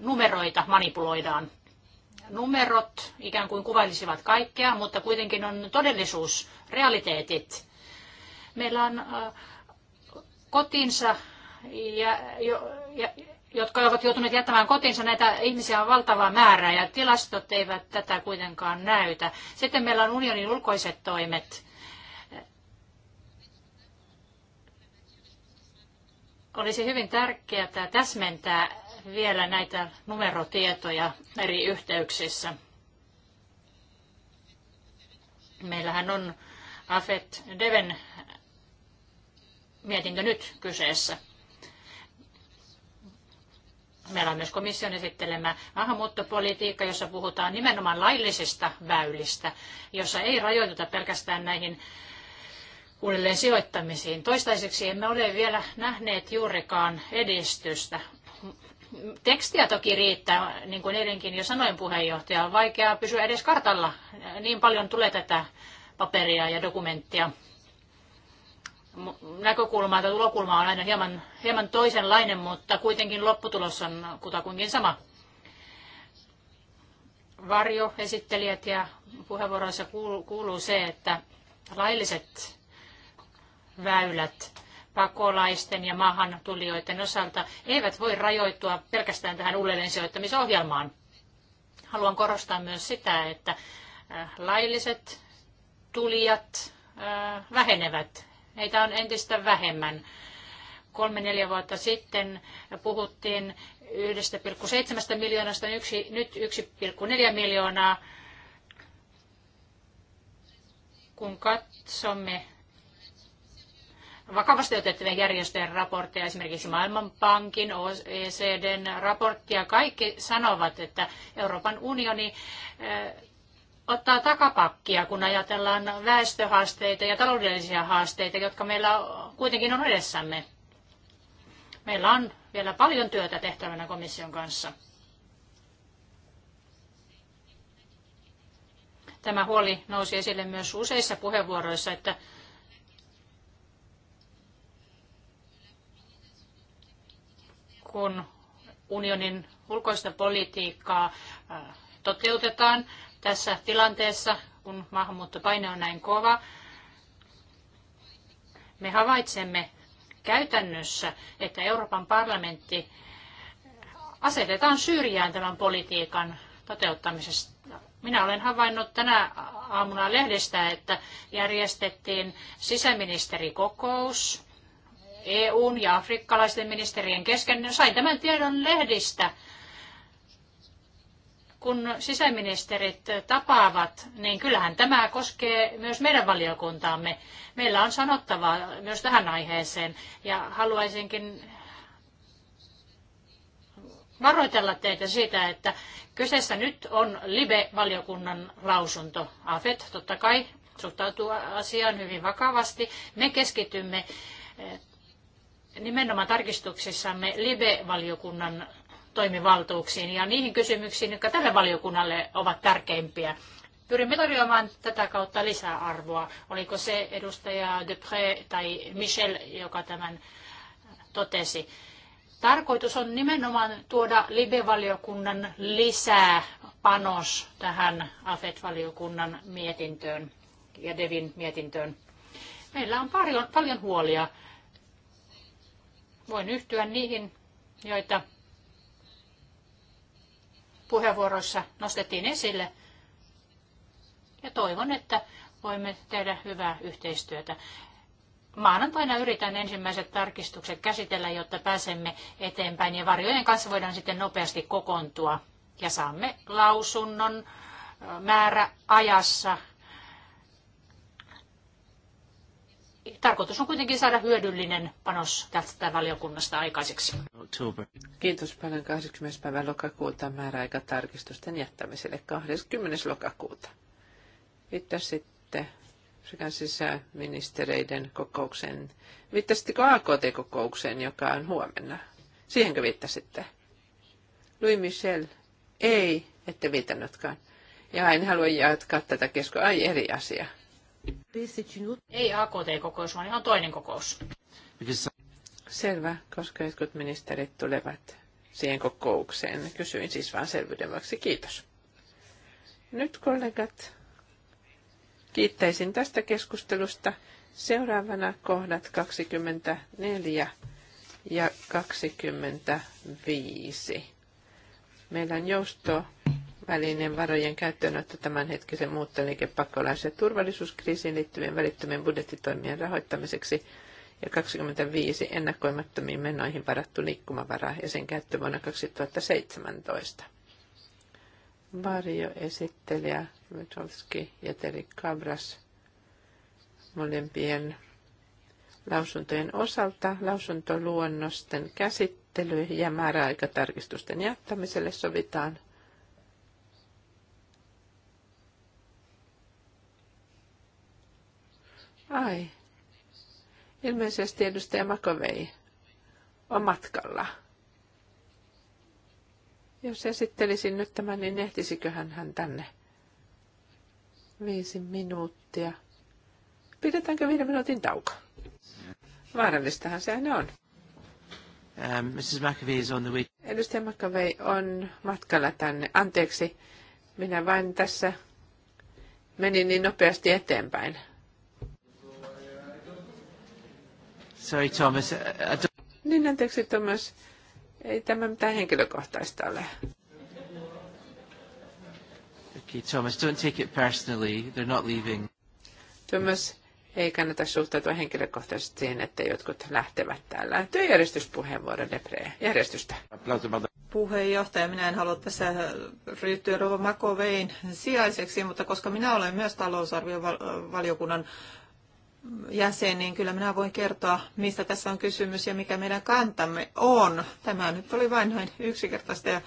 Speaker 2: numeroita manipuloidaan numerot ikään kuin kuvailisivat kaikkea, mutta kuitenkin on todellisuus, realiteetit. Meillä on äh, kotinsa, ja, ja, jotka ovat joutuneet jättämään kotinsa. Näitä ihmisiä on valtava määrä ja tilastot eivät tätä kuitenkaan näytä. Sitten meillä on unionin ulkoiset toimet. Olisi hyvin tärkeää täsmentää vielä näitä numerotietoja eri yhteyksissä. Meillähän on Afet Deven mietintö nyt kyseessä. Meillä on myös komission esittelemä maahanmuuttopolitiikka, jossa puhutaan nimenomaan laillisista väylistä, jossa ei rajoituta pelkästään näihin uudelleen sijoittamisiin. Toistaiseksi emme ole vielä nähneet juurikaan edistystä. Tekstiä toki riittää, niin kuin eilenkin jo sanoin puheenjohtaja, on vaikeaa pysyä edes kartalla. Niin paljon tulee tätä paperia ja dokumenttia. Näkökulma tai tulokulma on aina hieman, hieman toisenlainen, mutta kuitenkin lopputulos on kutakuinkin sama. Varjo, esittelijät ja puheenvuoroissa kuuluu se, että lailliset väylät pakolaisten ja maahantulijoiden osalta eivät voi rajoittua pelkästään tähän uudelleensijoittamisohjelmaan. Haluan korostaa myös sitä, että äh, lailliset tulijat äh, vähenevät. Heitä on entistä vähemmän. Kolme-neljä vuotta sitten puhuttiin 1,7 miljoonasta, yksi, nyt 1,4 miljoonaa. Kun katsomme vakavasti otettavien järjestöjen raportteja, esimerkiksi Maailmanpankin, OECDn raporttia. Kaikki sanovat, että Euroopan unioni eh, ottaa takapakkia, kun ajatellaan väestöhaasteita ja taloudellisia haasteita, jotka meillä kuitenkin on edessämme. Meillä on vielä paljon työtä tehtävänä komission kanssa. Tämä huoli nousi esille myös useissa puheenvuoroissa, että kun unionin ulkoista politiikkaa äh, toteutetaan tässä tilanteessa, kun maahanmuuttopaine on näin kova. Me havaitsemme käytännössä, että Euroopan parlamentti asetetaan syrjään tämän politiikan toteuttamisesta. Minä olen havainnut tänä aamuna lehdestä, että järjestettiin sisäministerikokous EUn ja afrikkalaisten ministerien kesken. Sain tämän tiedon lehdistä. Kun sisäministerit tapaavat, niin kyllähän tämä koskee myös meidän valiokuntaamme. Meillä on sanottavaa myös tähän aiheeseen ja haluaisinkin varoitella teitä siitä, että kyseessä nyt on Libe-valiokunnan lausunto. AFET totta kai suhtautuu asiaan hyvin vakavasti. Me keskitymme nimenomaan tarkistuksissamme LIBE-valiokunnan toimivaltuuksiin ja niihin kysymyksiin, jotka tälle valiokunnalle ovat tärkeimpiä. Pyrimme tarjoamaan tätä kautta lisää arvoa. Oliko se edustaja Dupré tai Michel, joka tämän totesi? Tarkoitus on nimenomaan tuoda LIBE-valiokunnan lisää panos tähän AFET-valiokunnan mietintöön ja DEVin mietintöön. Meillä on paljon, paljon huolia Voin yhtyä niihin, joita puheenvuoroissa nostettiin esille. Ja toivon, että voimme tehdä hyvää yhteistyötä. Maanantaina yritän ensimmäiset tarkistukset käsitellä, jotta pääsemme eteenpäin ja varjojen kanssa voidaan sitten nopeasti kokoontua ja saamme lausunnon määrä ajassa tarkoitus on kuitenkin saada hyödyllinen panos tästä valiokunnasta aikaiseksi.
Speaker 1: Kiitos paljon 20. päivä lokakuuta määräaika tarkistusten jättämiselle 20. lokakuuta. Mitä sitten sekä sisäministereiden kokouksen, viittasitteko AKT-kokoukseen, joka on huomenna? Siihenkö viittasitte? Louis Michel, ei, ette viitannutkaan. Ja en halua jatkaa tätä keskustelua. Ai eri asia.
Speaker 2: Ei AKT-kokous, vaan ihan toinen kokous.
Speaker 1: Selvä, koska jotkut ministerit tulevat siihen kokoukseen. Kysyin siis vain selvyyden vuoksi. Kiitos. Nyt kollegat, kiittäisin tästä keskustelusta. Seuraavana kohdat 24 ja 25. Meillä on joustoa välinen varojen käyttöönotto tämänhetkisen muuttoliike pakolais- ja turvallisuuskriisiin liittyvien välittömien budjettitoimien rahoittamiseksi ja 25 ennakoimattomiin menoihin varattu liikkumavara ja sen käyttö vuonna 2017. esittelijä Metrovski ja Teri Kabras molempien lausuntojen osalta lausuntoluonnosten käsittely ja määräaikatarkistusten jättämiselle sovitaan Ai. Ilmeisesti edustaja Makovei on matkalla. Jos esittelisin nyt tämän, niin ehtisiköhän hän tänne? Viisi minuuttia. Pidetäänkö viiden minuutin tauko? Vaarallistahan se aina on. Um, Mrs. McAvey is on the Edustaja McAvey on matkalla tänne. Anteeksi, minä vain tässä menin niin nopeasti eteenpäin. Sorry, Thomas. Niin, anteeksi, Thomas. Ei tämä mitään henkilökohtaista ole. Okay, Thomas, don't take it personally. They're not leaving. Thomas, ei kannata suhtautua henkilökohtaisesti siihen, että jotkut lähtevät täällä. Työjärjestyspuheenvuoro, Depre. Järjestystä.
Speaker 3: Puheenjohtaja, minä en halua tässä ryhtyä Rova Makovein sijaiseksi, mutta koska minä olen myös talousarviovaliokunnan jäsen, niin kyllä minä voin kertoa, mistä tässä on kysymys ja mikä meidän kantamme on. Tämä nyt oli vain noin yksinkertaista ja,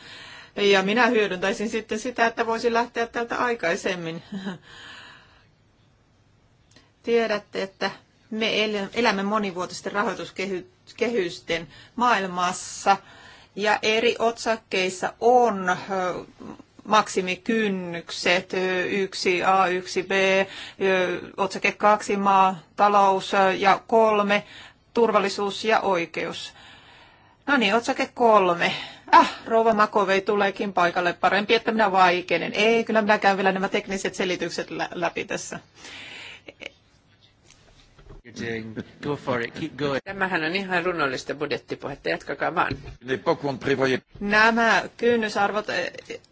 Speaker 3: ja minä hyödyntäisin sitten sitä, että voisin lähteä täältä aikaisemmin. Tiedätte, että me elämme monivuotisten rahoituskehysten maailmassa ja eri otsakkeissa on maksimikynnykset, yksi a yksi b otsake kaksi maa, talous ja kolme turvallisuus ja oikeus. No niin, otsake kolme. Äh, rouva Makovei tuleekin paikalle. Parempi, että minä vaikeinen. Ei, kyllä minä käyn vielä nämä tekniset selitykset lä- läpi tässä.
Speaker 1: Go for it. Keep going. Tämähän on ihan runollista budjettipuhetta, jatkakaa vaan.
Speaker 3: Nämä kynnysarvot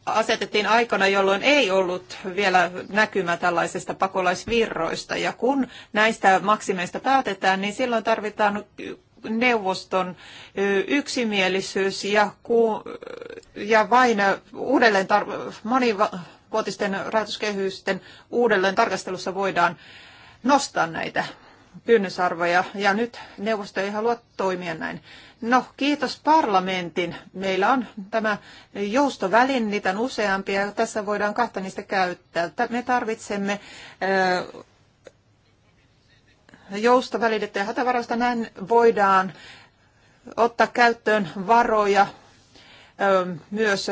Speaker 3: asetettiin aikana, jolloin ei ollut vielä näkymä tällaisista pakolaisvirroista. Ja kun näistä maksimeista päätetään, niin silloin tarvitaan neuvoston yksimielisyys ja, ku, ja vain uudelleen tar- monivuotisten rahoituskehysten uudelleen tarkastelussa voidaan nostaa näitä kynnysarvoja. Ja nyt neuvosto ei halua toimia näin. No, kiitos parlamentin. Meillä on tämä joustovälin, niitä on useampia. Tässä voidaan kahta niistä käyttää. Me tarvitsemme joustovälinettä ja hätävarausta. Näin voidaan ottaa käyttöön varoja myös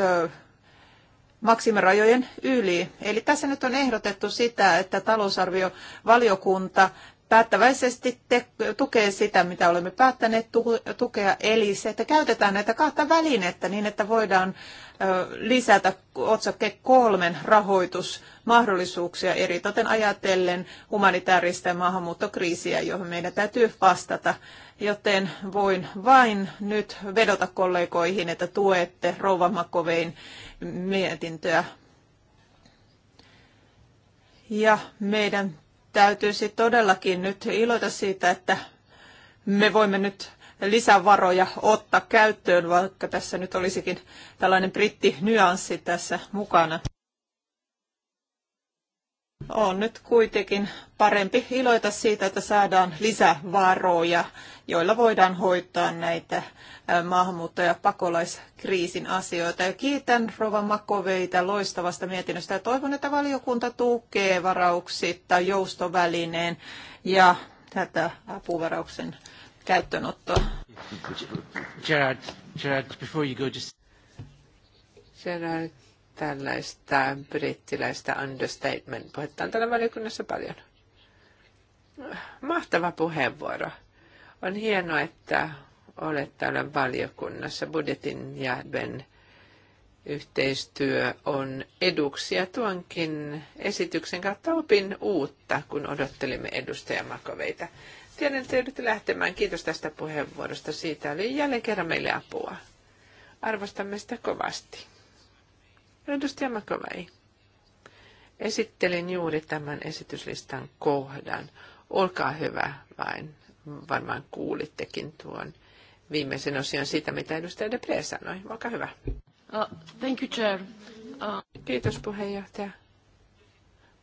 Speaker 3: maksimirajojen yli. Eli tässä nyt on ehdotettu sitä, että talousarviovaliokunta päättäväisesti te, tukee sitä, mitä olemme päättäneet tu, tukea, eli se, että käytetään näitä kahta välinettä niin, että voidaan ö, lisätä otsakke kolmen rahoitusmahdollisuuksia eri toten ajatellen humanitaarista ja maahanmuuttokriisiä, johon meidän täytyy vastata. Joten voin vain nyt vedota kollegoihin, että tuette Rouva Makovein mietintöä. Ja meidän täytyisi todellakin nyt iloita siitä, että me voimme nyt lisävaroja ottaa käyttöön, vaikka tässä nyt olisikin tällainen britti nyanssi tässä mukana. On nyt kuitenkin parempi iloita siitä, että saadaan lisävaroja, joilla voidaan hoitaa näitä maahanmuutto- ja pakolaiskriisin asioita. Ja kiitän Rova Makoveita loistavasta mietinnöstä ja toivon, että valiokunta tukee varauksitta joustovälineen ja tätä apuvarauksen käyttöönottoa.
Speaker 1: Gerard, Gerard, before you go, just... Gerard, tällaista brittiläistä understatement-puhetta on täällä valiokunnassa paljon. Mahtava puheenvuoro. On hienoa, että olet täällä valiokunnassa. Budjetin ja ben yhteistyö on eduksi ja tuonkin esityksen kautta opin uutta, kun odottelimme edustaja Makoveita. Tiedän, että joudutte lähtemään. Kiitos tästä puheenvuorosta. Siitä oli jälleen kerran meille apua. Arvostamme sitä kovasti. Edustaja Mäkövei. Esittelin juuri tämän esityslistan kohdan. Olkaa hyvä vain. Varmaan kuulittekin tuon viimeisen osion siitä, mitä edustaja Depre sanoi. Olkaa hyvä. Uh, thank you, Chair. Uh... Kiitos puheenjohtaja.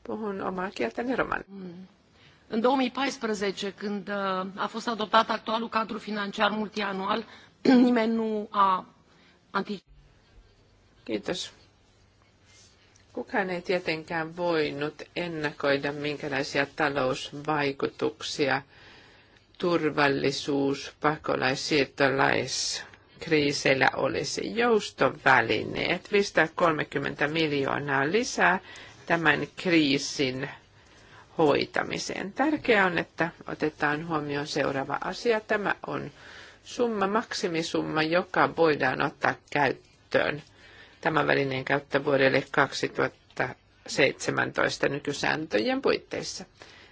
Speaker 1: Puhun omaa kieltäni romani. Mm. În 2014,
Speaker 2: când uh, a fost adoptat actualul cadru financiar multianual,
Speaker 1: nimeni nu
Speaker 2: a anticipat.
Speaker 1: Kiitos. Kukaan ei tietenkään voinut ennakoida, minkälaisia talousvaikutuksia turvallisuus pakolaissiirtolaiskriiseillä olisi. Joustovälineet 530 miljoonaa lisää tämän kriisin hoitamiseen. Tärkeää on, että otetaan huomioon seuraava asia. Tämä on summa, maksimisumma, joka voidaan ottaa käyttöön tämän välineen käyttö vuodelle 2017 nykysääntöjen puitteissa.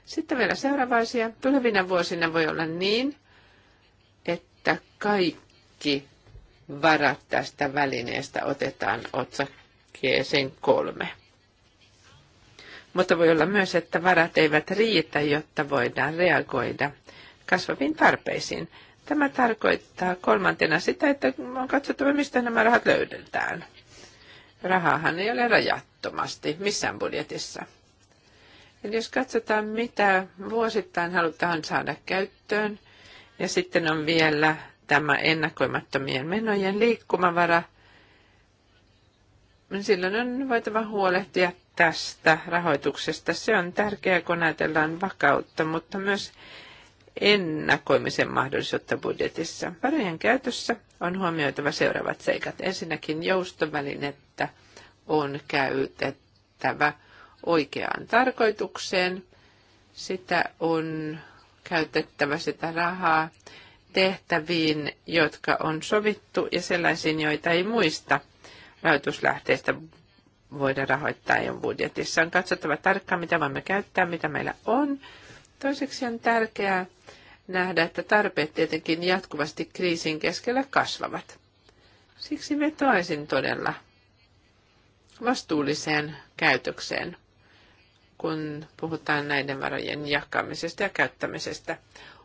Speaker 1: Sitten vielä seuraava asia. Tulevina vuosina voi olla niin, että kaikki varat tästä välineestä otetaan otsakkeeseen kolme. Mutta voi olla myös, että varat eivät riitä, jotta voidaan reagoida kasvaviin tarpeisiin. Tämä tarkoittaa kolmantena sitä, että on katsottava, mistä nämä rahat löydetään. Rahahan ei ole rajattomasti missään budjetissa. Eli jos katsotaan, mitä vuosittain halutaan saada käyttöön, ja sitten on vielä tämä ennakoimattomien menojen liikkumavara, niin silloin on voitava huolehtia tästä rahoituksesta. Se on tärkeää, kun ajatellaan vakautta, mutta myös ennakoimisen mahdollisuutta budjetissa. Varojen käytössä on huomioitava seuraavat seikat. Ensinnäkin joustovälinettä on käytettävä oikeaan tarkoitukseen. Sitä on käytettävä sitä rahaa tehtäviin, jotka on sovittu ja sellaisiin, joita ei muista rahoituslähteistä voida rahoittaa jo budjetissa. On katsottava tarkkaan, mitä voimme käyttää, mitä meillä on Toiseksi on tärkeää nähdä, että tarpeet tietenkin jatkuvasti kriisin keskellä kasvavat. Siksi vetoaisin todella vastuulliseen käytökseen, kun puhutaan näiden varojen jakamisesta ja käyttämisestä.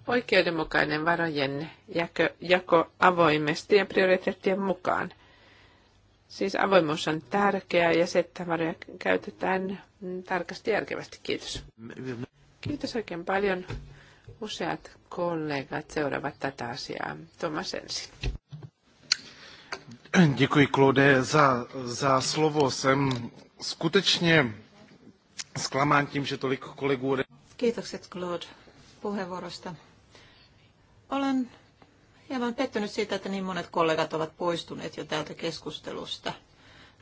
Speaker 1: Oikeudenmukainen varojen jako, jako avoimesti ja prioriteettien mukaan. Siis avoimuus on tärkeää ja se, että varoja käytetään tarkasti järkevästi. Kiitos. Kiitos oikein paljon. Useat kollegat seuraavat tätä asiaa. Tomas ensin.
Speaker 3: Děkuji, Claude, za, za slovo. Jsem skutečně zklamán tím, že tolik kolegů... Kiitokset, Claude, puheenvuorosta. Olen hieman pettynyt siitä, että niin monet kollegat ovat poistuneet jo täältä keskustelusta,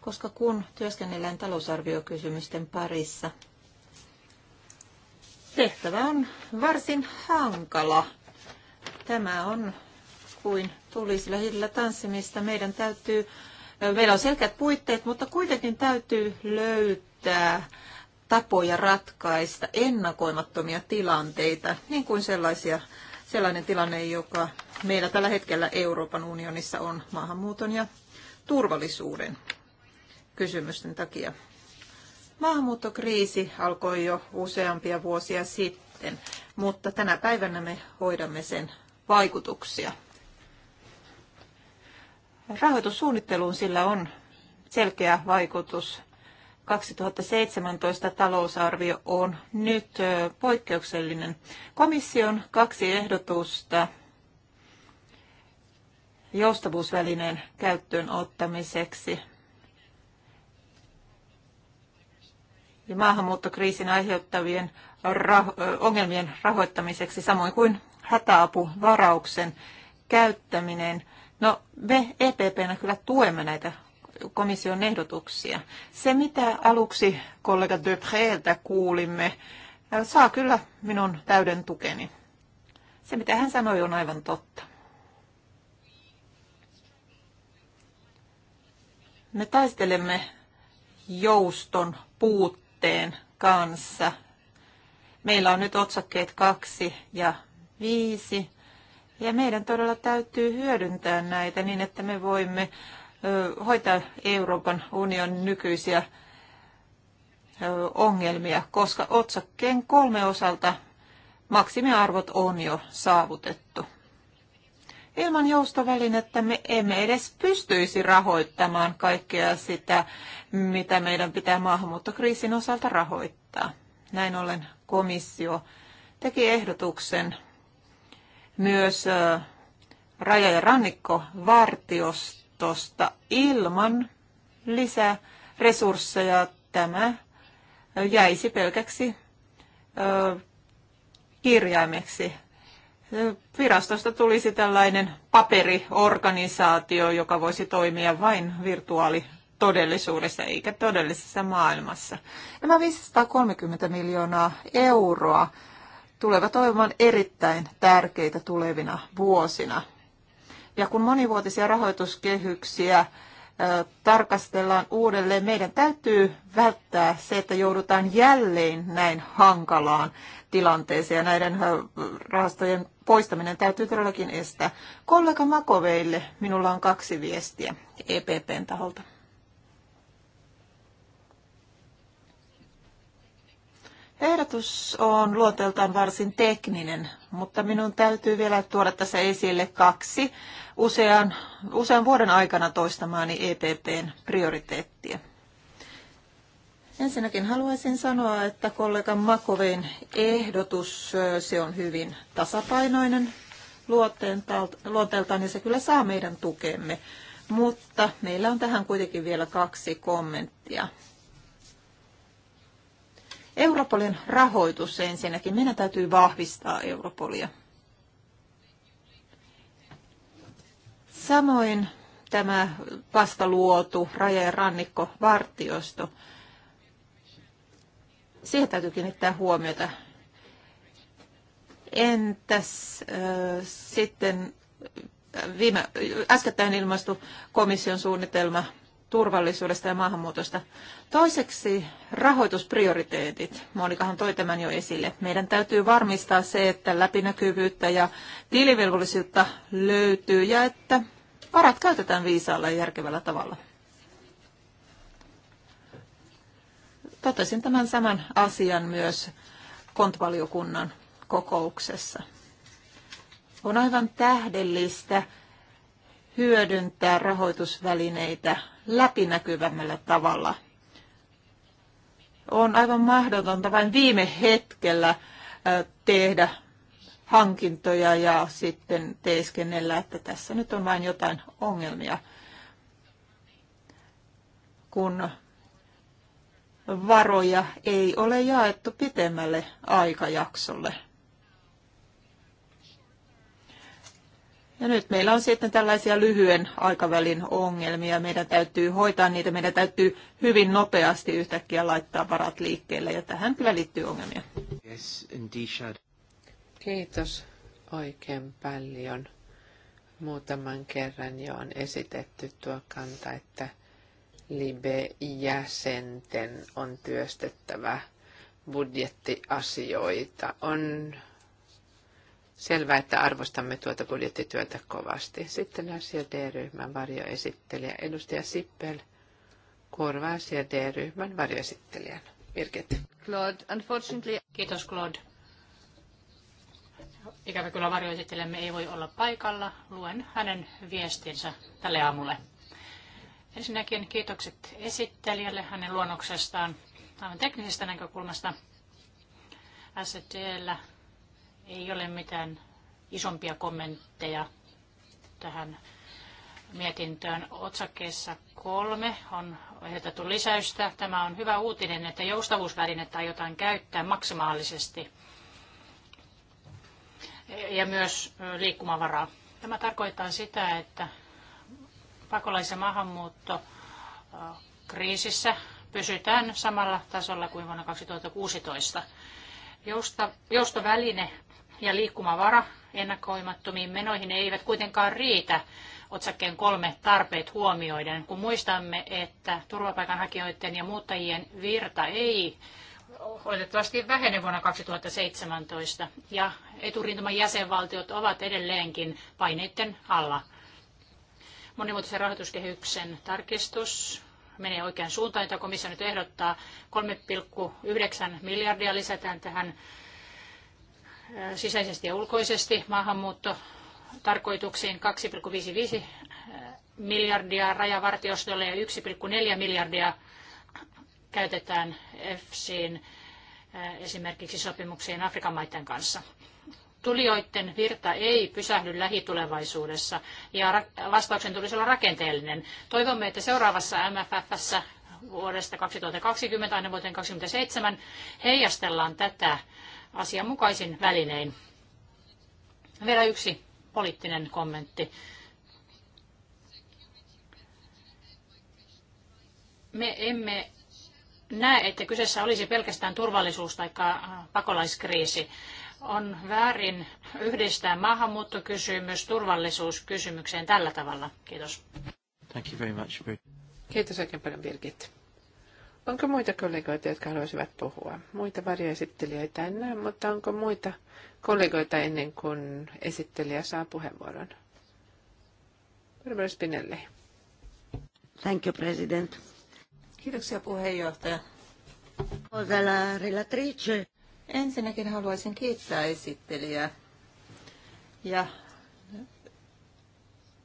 Speaker 3: koska kun työskennellään talousarviokysymysten parissa, tehtävä on varsin hankala. Tämä on kuin tulisi lähillä tanssimista. Meidän täytyy, meillä on selkeät puitteet, mutta kuitenkin täytyy löytää tapoja ratkaista ennakoimattomia tilanteita, niin kuin sellaisia, sellainen tilanne, joka meillä tällä hetkellä Euroopan unionissa on maahanmuuton ja turvallisuuden kysymysten takia. Maahanmuuttokriisi alkoi jo useampia vuosia sitten, mutta tänä päivänä me hoidamme sen vaikutuksia. Rahoitussuunnitteluun sillä on selkeä vaikutus 2017 talousarvio on nyt poikkeuksellinen. Komission kaksi ehdotusta joustavuusvälineen käyttöön ottamiseksi ja maahanmuuttokriisin aiheuttavien ongelmien rahoittamiseksi, samoin kuin hätäapuvarauksen käyttäminen. No, me EPPnä kyllä tuemme näitä komission ehdotuksia. Se, mitä aluksi kollega Dupreeltä kuulimme, saa kyllä minun täyden tukeni. Se, mitä hän sanoi, on aivan totta. Me taistelemme jouston puutteesta otteen kanssa. Meillä on nyt otsakkeet kaksi ja viisi. Ja meidän todella täytyy hyödyntää näitä niin, että me voimme hoitaa Euroopan unionin nykyisiä ongelmia, koska otsakkeen kolme osalta maksimiarvot on jo saavutettu. Ilman joustovälinettä me emme edes pystyisi rahoittamaan kaikkea sitä, mitä meidän pitää maahanmuuttokriisin osalta rahoittaa. Näin ollen komissio teki ehdotuksen myös raja- ja rannikkovartiostosta ilman lisäresursseja. Tämä jäisi pelkäksi kirjaimeksi virastosta tulisi tällainen paperiorganisaatio, joka voisi toimia vain virtuaali todellisuudessa eikä todellisessa maailmassa. Nämä 530 miljoonaa euroa tulevat olemaan erittäin tärkeitä tulevina vuosina. Ja kun monivuotisia rahoituskehyksiä tarkastellaan uudelleen. Meidän täytyy välttää se, että joudutaan jälleen näin hankalaan tilanteeseen ja näiden rahastojen poistaminen täytyy todellakin estää. Kollega Makoveille minulla on kaksi viestiä EPPn taholta. Ehdotus on luonteeltaan varsin tekninen, mutta minun täytyy vielä tuoda tässä esille kaksi usean, usean vuoden aikana toistamaani EPPn prioriteettia. Ensinnäkin haluaisin sanoa, että kollega Makovein ehdotus, se on hyvin tasapainoinen luonteeltaan ja se kyllä saa meidän tukemme. Mutta meillä on tähän kuitenkin vielä kaksi kommenttia. Europolin rahoitus ensinnäkin. Meidän täytyy vahvistaa Europolia. Samoin tämä vasta luotu raja- ja rannikkovartiosto. Siihen täytyy kiinnittää huomiota. Entäs äh, sitten viime, äskettäin ilmaistu komission suunnitelma turvallisuudesta ja maahanmuutosta. Toiseksi rahoitusprioriteetit. Monikahan toi tämän jo esille. Meidän täytyy varmistaa se, että läpinäkyvyyttä ja tilivelvollisuutta löytyy ja että varat käytetään viisaalla ja järkevällä tavalla. Totesin tämän saman asian myös kontvaliokunnan kokouksessa. On aivan tähdellistä hyödyntää rahoitusvälineitä läpinäkyvämmällä tavalla. On aivan mahdotonta vain viime hetkellä tehdä hankintoja ja sitten teeskennellä, että tässä nyt on vain jotain ongelmia. Kun varoja ei ole jaettu pitemmälle aikajaksolle. Ja nyt meillä on sitten tällaisia lyhyen aikavälin ongelmia. Meidän täytyy hoitaa niitä, meidän täytyy hyvin nopeasti yhtäkkiä laittaa
Speaker 1: varat liikkeelle, ja tähän kyllä liittyy ongelmia. Yes, indeed. Kiitos oikein paljon. Muutaman kerran jo on esitetty tuo kanta, että Libe-jäsenten on työstettävä budjettiasioita. On selvää, että arvostamme tuota budjettityötä kovasti. Sitten asia D-ryhmän varjoesittelijä edustaja Sippel korvaa asia D-ryhmän varjoesittelijän. Birgit.
Speaker 2: Claude, unfortunately... Kiitos Claude. Ikävä kyllä varjoesittelemme ei voi olla paikalla. Luen hänen viestinsä tälle aamulle. Ensinnäkin kiitokset esittelijälle hänen luonnoksestaan aivan teknisestä näkökulmasta. STL ei ole mitään isompia kommentteja tähän mietintöön. Otsakkeessa kolme on ehdotettu lisäystä. Tämä on hyvä uutinen, että joustavuusvälinettä aiotaan käyttää maksimaalisesti – ja myös liikkumavaraa. Tämä tarkoittaa sitä, että pakolais- ja maahanmuutto kriisissä pysytään samalla tasolla kuin vuonna 2016. Jousta, joustoväline ja liikkumavara ennakoimattomiin menoihin eivät kuitenkaan riitä otsakkeen kolme tarpeet huomioiden, kun muistamme, että turvapaikanhakijoiden ja muuttajien virta ei oletettavasti vähene vuonna 2017 ja eturintaman jäsenvaltiot ovat edelleenkin paineiden alla. Monimuotoisen rahoituskehyksen tarkistus menee oikeaan suuntaan, jota komissio nyt ehdottaa. 3,9 miljardia lisätään tähän äh, sisäisesti ja ulkoisesti maahanmuutto tarkoituksiin 2,55 äh, miljardia rajavartiostolle ja 1,4 miljardia käytetään EFSiin äh, esimerkiksi sopimuksiin Afrikan maiden kanssa. Tulijoiden virta ei pysähdy lähitulevaisuudessa ja vastauksen tulisi olla rakenteellinen. Toivomme, että seuraavassa MFFssä vuodesta 2020 aina vuoteen 2027 heijastellaan tätä asianmukaisin välinein. Vielä yksi poliittinen kommentti. Me emme näe, että kyseessä olisi pelkästään turvallisuus- tai äh, pakolaiskriisi. On väärin yhdistää maahanmuuttokysymys turvallisuuskysymykseen tällä tavalla. Kiitos.
Speaker 1: Thank you very much, Kiitos oikein paljon, Birgit. Onko muita kollegoita, jotka haluaisivat puhua? Muita varjoesittelijöitä en näe, mutta onko muita kollegoita ennen kuin esittelijä saa puheenvuoron? Barbara Spinelli. Thank you, President. Kiitoksia puheenjohtaja.
Speaker 3: Ensinnäkin haluaisin kiittää esittelijää. Ja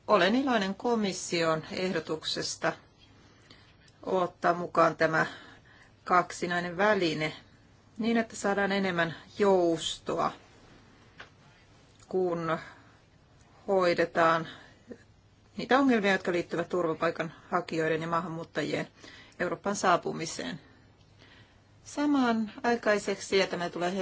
Speaker 3: olen iloinen komission ehdotuksesta ottaa mukaan tämä kaksinainen väline niin, että saadaan enemmän joustoa, kun hoidetaan niitä ongelmia, jotka liittyvät turvapaikan hakijoiden ja maahanmuuttajien Euroopan saapumiseen. Samaan aikaiseksi, ja tämä tulee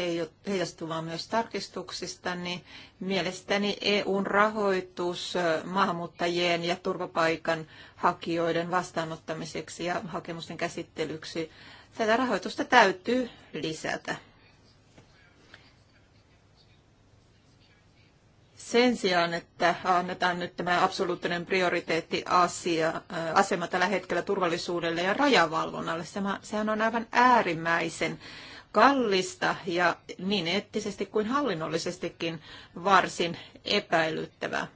Speaker 3: heijastumaan myös tarkistuksista, niin mielestäni EUn rahoitus maahanmuuttajien ja turvapaikan hakijoiden vastaanottamiseksi ja hakemusten käsittelyksi, tätä rahoitusta täytyy lisätä. sen sijaan, että annetaan nyt tämä absoluuttinen prioriteetti asia, asema tällä hetkellä turvallisuudelle ja rajavalvonnalle, sehän on aivan äärimmäisen kallista ja niin eettisesti kuin hallinnollisestikin varsin epäilyttävää.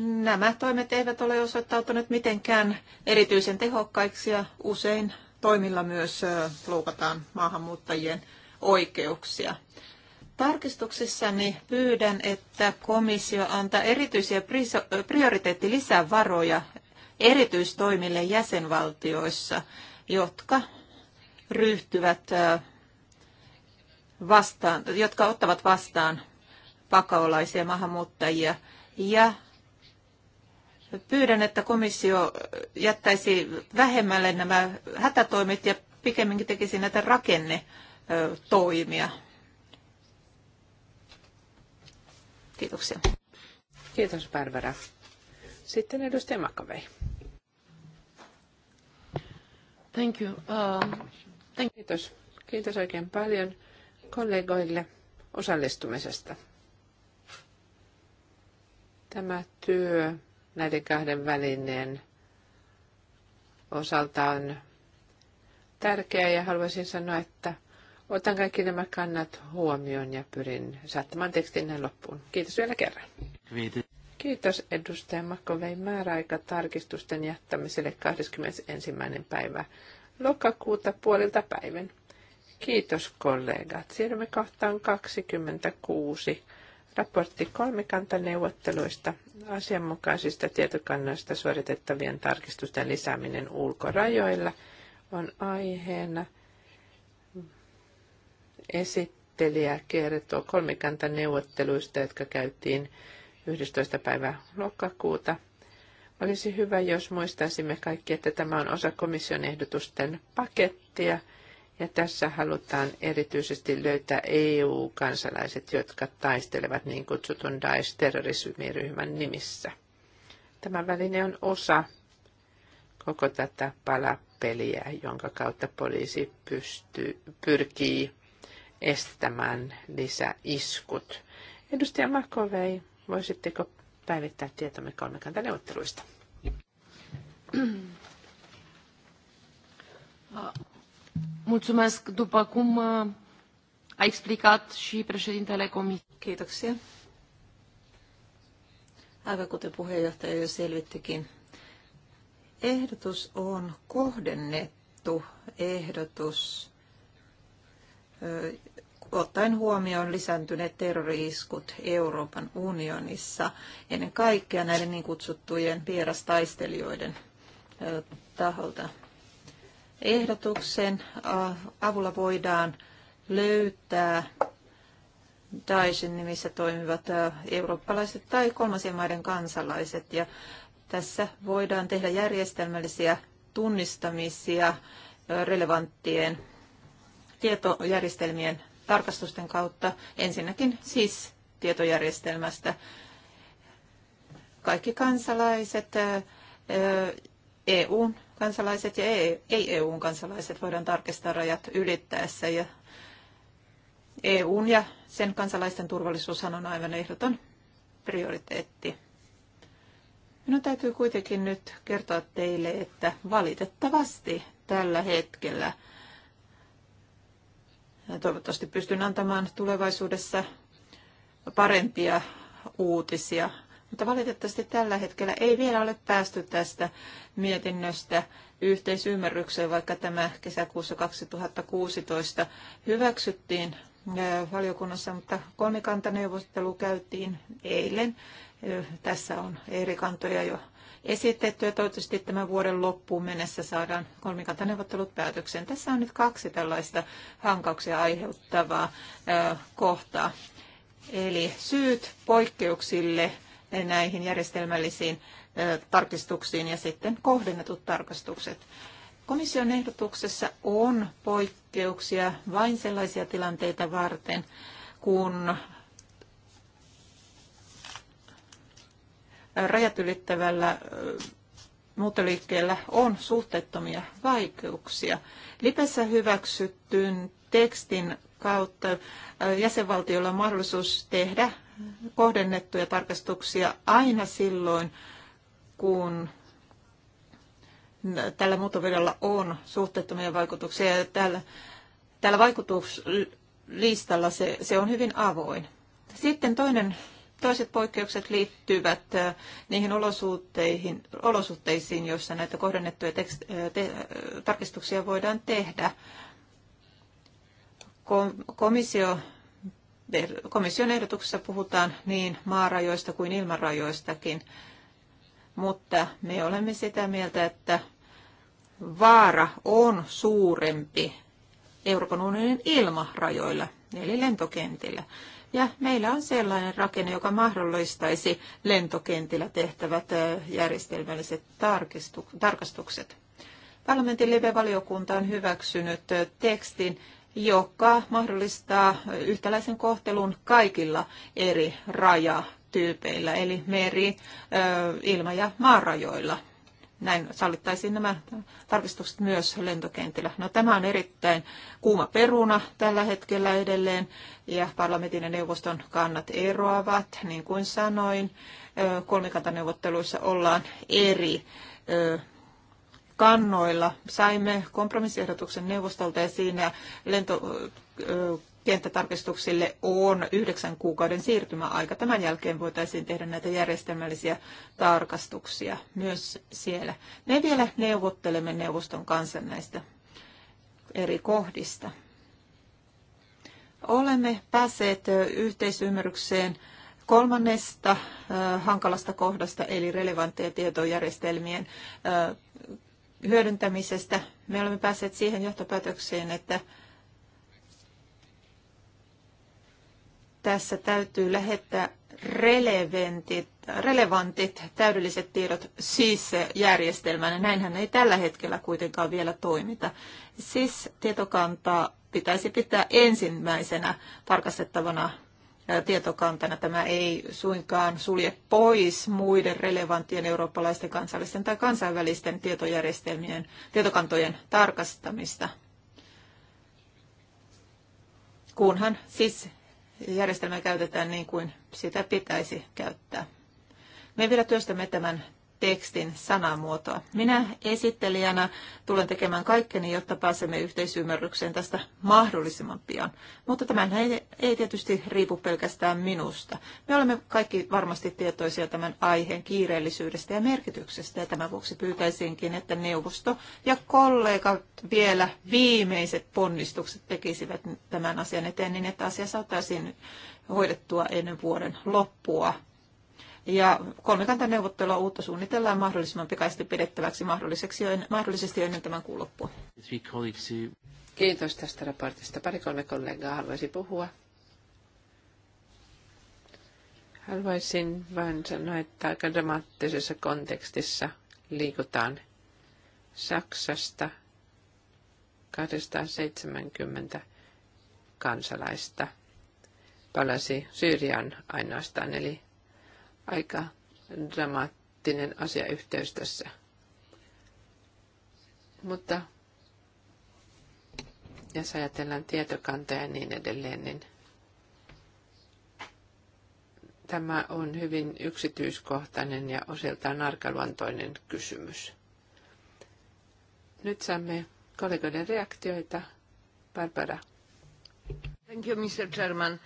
Speaker 3: Nämä toimet eivät ole osoittautuneet mitenkään erityisen tehokkaiksi ja usein toimilla myös loukataan maahanmuuttajien oikeuksia. Tarkistuksissani pyydän, että komissio antaa erityisiä prioriteettilisävaroja erityistoimille jäsenvaltioissa, jotka ryhtyvät vastaan, jotka ottavat vastaan pakolaisia maahanmuuttajia ja pyydän, että komissio jättäisi vähemmälle nämä hätätoimet ja pikemminkin tekisi näitä rakennetoimia.
Speaker 1: Kiitoksia. Kiitos Barbara. Sitten edustaja Makavei. Thank you. Uh, thank Kiitos. Kiitos oikein paljon kollegoille osallistumisesta. Tämä työ näiden kahden välineen osalta on tärkeä ja haluaisin sanoa, että Otan kaikki nämä kannat huomioon ja pyrin saattamaan tekstin näin loppuun. Kiitos vielä kerran. Kiitos. Kiitos edustaja Makovei määräaika tarkistusten jättämiselle 21. päivä lokakuuta puolilta päivän. Kiitos kollegat. Siirrymme kohtaan 26. Raportti kolmikantaneuvotteluista, asianmukaisista tietokannoista suoritettavien tarkistusten lisääminen ulkorajoilla on aiheena – Esittelijä kertoo kolmikantaneuvotteluista, jotka käytiin 11. päivä lokakuuta. Olisi hyvä, jos muistaisimme kaikki, että tämä on osa komission ehdotusten pakettia, ja tässä halutaan erityisesti löytää EU-kansalaiset, jotka taistelevat niin kutsutun Daesh-terrorismiryhmän nimissä. Tämä väline on osa koko tätä palapeliä, jonka kautta poliisi pystyy, pyrkii estämään lisäiskut. Edustaja Makovei, voisitteko päivittää tietomme kolmikantaneuvotteluista? Ah,
Speaker 3: mulțumesc. După cum ah, a explicat și președintele Comisiei. Kiitoksia. Aivan kuten puheenjohtaja jo selvittikin, ehdotus on kohdennettu ehdotus ottaen huomioon lisääntyneet terroriiskut Euroopan unionissa, ennen kaikkea näiden niin kutsuttujen vierastaistelijoiden taholta. Ehdotuksen avulla voidaan löytää Daeshin nimissä toimivat eurooppalaiset tai kolmansien maiden kansalaiset. Ja tässä voidaan tehdä järjestelmällisiä tunnistamisia relevanttien tietojärjestelmien tarkastusten kautta. Ensinnäkin siis tietojärjestelmästä. Kaikki kansalaiset, EU-kansalaiset ja e- ei-EU-kansalaiset voidaan tarkistaa rajat ylittäessä. Ja EUn ja sen kansalaisten turvallisuushan on aivan ehdoton prioriteetti. Minun täytyy kuitenkin nyt kertoa teille, että valitettavasti tällä hetkellä – ja toivottavasti pystyn antamaan tulevaisuudessa parempia uutisia. Mutta valitettavasti tällä hetkellä ei vielä ole päästy tästä mietinnöstä yhteisymmärrykseen, vaikka tämä kesäkuussa 2016 hyväksyttiin valiokunnassa, mutta kolmikantaneuvottelu käytiin eilen. Tässä on eri kantoja jo esitetty ja toivottavasti tämän vuoden loppuun mennessä saadaan kolmikantaneuvottelut päätökseen. Tässä on nyt kaksi tällaista hankauksia aiheuttavaa kohtaa. Eli syyt poikkeuksille näihin järjestelmällisiin tarkistuksiin ja sitten kohdennetut tarkastukset. Komission ehdotuksessa on poikkeuksia vain sellaisia tilanteita varten, kun rajat ylittävällä muuttoliikkeellä on suhteettomia vaikeuksia. Lipessä hyväksyttyyn tekstin kautta jäsenvaltiolla on mahdollisuus tehdä kohdennettuja tarkastuksia aina silloin, kun tällä muuttovirralla on suhteettomia vaikutuksia. Ja täällä, täällä vaikutuslistalla se, se on hyvin avoin. Sitten toinen Toiset poikkeukset liittyvät niihin olosuhteisiin, olosuhteisiin joissa näitä kohdennettuja tekst- te- tarkistuksia voidaan tehdä. Komissio eh, komission ehdotuksessa puhutaan niin maarajoista kuin ilmarajoistakin, mutta me olemme sitä mieltä, että vaara on suurempi Euroopan unionin ilmarajoilla, eli lentokentillä. Ja meillä on sellainen rakenne, joka mahdollistaisi lentokentillä tehtävät järjestelmälliset tarkastukset. Parlamentin live-valiokunta on hyväksynyt tekstin, joka mahdollistaa yhtäläisen kohtelun kaikilla eri rajatyypeillä, eli meri, ilma- ja maarajoilla. Näin sallittaisiin nämä tarkistukset myös lentokentillä. No, tämä on erittäin kuuma peruna tällä hetkellä edelleen ja parlamentin ja neuvoston kannat eroavat. Niin kuin sanoin, kolmikantaneuvotteluissa ollaan eri kannoilla. Saimme kompromissiehdotuksen neuvostolta ja siinä lento, kenttätarkistuksille on yhdeksän kuukauden siirtymäaika. Tämän jälkeen voitaisiin tehdä näitä järjestelmällisiä tarkastuksia myös siellä. Me vielä neuvottelemme neuvoston kanssa näistä eri kohdista. Olemme päässeet yhteisymmärrykseen kolmannesta hankalasta kohdasta, eli relevantteja tietojärjestelmien hyödyntämisestä. Me olemme päässeet siihen johtopäätökseen, että Tässä täytyy lähettää relevantit, relevantit täydelliset tiedot siis järjestelmään. Näinhän ei tällä hetkellä kuitenkaan vielä toimita. Siis tietokantaa pitäisi pitää ensimmäisenä tarkastettavana tietokantana. Tämä ei suinkaan sulje pois muiden relevanttien eurooppalaisten kansallisten tai kansainvälisten tietojärjestelmien, tietokantojen tarkastamista, kunhan siis järjestelmää käytetään niin kuin sitä pitäisi käyttää. Me vielä työstämme tämän tekstin sanamuotoa. Minä esittelijänä tulen tekemään kaikkeni, jotta pääsemme yhteisymmärrykseen tästä mahdollisimman pian. Mutta tämä ei, ei tietysti riipu pelkästään minusta. Me olemme kaikki varmasti tietoisia tämän aiheen kiireellisyydestä ja merkityksestä, ja tämän vuoksi pyytäisinkin, että neuvosto ja kollegat vielä viimeiset ponnistukset tekisivät tämän asian eteen, niin että asia saataisiin hoidettua ennen vuoden loppua ja kolmikantaneuvottelua uutta suunnitellaan mahdollisimman pikaisesti pidettäväksi mahdolliseksi jo, mahdollisesti jo ennen tämän kuun loppua.
Speaker 1: Kiitos tästä raportista. Pari-kolme kollegaa haluaisi puhua. Haluaisin vain sanoa, että aika dramaattisessa kontekstissa liikutaan Saksasta 270 kansalaista palasi Syyrian ainoastaan, eli aika dramaattinen asiayhteys tässä. Mutta jos ajatellaan tietokantaa ja niin edelleen, niin tämä on hyvin yksityiskohtainen ja osiltaan arkaluontoinen kysymys. Nyt saamme kollegoiden reaktioita. Barbara. Thank you, Mr. Chairman.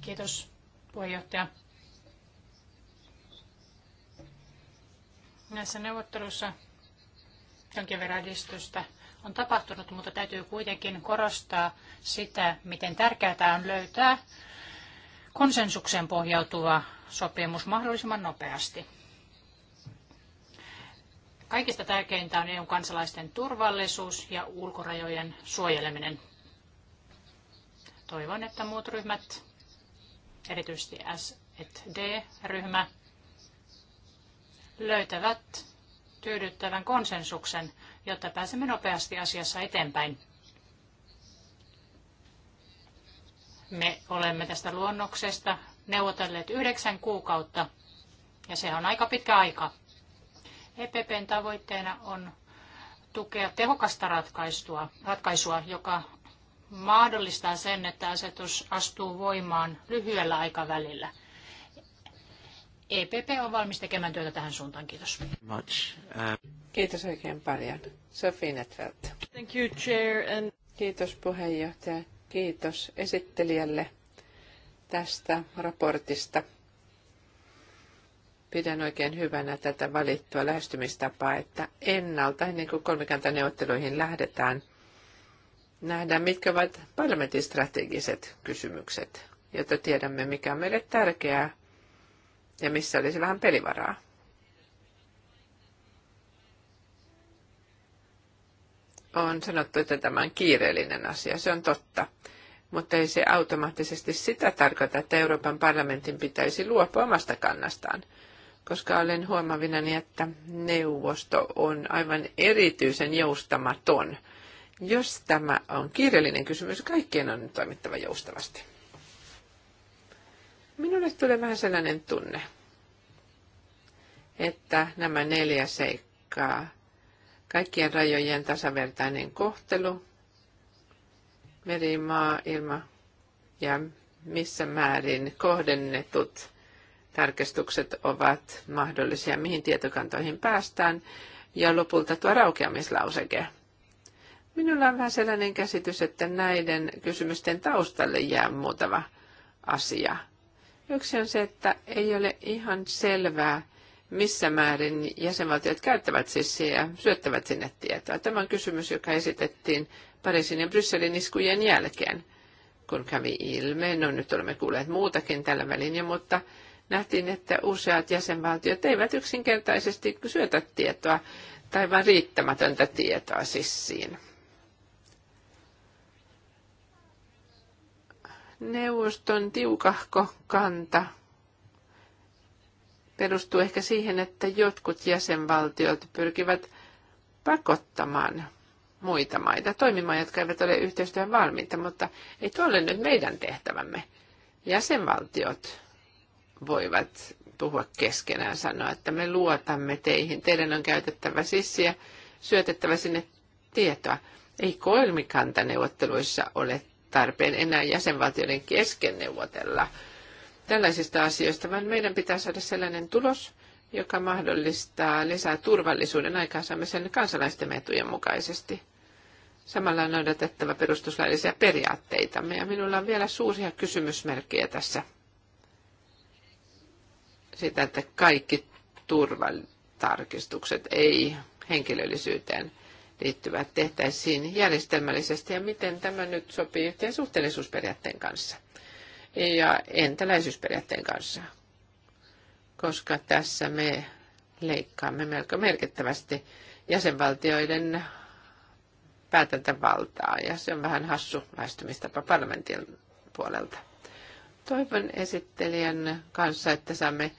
Speaker 1: Kiitos, puheenjohtaja. Näissä
Speaker 2: neuvotteluissa jonkin verran edistystä on tapahtunut, mutta täytyy kuitenkin korostaa sitä, miten tärkeää on löytää konsensukseen pohjautuva sopimus mahdollisimman nopeasti. Kaikista tärkeintä on eu kansalaisten turvallisuus ja ulkorajojen suojeleminen. Toivon, että muut ryhmät, erityisesti S&D-ryhmä, löytävät tyydyttävän konsensuksen, jotta pääsemme nopeasti asiassa eteenpäin. Me olemme tästä luonnoksesta neuvotelleet yhdeksän kuukautta, ja se on aika pitkä aika. EPPn tavoitteena on tukea tehokasta ratkaisua, ratkaisua, joka mahdollistaa sen, että asetus astuu voimaan lyhyellä aikavälillä. EPP on valmis tekemään työtä tähän suuntaan. Kiitos.
Speaker 1: Much. Uh... Kiitos oikein paljon. Sophie Netfeld. Thank you, Chair. And... Kiitos puheenjohtaja. Kiitos esittelijälle tästä raportista. Pidän oikein hyvänä tätä valittua lähestymistapaa, että ennalta, ennen kuin kolmikantaneuvotteluihin lähdetään, nähdään, mitkä ovat parlamentin strategiset kysymykset, jotta tiedämme, mikä on meille tärkeää ja missä olisi vähän pelivaraa. On sanottu, että tämä on kiireellinen asia. Se on totta. Mutta ei se automaattisesti sitä tarkoita, että Euroopan parlamentin pitäisi luopua omasta kannastaan koska olen huomavinani, että neuvosto on aivan erityisen joustamaton. Jos tämä on kiireellinen kysymys, kaikkien on toimittava joustavasti. Minulle tulee vähän sellainen tunne, että nämä neljä seikkaa, kaikkien rajojen tasavertainen kohtelu, meri, maa, ilma ja missä määrin kohdennetut tarkistukset ovat mahdollisia, mihin tietokantoihin päästään, ja lopulta tuo raukeamislauseke. Minulla on vähän sellainen käsitys, että näiden kysymysten taustalle jää muutama asia – Yksi on se, että ei ole ihan selvää, missä määrin jäsenvaltiot käyttävät siis ja syöttävät sinne tietoa. Tämä on kysymys, joka esitettiin Pariisin ja Brysselin iskujen jälkeen, kun kävi ilme. No nyt olemme kuulleet muutakin tällä välin, mutta nähtiin, että useat jäsenvaltiot eivät yksinkertaisesti syötä tietoa tai vain riittämätöntä tietoa sissiin. Neuvoston tiukahko kanta perustuu ehkä siihen, että jotkut jäsenvaltiot pyrkivät pakottamaan muita maita toimimaan, jotka eivät ole yhteistyön valmiita, mutta ei tuo ole nyt meidän tehtävämme. Jäsenvaltiot voivat puhua keskenään, sanoa, että me luotamme teihin, teidän on käytettävä sissiä, syötettävä sinne tietoa. Ei kolmikantaneuvotteluissa ole tarpeen enää jäsenvaltioiden kesken neuvotella tällaisista asioista, vaan meidän pitää saada sellainen tulos, joka mahdollistaa lisää turvallisuuden aikaansaamisen kansalaisten etujen mukaisesti. Samalla on noudatettava perustuslaillisia periaatteitamme ja minulla on vielä suuria kysymysmerkkejä tässä sitä, että kaikki turvatarkistukset ei henkilöllisyyteen liittyvät tehtäisiin järjestelmällisesti ja miten tämä nyt sopii yhteen suhteellisuusperiaatteen kanssa ja entäläisyysperiaatteen kanssa, koska tässä me leikkaamme melko merkittävästi jäsenvaltioiden päätäntävaltaa ja se on vähän hassu lähestymistapa parlamentin puolelta. Toivon esittelijän kanssa, että saamme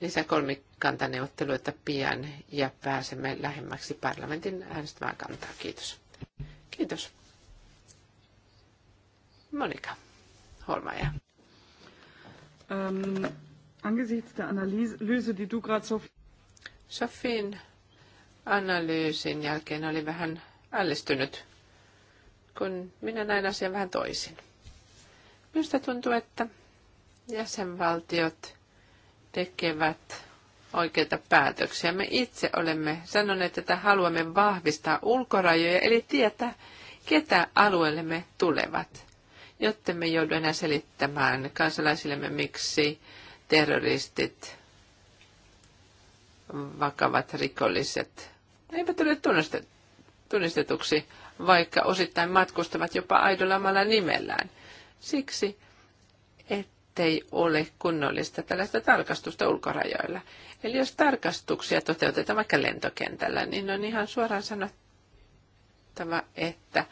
Speaker 1: lisää kolmikkoa kantaneuvotteluita pian ja pääsemme lähemmäksi parlamentin äänestämään kantaa. Kiitos. Kiitos. Monika Holmaja. Ähm, angesichts der Analyse, die du gerade so... Sofin analyysin jälkeen oli vähän ällistynyt, kun minä näin asian vähän toisin. Minusta tuntuu, että jäsenvaltiot tekevät oikeita päätöksiä. Me itse olemme sanoneet, että haluamme vahvistaa ulkorajoja, eli tietää, ketä alueellemme tulevat, jotta me joudu enää selittämään kansalaisillemme, miksi terroristit, vakavat rikolliset eivät ole tunnistetuksi, vaikka osittain matkustavat jopa aidolla omalla nimellään. Siksi ettei ole kunnollista tällaista tarkastusta ulkorajoilla. Eli jos tarkastuksia toteutetaan vaikka lentokentällä, niin on ihan suoraan sanottava, että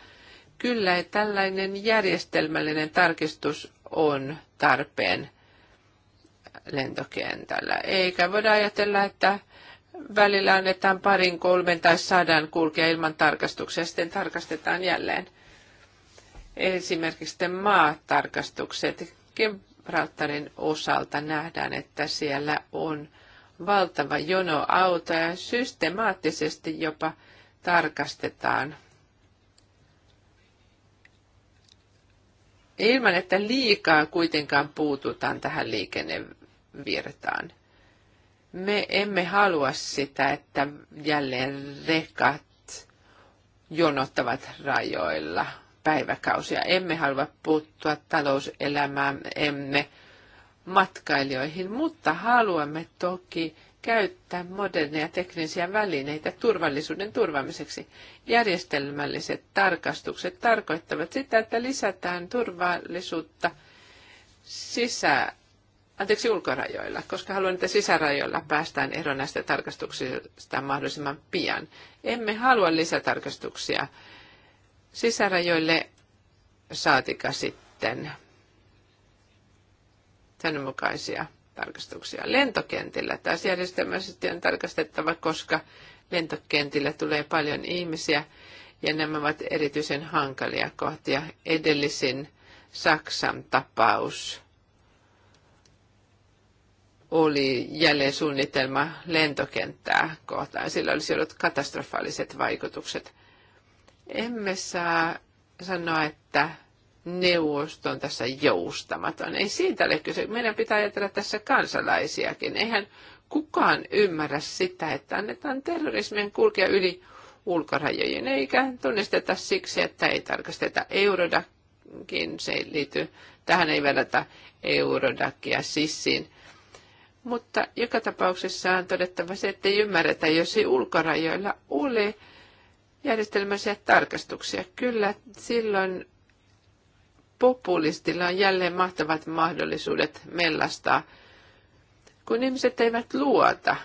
Speaker 1: kyllä tällainen järjestelmällinen tarkistus on tarpeen lentokentällä. Eikä voida ajatella, että välillä annetaan parin, kolmen tai sadan kulkea ilman tarkastuksia, sitten tarkastetaan jälleen. Esimerkiksi maatarkastukset. Rauttarin osalta nähdään, että siellä on valtava jono auto ja systemaattisesti jopa tarkastetaan ilman, että liikaa kuitenkaan puututaan tähän liikennevirtaan. Me emme halua sitä, että jälleen rekat jonottavat rajoilla päiväkausia. Emme halua puuttua talouselämään, emme matkailijoihin, mutta haluamme toki käyttää moderneja teknisiä välineitä turvallisuuden turvaamiseksi. Järjestelmälliset tarkastukset tarkoittavat sitä, että lisätään turvallisuutta sisä, anteeksi, ulkorajoilla, koska haluan, että sisärajoilla päästään eroon näistä tarkastuksista mahdollisimman pian. Emme halua lisätarkastuksia sisärajoille saatika sitten sen mukaisia tarkastuksia. Lentokentillä Tässä järjestelmällisesti on tarkastettava, koska lentokentillä tulee paljon ihmisiä ja nämä ovat erityisen hankalia kohtia. Edellisin Saksan tapaus oli jälleen suunnitelma lentokenttää kohtaan. Sillä olisi ollut katastrofaaliset vaikutukset. Emme saa sanoa, että neuvosto on tässä joustamaton. Ei siitä ole kyse. Meidän pitää ajatella tässä kansalaisiakin. Eihän kukaan ymmärrä sitä, että annetaan terrorismin kulkea yli ulkorajojen, eikä tunnisteta siksi, että ei tarkasteta Eurodakin, se ei liity, tähän ei verrata Eurodakia sissiin. Mutta joka tapauksessa on todettava se, että ei ymmärretä, jos ei ulkorajoilla ole järjestelmällisiä tarkastuksia. Kyllä silloin populistilla on jälleen mahtavat mahdollisuudet mellastaa, kun ihmiset eivät luota.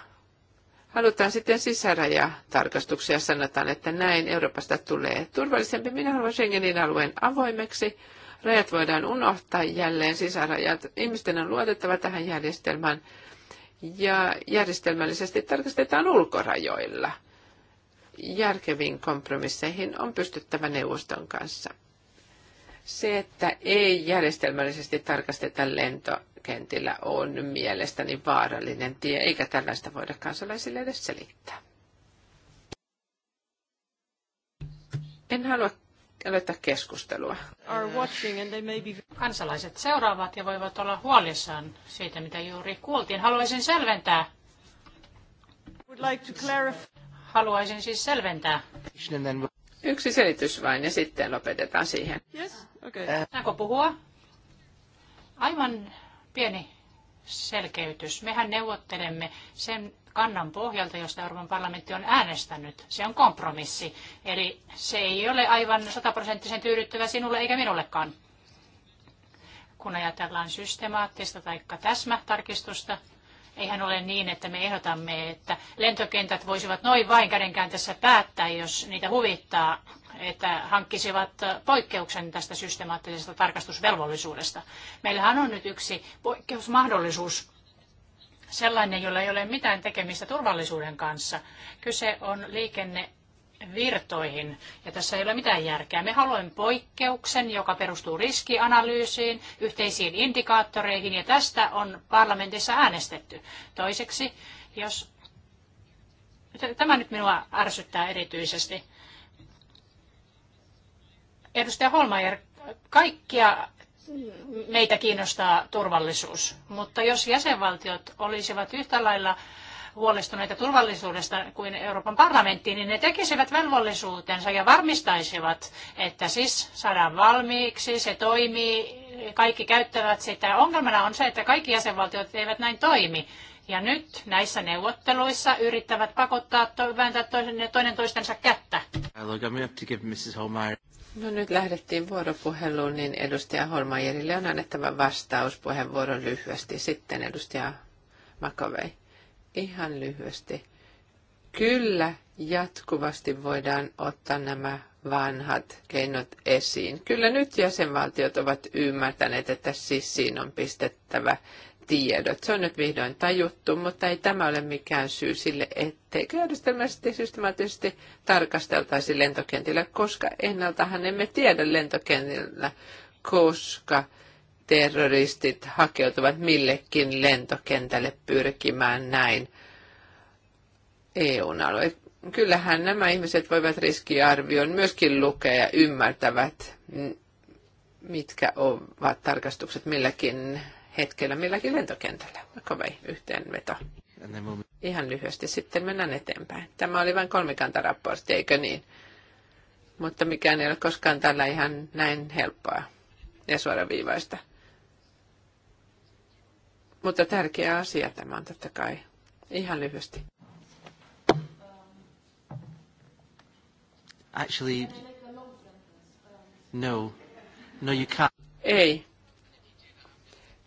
Speaker 1: Halutaan sitten sisärajatarkastuksia ja sanotaan, että näin Euroopasta tulee turvallisempi. Minä haluan Schengenin alueen avoimeksi. Rajat voidaan unohtaa jälleen sisärajat. Ihmisten on luotettava tähän järjestelmään ja järjestelmällisesti tarkastetaan ulkorajoilla – järkeviin kompromisseihin on pystyttävä neuvoston kanssa. Se, että ei järjestelmällisesti tarkasteta lentokentillä, on mielestäni vaarallinen tie, eikä tällaista voida kansalaisille edes selittää. En halua aloittaa keskustelua.
Speaker 2: Kansalaiset seuraavat ja voivat olla huolissaan siitä, mitä juuri kuultiin. Haluaisin selventää haluaisin siis selventää.
Speaker 1: Yksi selitys vain ja sitten lopetetaan siihen.
Speaker 2: Yes,
Speaker 3: okay.
Speaker 1: Äh.
Speaker 2: Saanko puhua? Aivan pieni selkeytys. Mehän neuvottelemme sen kannan pohjalta, josta Euroopan parlamentti on äänestänyt. Se on kompromissi. Eli se ei ole aivan sataprosenttisen tyydyttävä sinulle eikä minullekaan. Kun ajatellaan systemaattista tai täsmätarkistusta, Eihän ole niin, että me ehdotamme, että lentokentät voisivat noin vain kädenkääntössä päättää, jos niitä huvittaa, että hankkisivat poikkeuksen tästä systemaattisesta tarkastusvelvollisuudesta. Meillähän on nyt yksi poikkeusmahdollisuus, sellainen, jolla ei ole mitään tekemistä turvallisuuden kanssa. Kyse on liikenne virtoihin, ja tässä ei ole mitään järkeä. Me haluamme poikkeuksen, joka perustuu riskianalyysiin, yhteisiin indikaattoreihin, ja tästä on parlamentissa äänestetty. Toiseksi, jos... Tämä nyt minua ärsyttää erityisesti. Edustaja Holmajer, kaikkia meitä kiinnostaa turvallisuus, mutta jos jäsenvaltiot olisivat yhtä lailla huolestuneita turvallisuudesta kuin Euroopan parlamentti, niin ne tekisivät velvollisuutensa ja varmistaisivat, että siis saadaan valmiiksi, se toimii, kaikki käyttävät sitä. Ongelmana on se, että kaikki jäsenvaltiot eivät näin toimi. Ja nyt näissä neuvotteluissa yrittävät pakottaa, to, vääntää toinen, toinen toistensa kättä.
Speaker 1: No nyt lähdettiin vuoropuheluun, niin edustaja Holmajerille on annettava vastauspuheenvuoro lyhyesti. Sitten edustaja Makovei. Ihan lyhyesti. Kyllä, jatkuvasti voidaan ottaa nämä vanhat keinot esiin. Kyllä nyt jäsenvaltiot ovat ymmärtäneet, että sissiin on pistettävä tiedot. Se on nyt vihdoin tajuttu, mutta ei tämä ole mikään syy sille, ettei järjestelmällisesti systemaattisesti tarkasteltaisi lentokentillä, koska ennaltahan emme tiedä lentokentillä, koska terroristit hakeutuvat millekin lentokentälle pyrkimään näin EUn alue. Kyllähän nämä ihmiset voivat riskiarvion myöskin lukea ja ymmärtävät, mitkä ovat tarkastukset milläkin hetkellä, milläkin lentokentällä. vai yhteenveto. Ihan lyhyesti sitten mennään eteenpäin. Tämä oli vain kolmikantaraportti, eikö niin? Mutta mikään ei ole koskaan tällä ihan näin helppoa ja suoraviivaista. Mutta tärkeä asia tämä on totta kai. Ihan lyhyesti. Actually, no. No, you can't. Ei.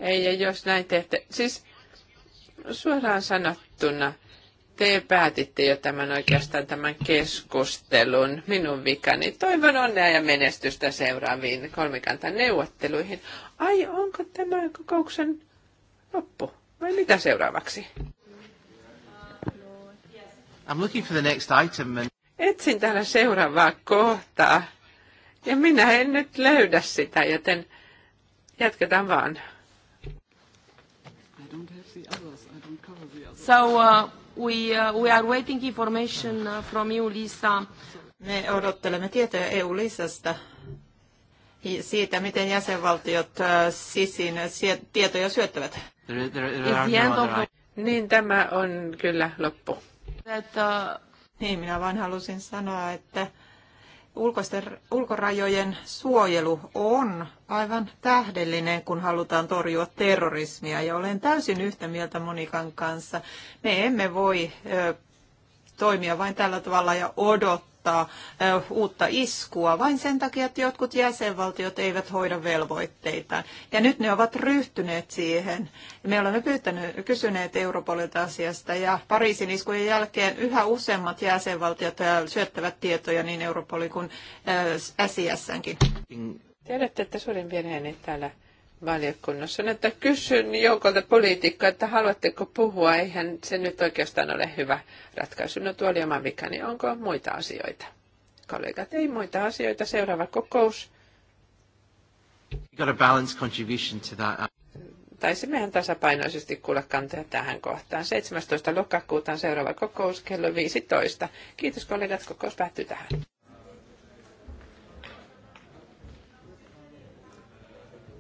Speaker 1: Ei, ja jos näin teette. Siis suoraan sanottuna, te päätitte jo tämän oikeastaan tämän keskustelun, minun vikani. Toivon onnea ja menestystä seuraaviin kolmikantaneuvotteluihin. Ai, onko tämä kokouksen Loppu. Vai mitä seuraavaksi? I'm looking for the next item and... Etsin täällä seuraavaa kohtaa. Ja minä en nyt löydä sitä, joten jatketaan vaan. So uh, we, uh, we are waiting information
Speaker 3: uh, from you, Lisa. Me odottelemme tietoja EU-lisasta siitä, miten jäsenvaltiot uh, SISin uh, tietoja syöttävät.
Speaker 1: Niin tämä on kyllä loppu.
Speaker 3: Että, niin, minä vain halusin sanoa, että ulkoisten, ulkorajojen suojelu on aivan tähdellinen, kun halutaan torjua terrorismia. Ja olen täysin yhtä mieltä Monikan kanssa. Me emme voi ö, toimia vain tällä tavalla ja odottaa odottaa uutta iskua vain sen takia, että jotkut jäsenvaltiot eivät hoida velvoitteitaan. Ja nyt ne ovat ryhtyneet siihen. Me olemme pyytäneet, kysyneet Europolilta asiasta ja Pariisin iskujen jälkeen yhä useammat
Speaker 1: jäsenvaltiot syöttävät tietoja niin Europoli kuin SISnkin. Tiedätte, että suurin virheeni täällä valiokunnassa. Että kysyn joukolta poliitikkoa, että haluatteko puhua, eihän se nyt oikeastaan ole hyvä ratkaisu. No tuo oli oma niin Onko muita asioita? Kollegat, ei muita asioita. Seuraava kokous. Got a balanced contribution to that. Taisimme ihan tasapainoisesti kuulla kantoja tähän kohtaan. 17. lokakuuta on seuraava kokous kello 15. Kiitos kollegat, kokous päättyy tähän.